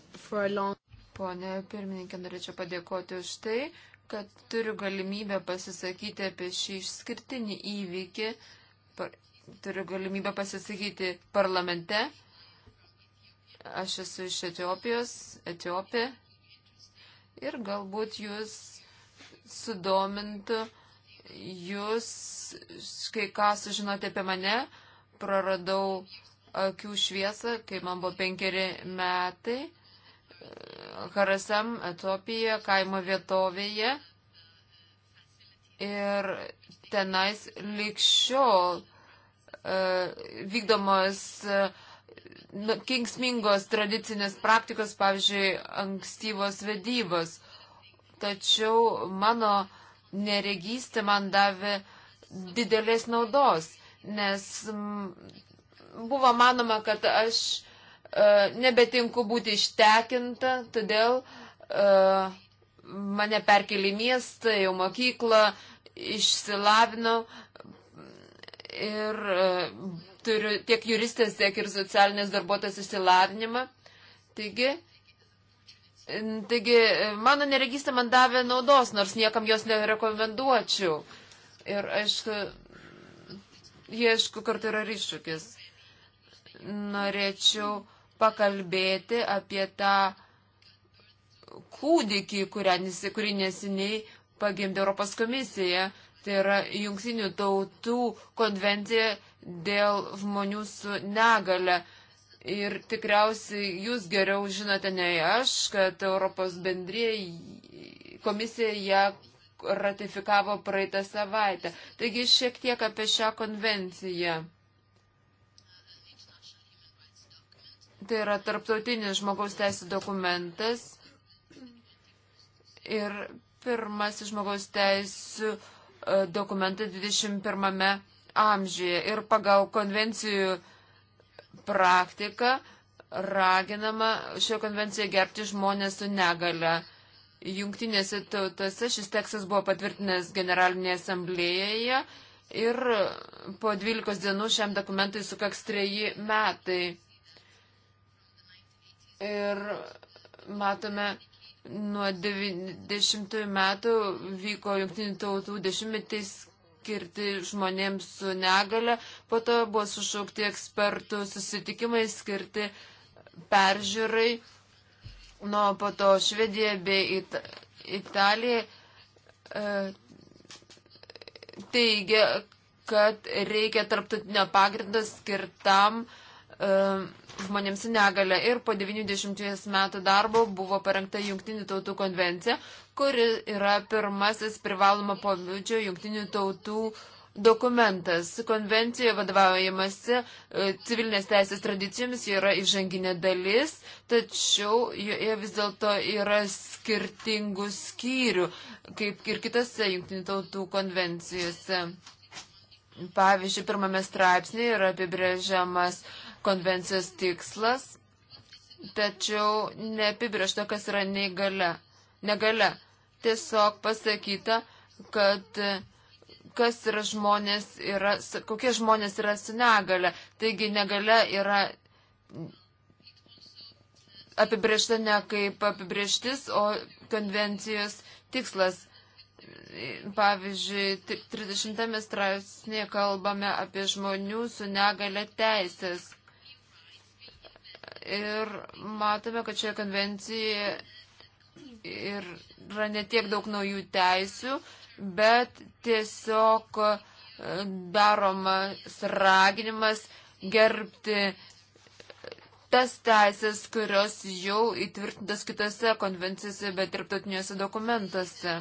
long... Pone pirmininkė, norėčiau padėkoti už tai, kad turiu galimybę pasisakyti apie šį išskirtinį įvykį, par, turiu galimybę pasisakyti parlamente. Aš esu iš Etiopijos, Etiopė. Ir galbūt jūs sudomintų, jūs kai ką sužinote apie mane, praradau akių šviesą, kai man buvo penkeri metai, Harasam, Etopija, kaimo vietovėje. Ir tenais likščiol e, vykdomos e, nu, kingsmingos tradicinės praktikos, pavyzdžiui, ankstyvos vedybos. Tačiau mano neregystė man davė didelės naudos, nes buvo manoma, kad aš e, nebetinku būti ištekinta, todėl e, mane perkelė į miestą, jau mokyklą, išsilavino ir e, turiu tiek juristės, tiek ir socialinės darbuotojas išsilavinimą. Taigi, taigi, mano neregistą man davė naudos, nors niekam jos nerekomenduočiau. Ir aišku, jie aišku kartu yra iššūkis norėčiau pakalbėti apie tą kūdikį, kurį nesiniai pagimdė Europos komisija. Tai yra Junktinių tautų konvencija dėl žmonių su negale. Ir tikriausiai jūs geriau žinote nei aš, kad Europos bendrėjai komisija ją ratifikavo praeitą savaitę. Taigi šiek tiek apie šią konvenciją. Tai yra tarptautinis žmogaus teisų dokumentas ir pirmasis žmogaus teisų e, dokumentas 21 amžiuje. Ir pagal konvencijų praktiką raginama šio konvenciją gerbti žmonės su negale. Jungtinėse tautose šis tekstas buvo patvirtinęs Generalinėje asamblėje ir po 12 dienų šiam dokumentui sukaks treji metai. Ir matome, nuo 90 metų vyko jungtinių tautų dešimtmetis skirti žmonėms su negale, po to buvo sušaukti ekspertų susitikimai skirti peržiūrai, nuo po to Švedija bei It Italija e, teigia, kad reikia tarptautinio pagrindo skirtam e, žmonėms negalę. Ir po 90 metų darbo buvo parengta Junktinių tautų konvencija, kuri yra pirmasis privaloma pobūdžio Junktinių tautų dokumentas. Konvencijoje vadovaujamasi e, civilinės teisės tradicijomis, jie yra įžanginė dalis, tačiau jie vis dėlto yra skirtingų skyrių, kaip ir kitose Junktinių tautų konvencijose. Pavyzdžiui, pirmame straipsnėje yra apibrėžiamas uh, konvencijos tikslas, tačiau neapibriešta, kas yra negale. negale. Tiesiog pasakyta, kad kas yra žmonės, yra, kokie žmonės yra su negale. Taigi negale yra apibriešta ne kaip apibrieštis, o konvencijos tikslas. Pavyzdžiui, 30 straipsnėje kalbame apie žmonių su negale teisės. Ir matome, kad šioje konvencijoje yra netiek daug naujų teisių, bet tiesiog e, daromas raginimas gerbti tas teisės, kurios jau įtvirtintas kitose konvencijose, bet ir tautiniuose dokumentuose.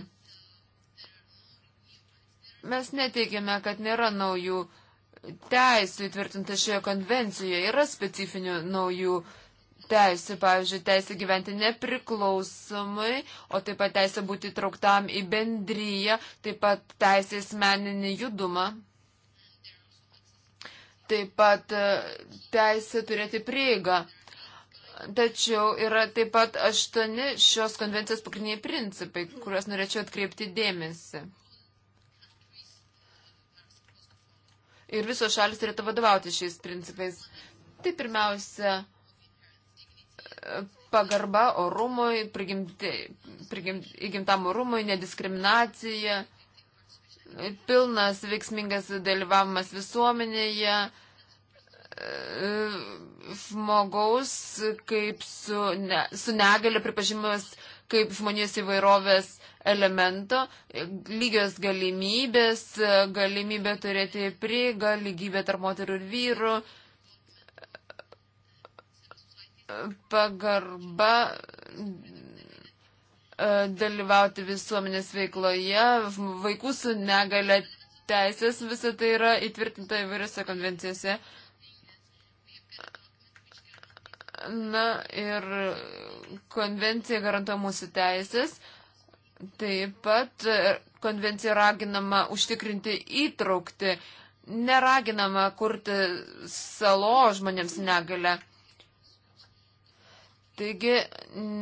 Mes neteikime, kad nėra naujų teisų įtvirtinta šioje konvencijoje yra specifinių naujų teisų, pavyzdžiui, teisė gyventi nepriklausomai, o taip pat teisė būti trauktam į bendryją, taip pat teisė asmeninį judumą, taip pat e, teisė turėti prieigą. Tačiau yra taip pat aštuoni šios konvencijos pagrindiniai principai, kuriuos norėčiau atkreipti dėmesį. ir visos šalis turėtų vadovauti šiais principais. Tai pirmiausia, pagarba orumui, prigimti, prigimti, įgimtam orumui, nediskriminacija, pilnas veiksmingas dalyvavimas visuomenėje, e, žmogaus kaip su, ne, su negali pripažymas kaip žmonės įvairovės elemento, lygios galimybės, galimybė turėti prieigą, lygybė tarp moterų ir vyrų, pagarba e, dalyvauti visuomenės veikloje, vaikų su negale teisės, visą tai yra įtvirtinta įvairiose konvencijose. Na ir konvencija garantuoja mūsų teisės. Taip pat e, konvencija raginama užtikrinti įtraukti, neraginama kurti salo žmonėms negalę. Taigi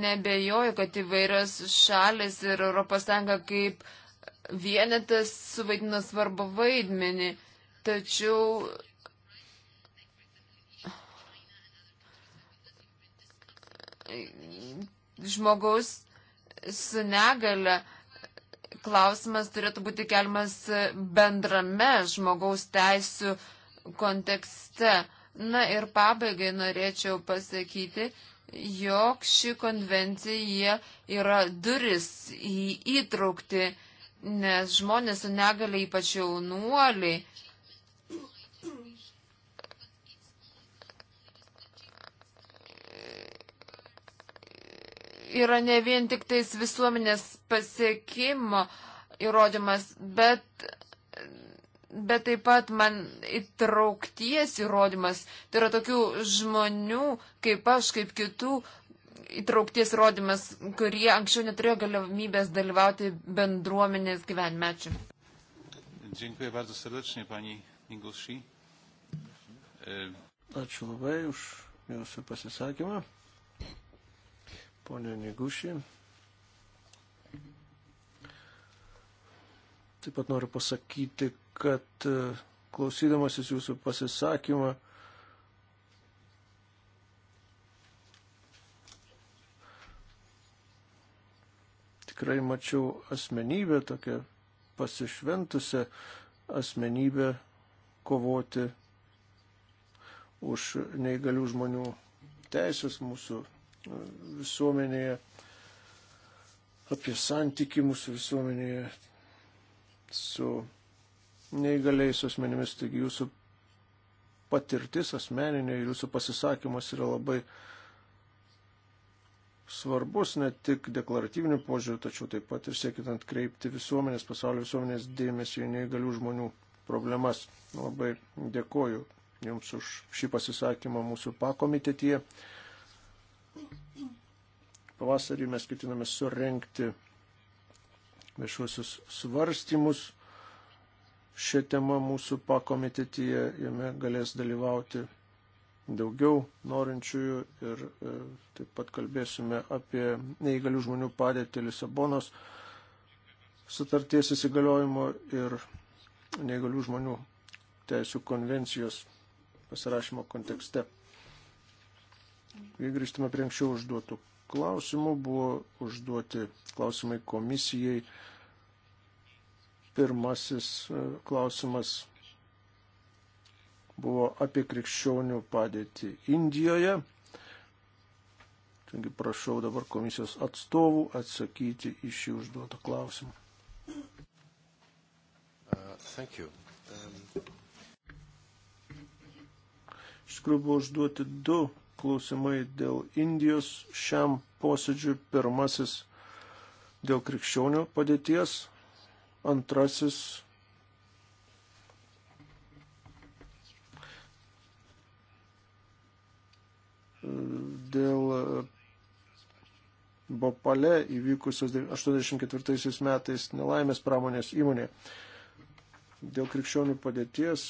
nebejoju, kad įvairios šalis ir ES kaip vienetas suvaidina svarbu vaidmenį, tačiau žmogaus su negale klausimas turėtų būti keliamas bendrame žmogaus teisų kontekste. Na ir pabaigai norėčiau pasakyti, jog ši konvencija yra duris į įtraukti, nes žmonės su negaliai, ypač jaunuoliai, yra ne vien tik tais visuomenės pasiekimo įrodymas, bet, bet taip pat man įtraukties įrodymas. Tai yra tokių žmonių, kaip aš, kaip kitų, įtraukties įrodymas, kurie anksčiau neturėjo galimybės dalyvauti bendruomenės gyvenime. Ačiū. Dziękuję bardzo serdecznie pani Ingushi. Ačiū labai už jūsų pasisakymą ponė Nigušė. Taip pat noriu pasakyti, kad e, klausydamasis jūsų pasisakymą, tikrai mačiau asmenybę, tokią pasišventusią asmenybę kovoti už neįgalių žmonių teisės mūsų visuomenėje, apie santykių mūsų visuomenėje su neįgaliais asmenimis. Taigi jūsų patirtis asmeninė ir jūsų pasisakymas yra labai svarbus ne tik deklaratyviniu požiūriu, tačiau taip pat ir siekit atkreipti visuomenės, pasaulio visuomenės dėmesį į neįgalių žmonių problemas. Labai dėkoju Jums už šį pasisakymą mūsų pakomitetyje. Pavasarį mes ketiname surenkti viešuosius svarstymus. Šią temą mūsų pakomitetyje jame galės dalyvauti daugiau norinčiųjų ir e, taip pat kalbėsime apie neįgalių žmonių padėtį Lisabonos sutarties įsigaliojimo ir neįgalių žmonių teisų konvencijos pasirašymo kontekste grįžtame prie anksčiau užduotų klausimų, buvo užduoti klausimai komisijai. Pirmasis e, klausimas buvo apie krikščionių padėtį Indijoje. Taigi prašau dabar komisijos atstovų atsakyti į šį užduotą klausimą. Uh, um... Iš tikrųjų buvo užduoti du klausimai dėl Indijos šiam posėdžiui. Pirmasis dėl krikščionių padėties, antrasis dėl Bopale įvykusios 84 metais nelaimės pramonės įmonė. Dėl krikščionių padėties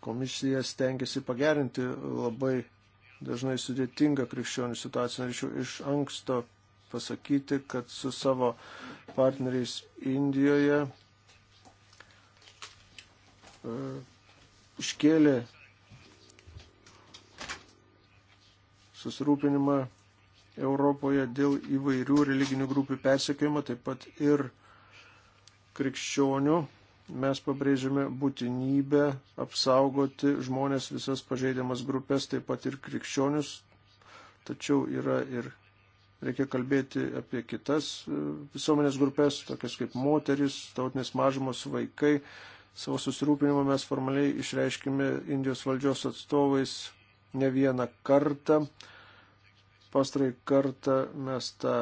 komisija stengiasi pagerinti labai dažnai sudėtinga krikščionių situacija. Norėčiau iš anksto pasakyti, kad su savo partneriais Indijoje e, iškėlė susirūpinimą Europoje dėl įvairių religinių grupių persekiojimo, taip pat ir krikščionių mes pabrėžiame būtinybę apsaugoti žmonės visas pažeidiamas grupės, taip pat ir krikščionius, tačiau yra ir reikia kalbėti apie kitas e, visuomenės grupės, tokias kaip moteris, tautinės mažumos, vaikai. Savo susirūpinimą mes formaliai išreiškime Indijos valdžios atstovais ne vieną kartą. Pastrai kartą mes tą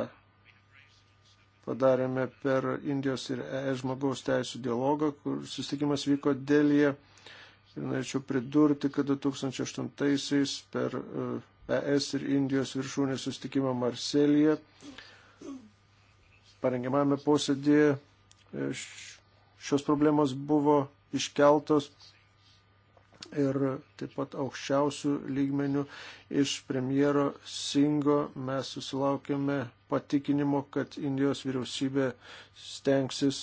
padarėme per Indijos ir ES žmogaus teisų dialogą, kur susitikimas vyko dėlėje. Ir norėčiau pridurti, kad 2008-aisiais per ES e ir Indijos viršūnės susitikimą Marselėje parengiamame posėdėje e, šios problemos buvo iškeltos ir taip pat aukščiausių lygmenių iš premjero Singo mes susilaukėme patikinimo, kad Indijos vyriausybė stengsis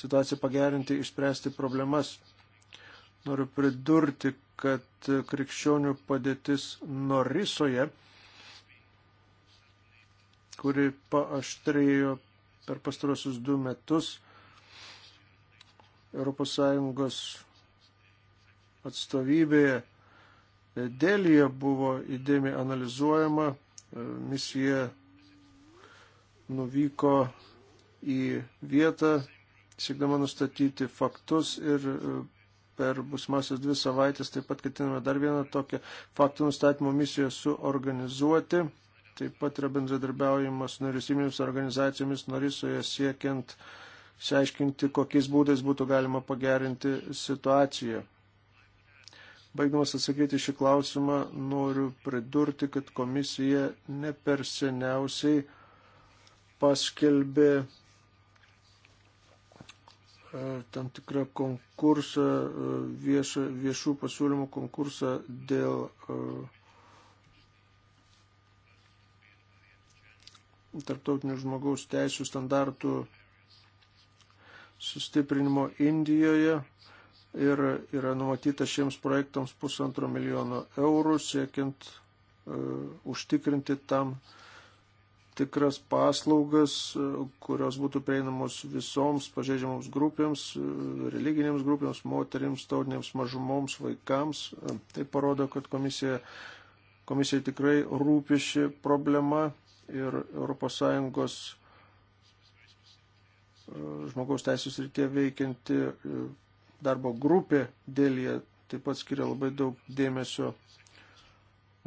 situaciją pagerinti, išspręsti problemas. Noriu pridurti, kad krikščionių padėtis Norisoje, kuri paaštrėjo per pastarosius du metus, ES atstovybėje Delija buvo įdėmiai analizuojama. E, misija nuvyko į vietą, siekdama nustatyti faktus ir e, per busmasias dvi savaitės taip pat ketiname dar vieną tokią faktų nustatymo misiją suorganizuoti. Taip pat yra bendradarbiaujamas su nevyriausybinėmis organizacijomis Norisoje siekiant išsiaiškinti, kokiais būdais būtų galima pagerinti situaciją. Baigdamas atsakyti šį klausimą, noriu pridurti, kad komisija ne per seniausiai paskelbė e, tam tikrą konkursą, e, vieš, viešų pasiūlymų konkursą dėl e, tarptautinių žmogaus teisų standartų sustiprinimo Indijoje ir yra numatyta šiems projektams pusantro milijono eurų, siekiant uh, užtikrinti tam tikras paslaugas, uh, kurios būtų prieinamos visoms pažeidžiamoms grupėms, uh, religinėms grupėms, moterims, tautinėms mažumoms, vaikams. Uh, tai parodo, kad komisija, komisija tikrai rūpi ši problema ir ES žmogaus teisės rytie veikianti uh, darbo grupė dėl jie taip pat skiria labai daug dėmesio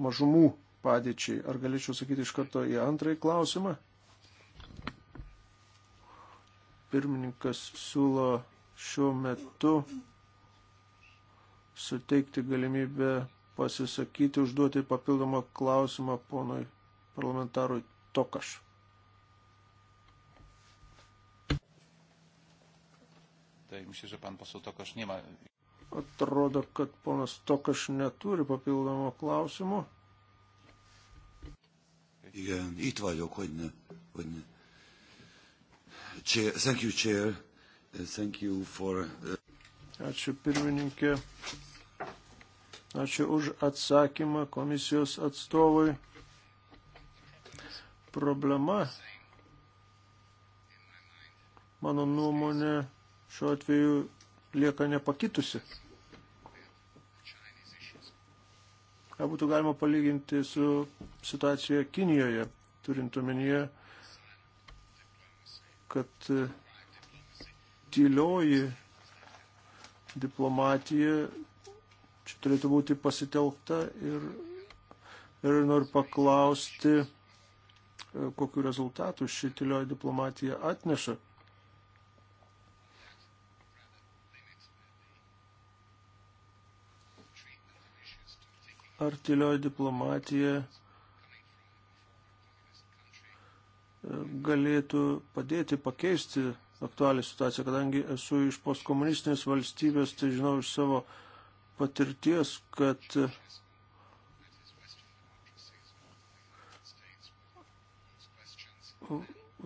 mažumų padėčiai. Ar galėčiau sakyti iš karto į antrąjį klausimą? Pirmininkas siūlo šiuo metu suteikti galimybę pasisakyti, užduoti papildomą klausimą ponui parlamentarui Tokaš. tutaj myślę, że pan poseł Tokosz nie ma. Atrodo, kad ponas Tokoš neturi papildomų klausimų. Igen, itt vagyok, hogy ne, hogy ne. Chair, thank you, Chair. Thank you for... Uh, Ačiū pirmininkė. Ačiū už atsakymą komisijos atstovui. Problema, mano nuomonė, šiuo atveju lieka nepakitusi. Ką būtų galima palyginti su situacija Kinijoje, turint omenyje, kad e, tylioji diplomatija čia turėtų būti pasitelkta ir, ir noriu paklausti, e, kokiu rezultatu ši tylioji diplomatija atneša. ar tylioji diplomatija e, galėtų padėti pakeisti aktualią situaciją, kadangi esu iš postkomunistinės valstybės, tai žinau iš savo patirties, kad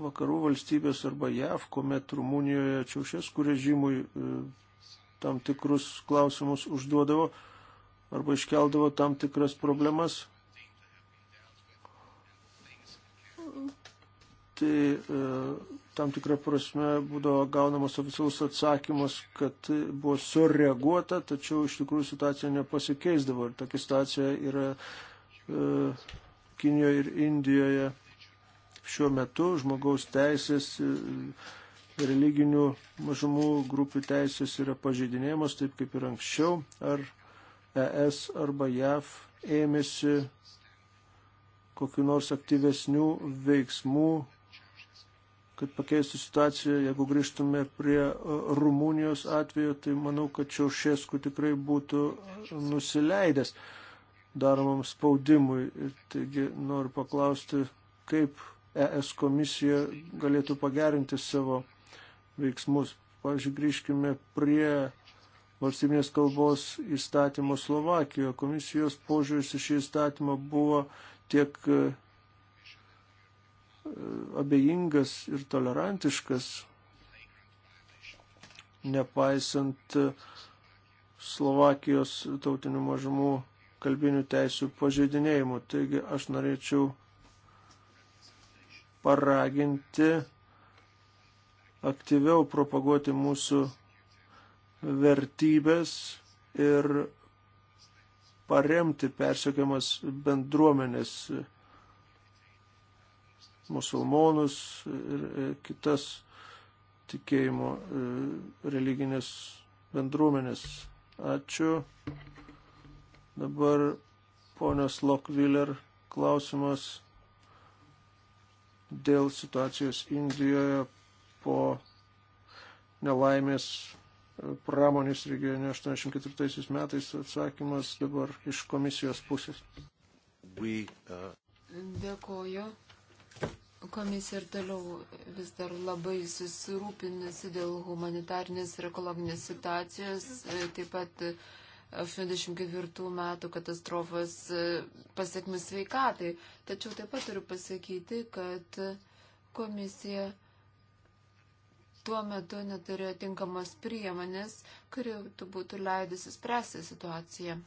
vakarų valstybės arba JAV, kuomet Rumunijoje Čiaušės, kur režimui e, tam tikrus klausimus užduodavo, arba iškeldavo tam tikras problemas. Tai e, tam tikrą prasme būdavo gaunamas oficialus atsakymas, kad buvo sureaguota, tačiau iš tikrųjų situacija nepasikeisdavo. Ir tokia situacija yra e, Kinijoje ir Indijoje šiuo metu žmogaus teisės. E, religinių mažumų grupių teisės yra pažeidinėjimas, taip kaip ir anksčiau, ar ES arba JAV ėmėsi kokiu nors aktyvesnių veiksmų, kad pakeistų situaciją. Jeigu grįžtume prie e, Rumunijos atveju, tai manau, kad Čiaušėskų tikrai būtų nusileidęs daromam spaudimui. Ir taigi noriu paklausti, kaip ES komisija galėtų pagerinti savo veiksmus. Pavyzdžiui, grįžkime prie valstybinės kalbos įstatymo Slovakijoje. Komisijos požiūris į šį įstatymą buvo tiek e, abejingas ir tolerantiškas, nepaisant e, Slovakijos tautinių mažumų kalbinių teisų pažeidinėjimų. Taigi aš norėčiau paraginti aktyviau propaguoti mūsų vertybės ir paremti persiekiamas bendruomenės musulmonus ir kitas tikėjimo e, religinės bendruomenės. Ačiū. Dabar ponios Lokviler klausimas dėl situacijos Indijoje po nelaimės pramonės regione 84 metais atsakymas dabar iš komisijos pusės. We, uh... Dėkoju. Komisija ir toliau vis dar labai susirūpinusi dėl humanitarnės ir ekologinės situacijos, taip pat 84 metų katastrofos e, pasiekmes sveikatai. Tačiau taip pat turiu pasakyti, kad komisija tuo metu neturėjo tinkamos priemonės, kuri būtų leidusi spręsti situaciją.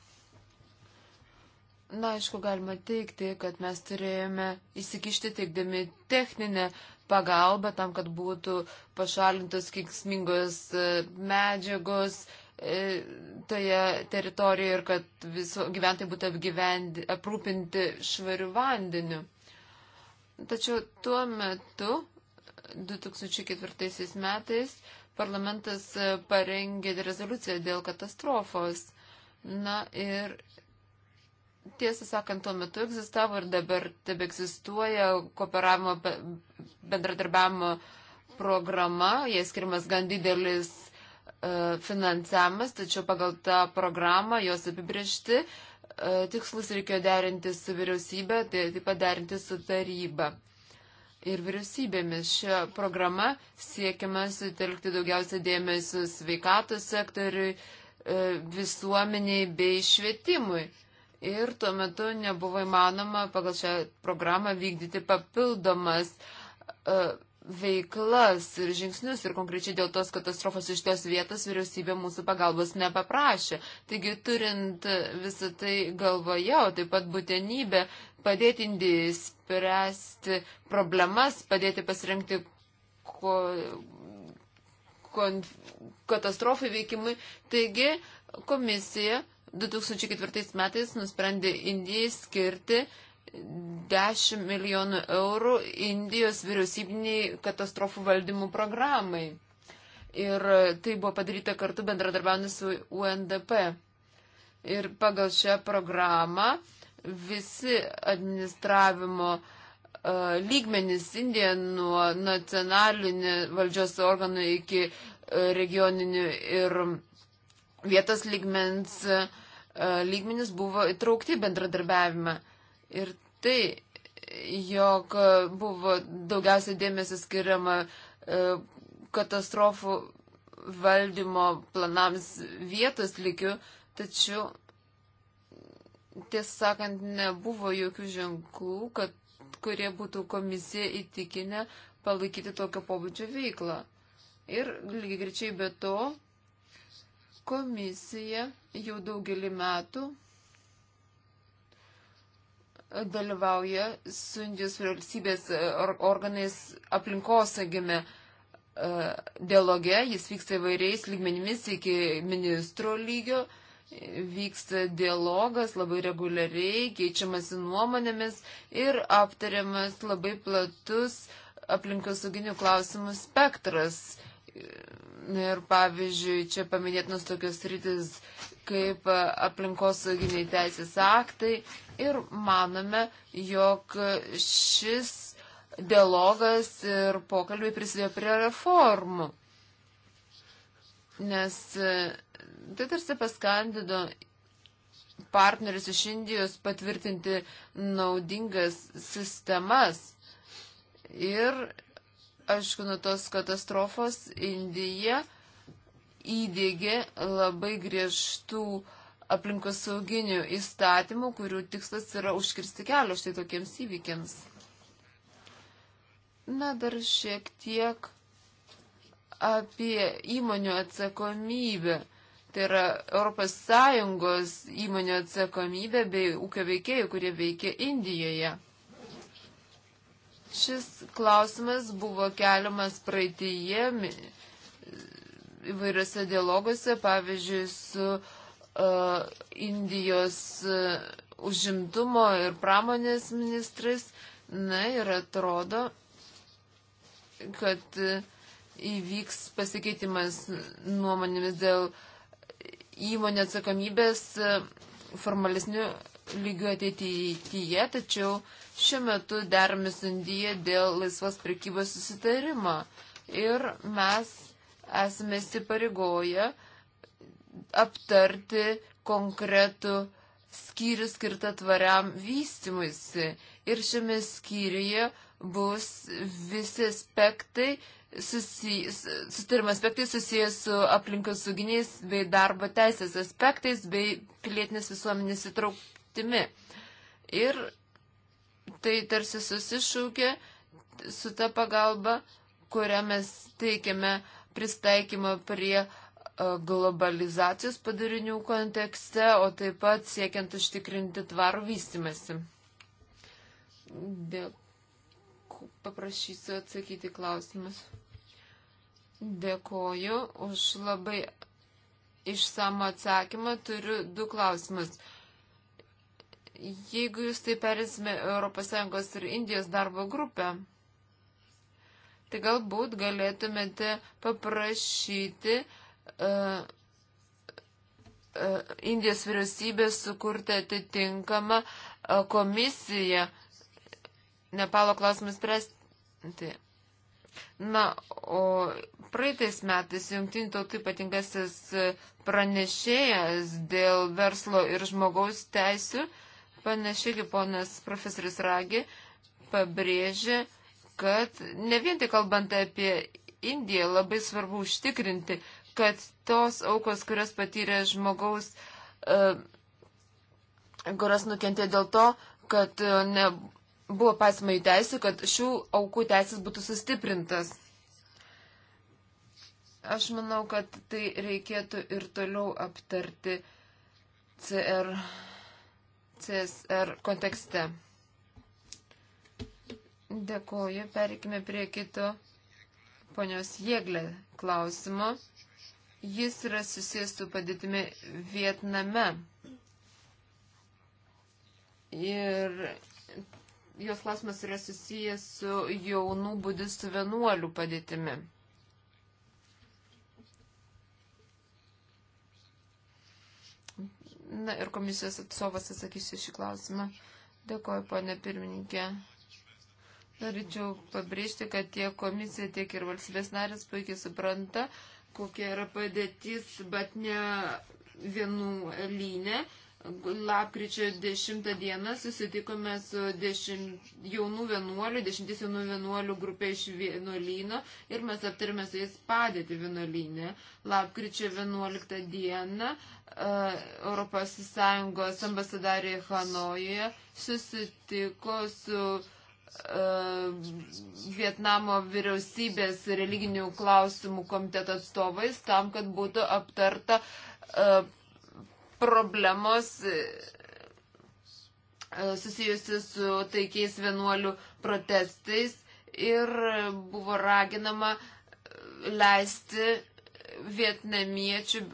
Na, aišku, galima teikti, kad mes turėjome įsikišti teikdami techninę pagalbą tam, kad būtų pašalintos kiksmingos e, medžiagos e, toje teritorijoje ir kad viso, gyventojai būtų aprūpinti švariu vandeniu. Tačiau tuo metu 2004 metais parlamentas e, parengė rezoliuciją dėl katastrofos. Na ir tiesą sakant, tuo metu egzistavo ir dabar tebe egzistuoja kooperavimo bendradarbiavimo programa, jie skirimas gan didelis e, finansavimas, tačiau pagal tą programą jos apibriežti e, tikslus reikėjo derinti su vyriausybė, tai taip pat derinti su taryba ir vyriausybėmis. Šią programą siekime sutelkti daugiausia dėmesio sveikatos sektoriui, e, visuomeniai bei švietimui. Ir tuo metu nebuvo įmanoma pagal šią programą vykdyti papildomas uh, veiklas ir žingsnius ir konkrečiai dėl tos katastrofos iš tos vietos vyriausybė mūsų pagalbos nepaprašė. Taigi turint visą tai galvoje, o taip pat būtinybę padėti Indijai spręsti problemas, padėti pasirinkti ko, kon, katastrofų veikimui. Taigi komisija 2004 metais nusprendė Indijai skirti 10 milijonų eurų Indijos vyriausybiniai katastrofų valdymų programai. Ir tai buvo padaryta kartu bendradarbiaujant su UNDP. Ir pagal šią programą visi administravimo uh, lygmenys Indija nuo nacionalinių valdžios organų iki uh, regioninių ir vietos lygmens uh, e, lygmenis buvo įtraukti bendradarbiavimą. Ir tai, jog buvo daugiausia dėmesio skiriama e, katastrofų valdymo planams vietos lygių, tačiau, tiesą sakant, nebuvo jokių ženklų, kad, kurie būtų komisija įtikinę palaikyti tokio pobūdžio veiklą. Ir lygiai grečiai be to, komisija jau daugelį metų dalyvauja su Indijos vyriausybės e, organais aplinkosaugime e, dialoge, jis vyksta įvairiais lygmenimis iki ministro lygio, vyksta dialogas labai reguliariai, keičiamasi nuomonėmis ir aptariamas labai platus aplinkosauginių klausimų spektras. E, ir pavyzdžiui, čia paminėtinos tokios rytis kaip e, aplinkosauginiai teisės aktai ir manome, jog šis dialogas ir pokalbiai prisidėjo prie reformų. Nes e, tai tarsi paskandino partneris iš Indijos patvirtinti naudingas sistemas. Ir, aišku, nuo tos katastrofos Indija uh, įdėgė labai griežtų aplinkosauginių įstatymų, kurių tikslas yra užkirsti kelią štai tokiems įvykiams. Na, dar šiek tiek apie įmonių atsakomybę. Tai yra ES įmonių atsakomybė bei ūkio veikėjų, kurie veikia Indijoje. Šis klausimas buvo keliamas praeitįje įvairiose dialoguose, pavyzdžiui, su uh, Indijos uh, užimtumo ir pramonės ministrais. Na ir atrodo, kad e, įvyks pasikeitimas nuomonėmis dėl įmonė atsakomybės formalesnių lygių ateityje, tačiau šiuo metu derame su Indija dėl laisvos prekybos susitarimo. Ir mes esame įsipareigoję aptarti konkretų skyrių skirtą tvariam vystimuisi. Ir šiame skyriuje bus visi aspektai, susijęs, sutarimo aspektai susijęs su aplinkosauginiais bei darbo teisės aspektais bei pilietinės visuomenės įtrauktimi. Ir tai tarsi susišūkė su ta pagalba, kurią mes teikiame uh, pristaikymą prie e, globalizacijos padarinių kontekste, o taip pat siekiant užtikrinti tvarų vystimasi. Dėku, paprašysiu atsakyti klausimus. Dėkoju už labai išsamą atsakymą. Turiu du klausimus. Jeigu jūs tai perėsime ES ir Indijos darbo grupę, tai galbūt galėtumėte paprašyti uh, uh, Indijos vyriausybės sukurti atitinkamą uh, komisiją Nepalo klausimus spręsti. Na, o praeitais metais jungtinių tautų ypatingasis pranešėjas dėl verslo ir žmogaus teisių, panašiai kaip ponas profesorius Ragi, pabrėžė, uh, kad ne vien tik kalbant apie Indiją labai svarbu užtikrinti, kad tos aukos, kurios patyrė žmogaus, e, kurios nukentė dėl to, kad e, nebuvo pasima jų teisų, kad šių aukų teisės būtų sustiprintas. Aš manau, kad tai reikėtų ir toliau aptarti CR, CSR kontekste. Dėkuoju. Perikime prie kito ponios Jėglė klausimo. Jis yra susijęs su padėtimi Vietname. Ir jos klausimas yra susijęs su jaunų budistų vienuolių padėtimi. Na ir komisijos atstovas atsakysiu šį klausimą. Dėkuoju, ponė pirmininkė. Norėčiau pabrėžti, kad tiek komisija, tiek ir valstybės narės puikiai supranta, kokia yra padėtis, bet ne vienų lynė. Lapkričio 10 dieną susitikome su dešimt, jaunų vienuolių, dešimtis jaunų vienuolių grupė iš vienuolyno ir mes aptarėme su jais padėti vienuolynę. Lapkričio 11 dieną uh, e, ES ambasadarė Hanoje susitiko su uh, E, Vietnamo vyriausybės religinių klausimų komiteto atstovais tam, kad būtų aptarta e, problemos e, susijusi su taikiais vienuolių protestais ir buvo raginama leisti vietnamiečių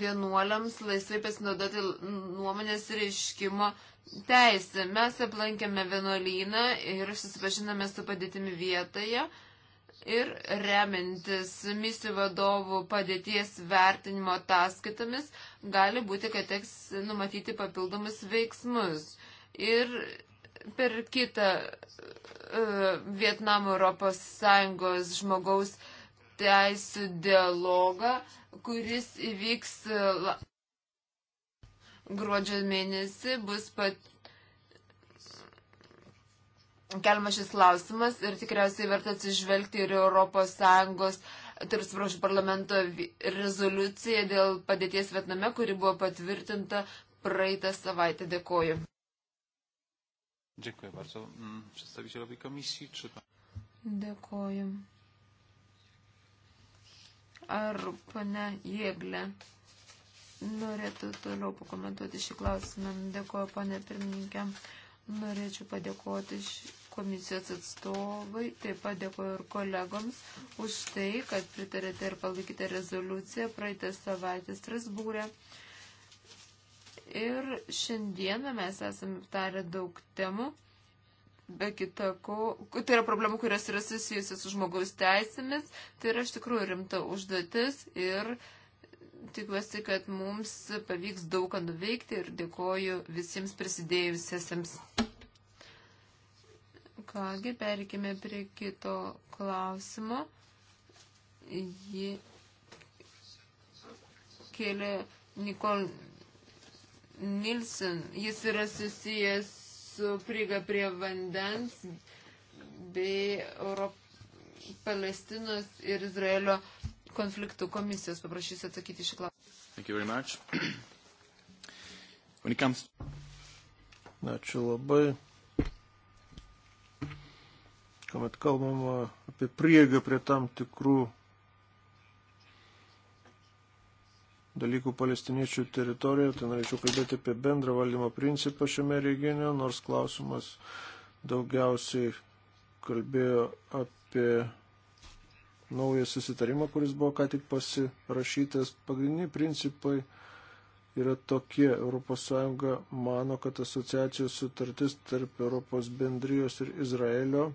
vienuoliams laisvai pasinaudoti nuomonės reiškimo uh, teisė. Mes aplankėme vienuolyną ir susipažinome su padėtimi vietoje ir remintis misijų vadovų padėties vertinimo ataskaitomis gali būti, kad teks numatyti papildomus veiksmus. Ir per kitą uh, Vietnamo Europos Sąjungos žmogaus teisų dialogą, kuris įvyks. Uh, gruodžio mėnesį bus pat keliamas šis klausimas ir tikriausiai verta atsižvelgti ir Europos Sąjungos, tai atsiprašau, parlamento rezoliuciją dėl padėties Vietname, kuri buvo patvirtinta praeitą savaitę. Dėkoju. Dziękuję bardzo mm, przedstawicielowi komisji. Czy pan... Dėkoju. Ar pane Jėglė norėtų toliau pakomentuoti šį klausimą. Dėkuoju, ponė pirmininkė. Norėčiau padėkoti komisijos atstovai, taip pat dėkuoju ir kolegoms už tai, kad pritarėte ir palaikėte rezoliuciją praeitą savaitę Strasbūrę. Ir šiandieną mes esame aptarę daug temų be kita ko, tai yra problemų, kurios yra susijusios su žmogaus teisėmis, tai yra iš tikrųjų rimta užduotis ir tikiuosi, kad mums pavyks daug ką nuveikti ir dėkoju visiems prisidėjusiesiems. Kągi, perikime prie kito klausimo. Ji kėlė Nikol Nilsen. Jis yra susijęs su prieiga prie vandens bei Europ... Palestinos ir Izraelio konfliktų komisijos. Paprašysiu atsakyti šį klausimą. Comes... Ačiū labai. Komet kalbama apie prieigą prie tam tikrų dalykų palestiniečių teritorijoje, tai norėčiau kalbėti apie bendrą valdymo principą šiame regione, nors klausimas daugiausiai kalbėjo apie naują susitarimą, kuris buvo ką tik pasirašytas. Pagrindiniai principai yra tokie. ES mano, kad asociacijos sutartis tarp Europos bendrijos ir Izraelio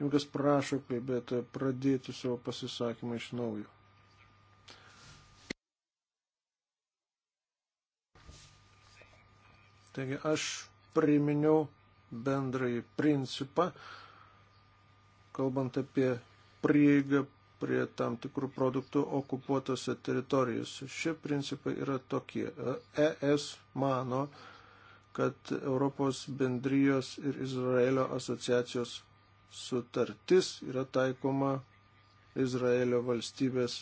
Jukas prašo kalbėtoją pradėti savo pasisakymą iš naujo. Taigi aš priminiau bendrąjį principą, kalbant apie prieigą prie tam tikrų produktų okupuotose teritorijose. Šie principai yra tokie. ES mano, kad Europos bendrijos ir Izraelio asociacijos sutartis yra taikoma Izraelio valstybės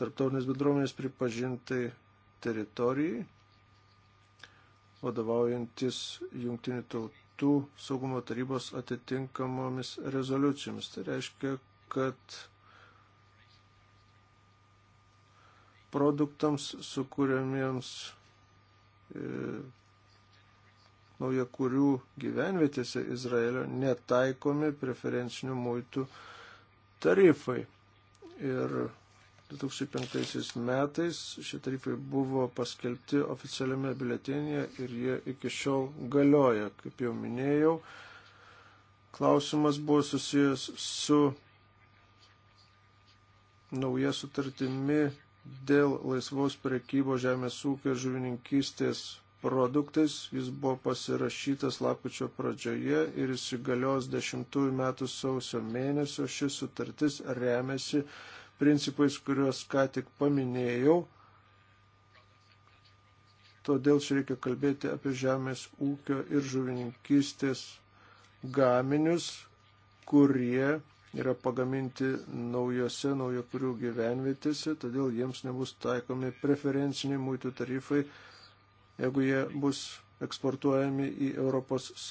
tarptautinės bendruomenės pripažintai teritorijai vadovaujantis jungtinių tautų saugumo tarybos atitinkamomis rezoliucijomis. Tai reiškia, kad produktams sukūrėmiems e, naujakurių gyvenvietėse Izraelio netaikomi preferencinių muitų tarifai. Ir 2005 metais šie tarifai buvo paskelbti oficialiame biletinėje ir jie iki šiol galioja. Kaip jau minėjau, klausimas buvo susijęs su nauja sutartimi dėl laisvos prekybos žemės ūkio žuvininkystės produktais. Jis buvo pasirašytas lapkričio pradžioje ir įsigalios 10 metų sausio mėnesio. Ši sutartis remiasi principais, kuriuos ką tik paminėjau. Todėl čia reikia kalbėti apie žemės ūkio ir žuvininkystės gaminius, kurie yra pagaminti naujose, naujakurių gyvenvietėse, todėl jiems nebus taikomi preferenciniai mūtų tarifai, jeigu jie bus eksportuojami į ES.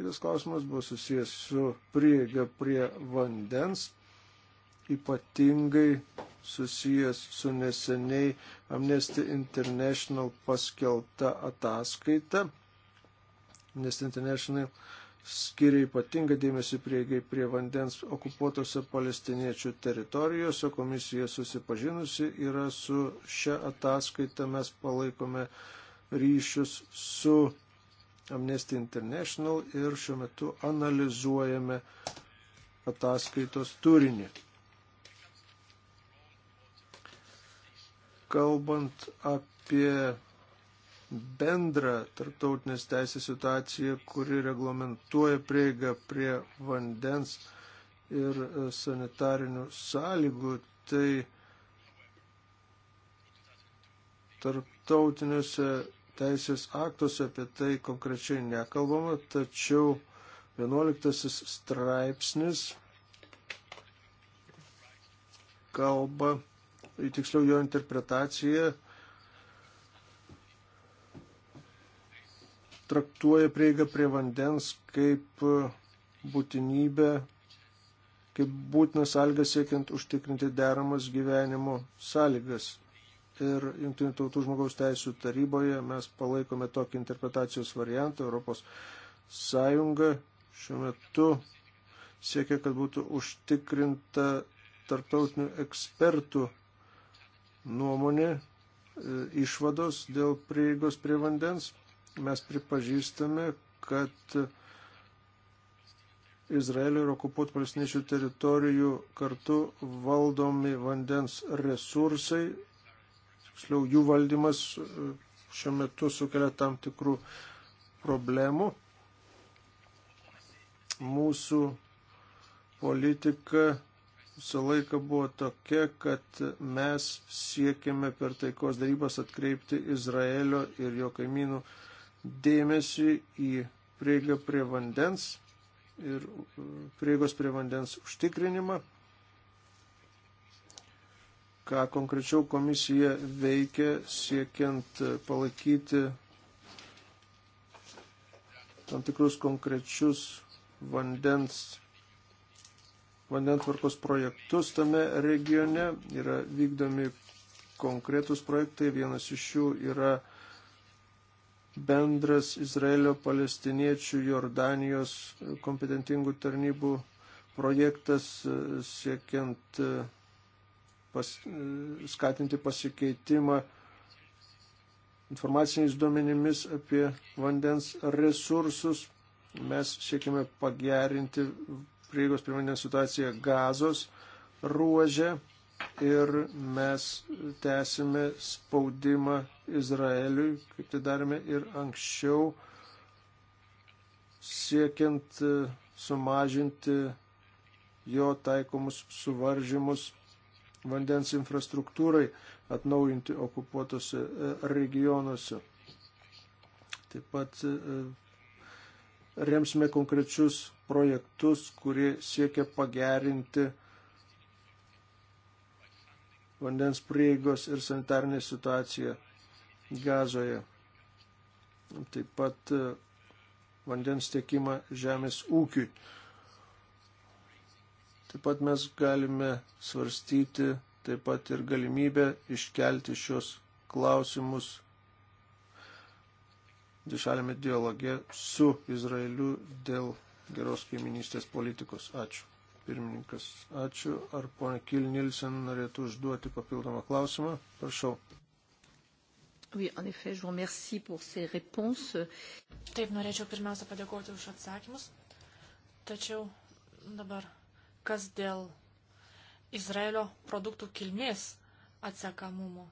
Kitas klausimas buvo susijęs su prieiga prie vandens ypatingai susijęs su neseniai Amnesty International paskelbta ataskaita. Amnesty International skiria ypatingą dėmesį prieigai prie vandens okupuotose palestiniečių teritorijose. Komisija susipažinusi yra su šia ataskaita. Mes palaikome ryšius su Amnesty International ir šiuo metu analizuojame ataskaitos turinį. kalbant apie bendrą tarptautinės teisės situaciją, kuri reglamentuoja prieigą prie vandens ir e, sanitarinių sąlygų, tai tarptautiniuose teisės aktuose apie tai konkrečiai nekalbama, tačiau 11 straipsnis kalba tiksliau jo interpretacija traktuoja prieigą prie vandens kaip e, būtinybę, kaip būtinas algas siekiant užtikrinti deramas gyvenimo sąlygas. Ir Junktinių tautų žmogaus teisų taryboje mes palaikome tokį interpretacijos variantą. Europos Sąjunga šiuo metu siekia, kad būtų užtikrinta tarptautinių ekspertų nuomonė, e, išvados dėl prieigos prie vandens. Mes pripažįstame, kad Izraelio ir okupuotų palestiniečių teritorijų kartu valdomi vandens resursai, tiksliau jų valdymas e, šiuo metu sukelia tam tikrų problemų. Mūsų politika visą laiką buvo tokia, kad mes siekėme per taikos darybas atkreipti Izraelio ir jo kaimynų dėmesį į prieigą prie vandens ir e, prieigos prie vandens užtikrinimą. Ką konkrečiau komisija veikia siekiant palaikyti tam tikrus konkrečius vandens vandentvarkos projektus tame regione. Yra vykdomi konkretus projektai. Vienas iš jų yra bendras Izraelio, palestiniečių, Jordanijos kompetentingų tarnybų projektas e, siekiant e, pas, e, skatinti pasikeitimą informaciniais duomenimis apie vandens resursus. Mes siekime pagerinti prieigos pirminė situacija gazos ruožė ir mes tęsime spaudimą Izraeliui, kaip tai darėme ir anksčiau, siekiant e, sumažinti jo taikomus suvaržymus vandens infrastruktūrai atnaujinti okupuotose e, regionuose. Taip pat e, remsime konkrečius projektus, kurie siekia pagerinti vandens prieigos ir sanitarnę situaciją gazoje. Taip pat e, vandens tiekimą žemės ūkiui. Taip pat mes galime svarstyti taip pat ir galimybę iškelti šios klausimus dvišalėme dialoge su Izraeliu dėl geros kaiminystės politikos. Ačiū. Pirmininkas, ačiū. Ar ponia Kil Nilsen norėtų užduoti papildomą klausimą? Prašau. Oui, en effet, je vous remercie pour ces réponses. Taip, norėčiau pirmiausia padėkoti už atsakymus. Tačiau dabar, kas dėl Izraelio produktų kilmės atsekamumo?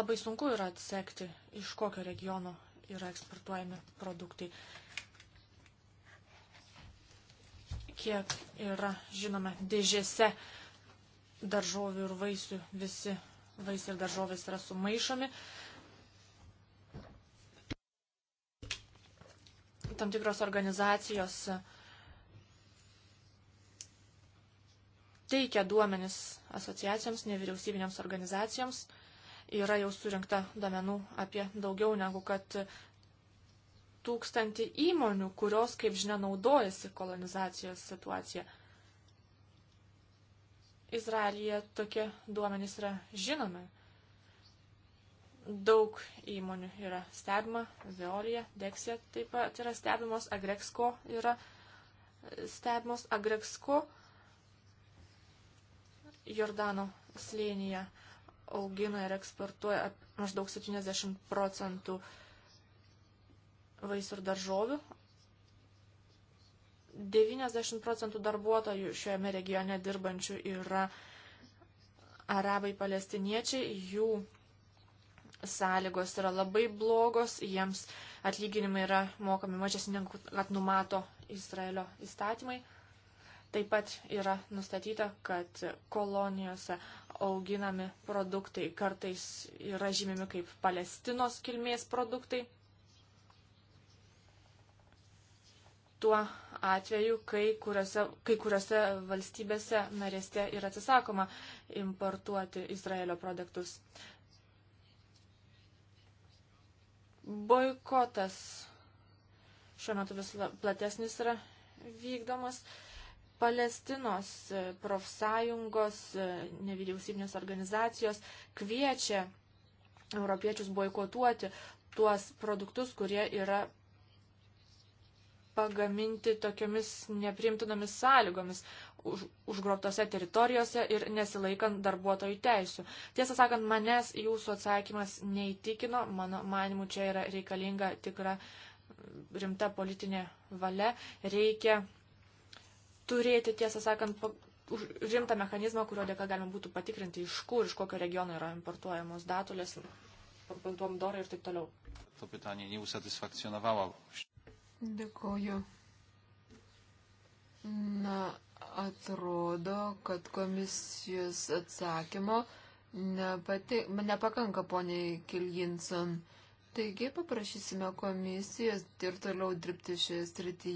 Labai sunku yra atsekti, iš kokio regiono yra eksportuojami produktai. Kiek yra, žinoma, dėžėse daržovių ir vaisių, visi vaisiai ir daržovės yra sumaišomi. Tam tikros organizacijos teikia duomenis asociacijoms, nevyriausybinėms organizacijoms yra jau surinkta domenų apie daugiau negu kad tūkstantį įmonių, kurios, kaip žinia, naudojasi kolonizacijos situacija. Izraelyje tokie duomenys yra žinomi. Daug įmonių yra stebima, Veolija, Deksija taip pat yra stebimos, Agrexko yra stebimos, Agrexko Jordano slėnyje augina ir eksportuoja maždaug 70 procentų vaisių ir daržovių. 90 procentų darbuotojų šiame regione dirbančių yra arabai palestiniečiai, jų sąlygos yra labai blogos, jiems atlyginimai yra mokami mažesni negu kad numato Izraelio įstatymai. Taip pat yra nustatyta, kad kolonijose auginami produktai kartais yra žymimi kaip Palestinos kilmės produktai. Tuo atveju, kai kuriuose, kai kuriuose valstybėse narėse yra atsisakoma importuoti Izraelio produktus. Boikotas šiuo metu vis platesnis yra vykdomas. Palestinos e, profsąjungos, e, nevyriausybinės organizacijos kviečia europiečius boikotuoti tuos produktus, kurie yra pagaminti tokiomis neprimtinomis sąlygomis už, užgrobtose teritorijose ir nesilaikant darbuotojų teisų. Tiesą sakant, manęs jūsų atsakymas neįtikino, mano manimu, čia yra reikalinga tikra rimta politinė valia, reikia turėti, tiesą sakant, rimtą mechanizmą, kurio dėka galima būtų patikrinti, iš kur, iš kokio regiono yra importuojamos datulės, pomidorai ir taip toliau. To pytanie neusatysfakcionavavo. Dėkoju. Na, atrodo, kad komisijos atsakymo nepati, nepakanka poniai Kilginson. Taigi paprašysime komisijos ir toliau dirbti šioje srityje.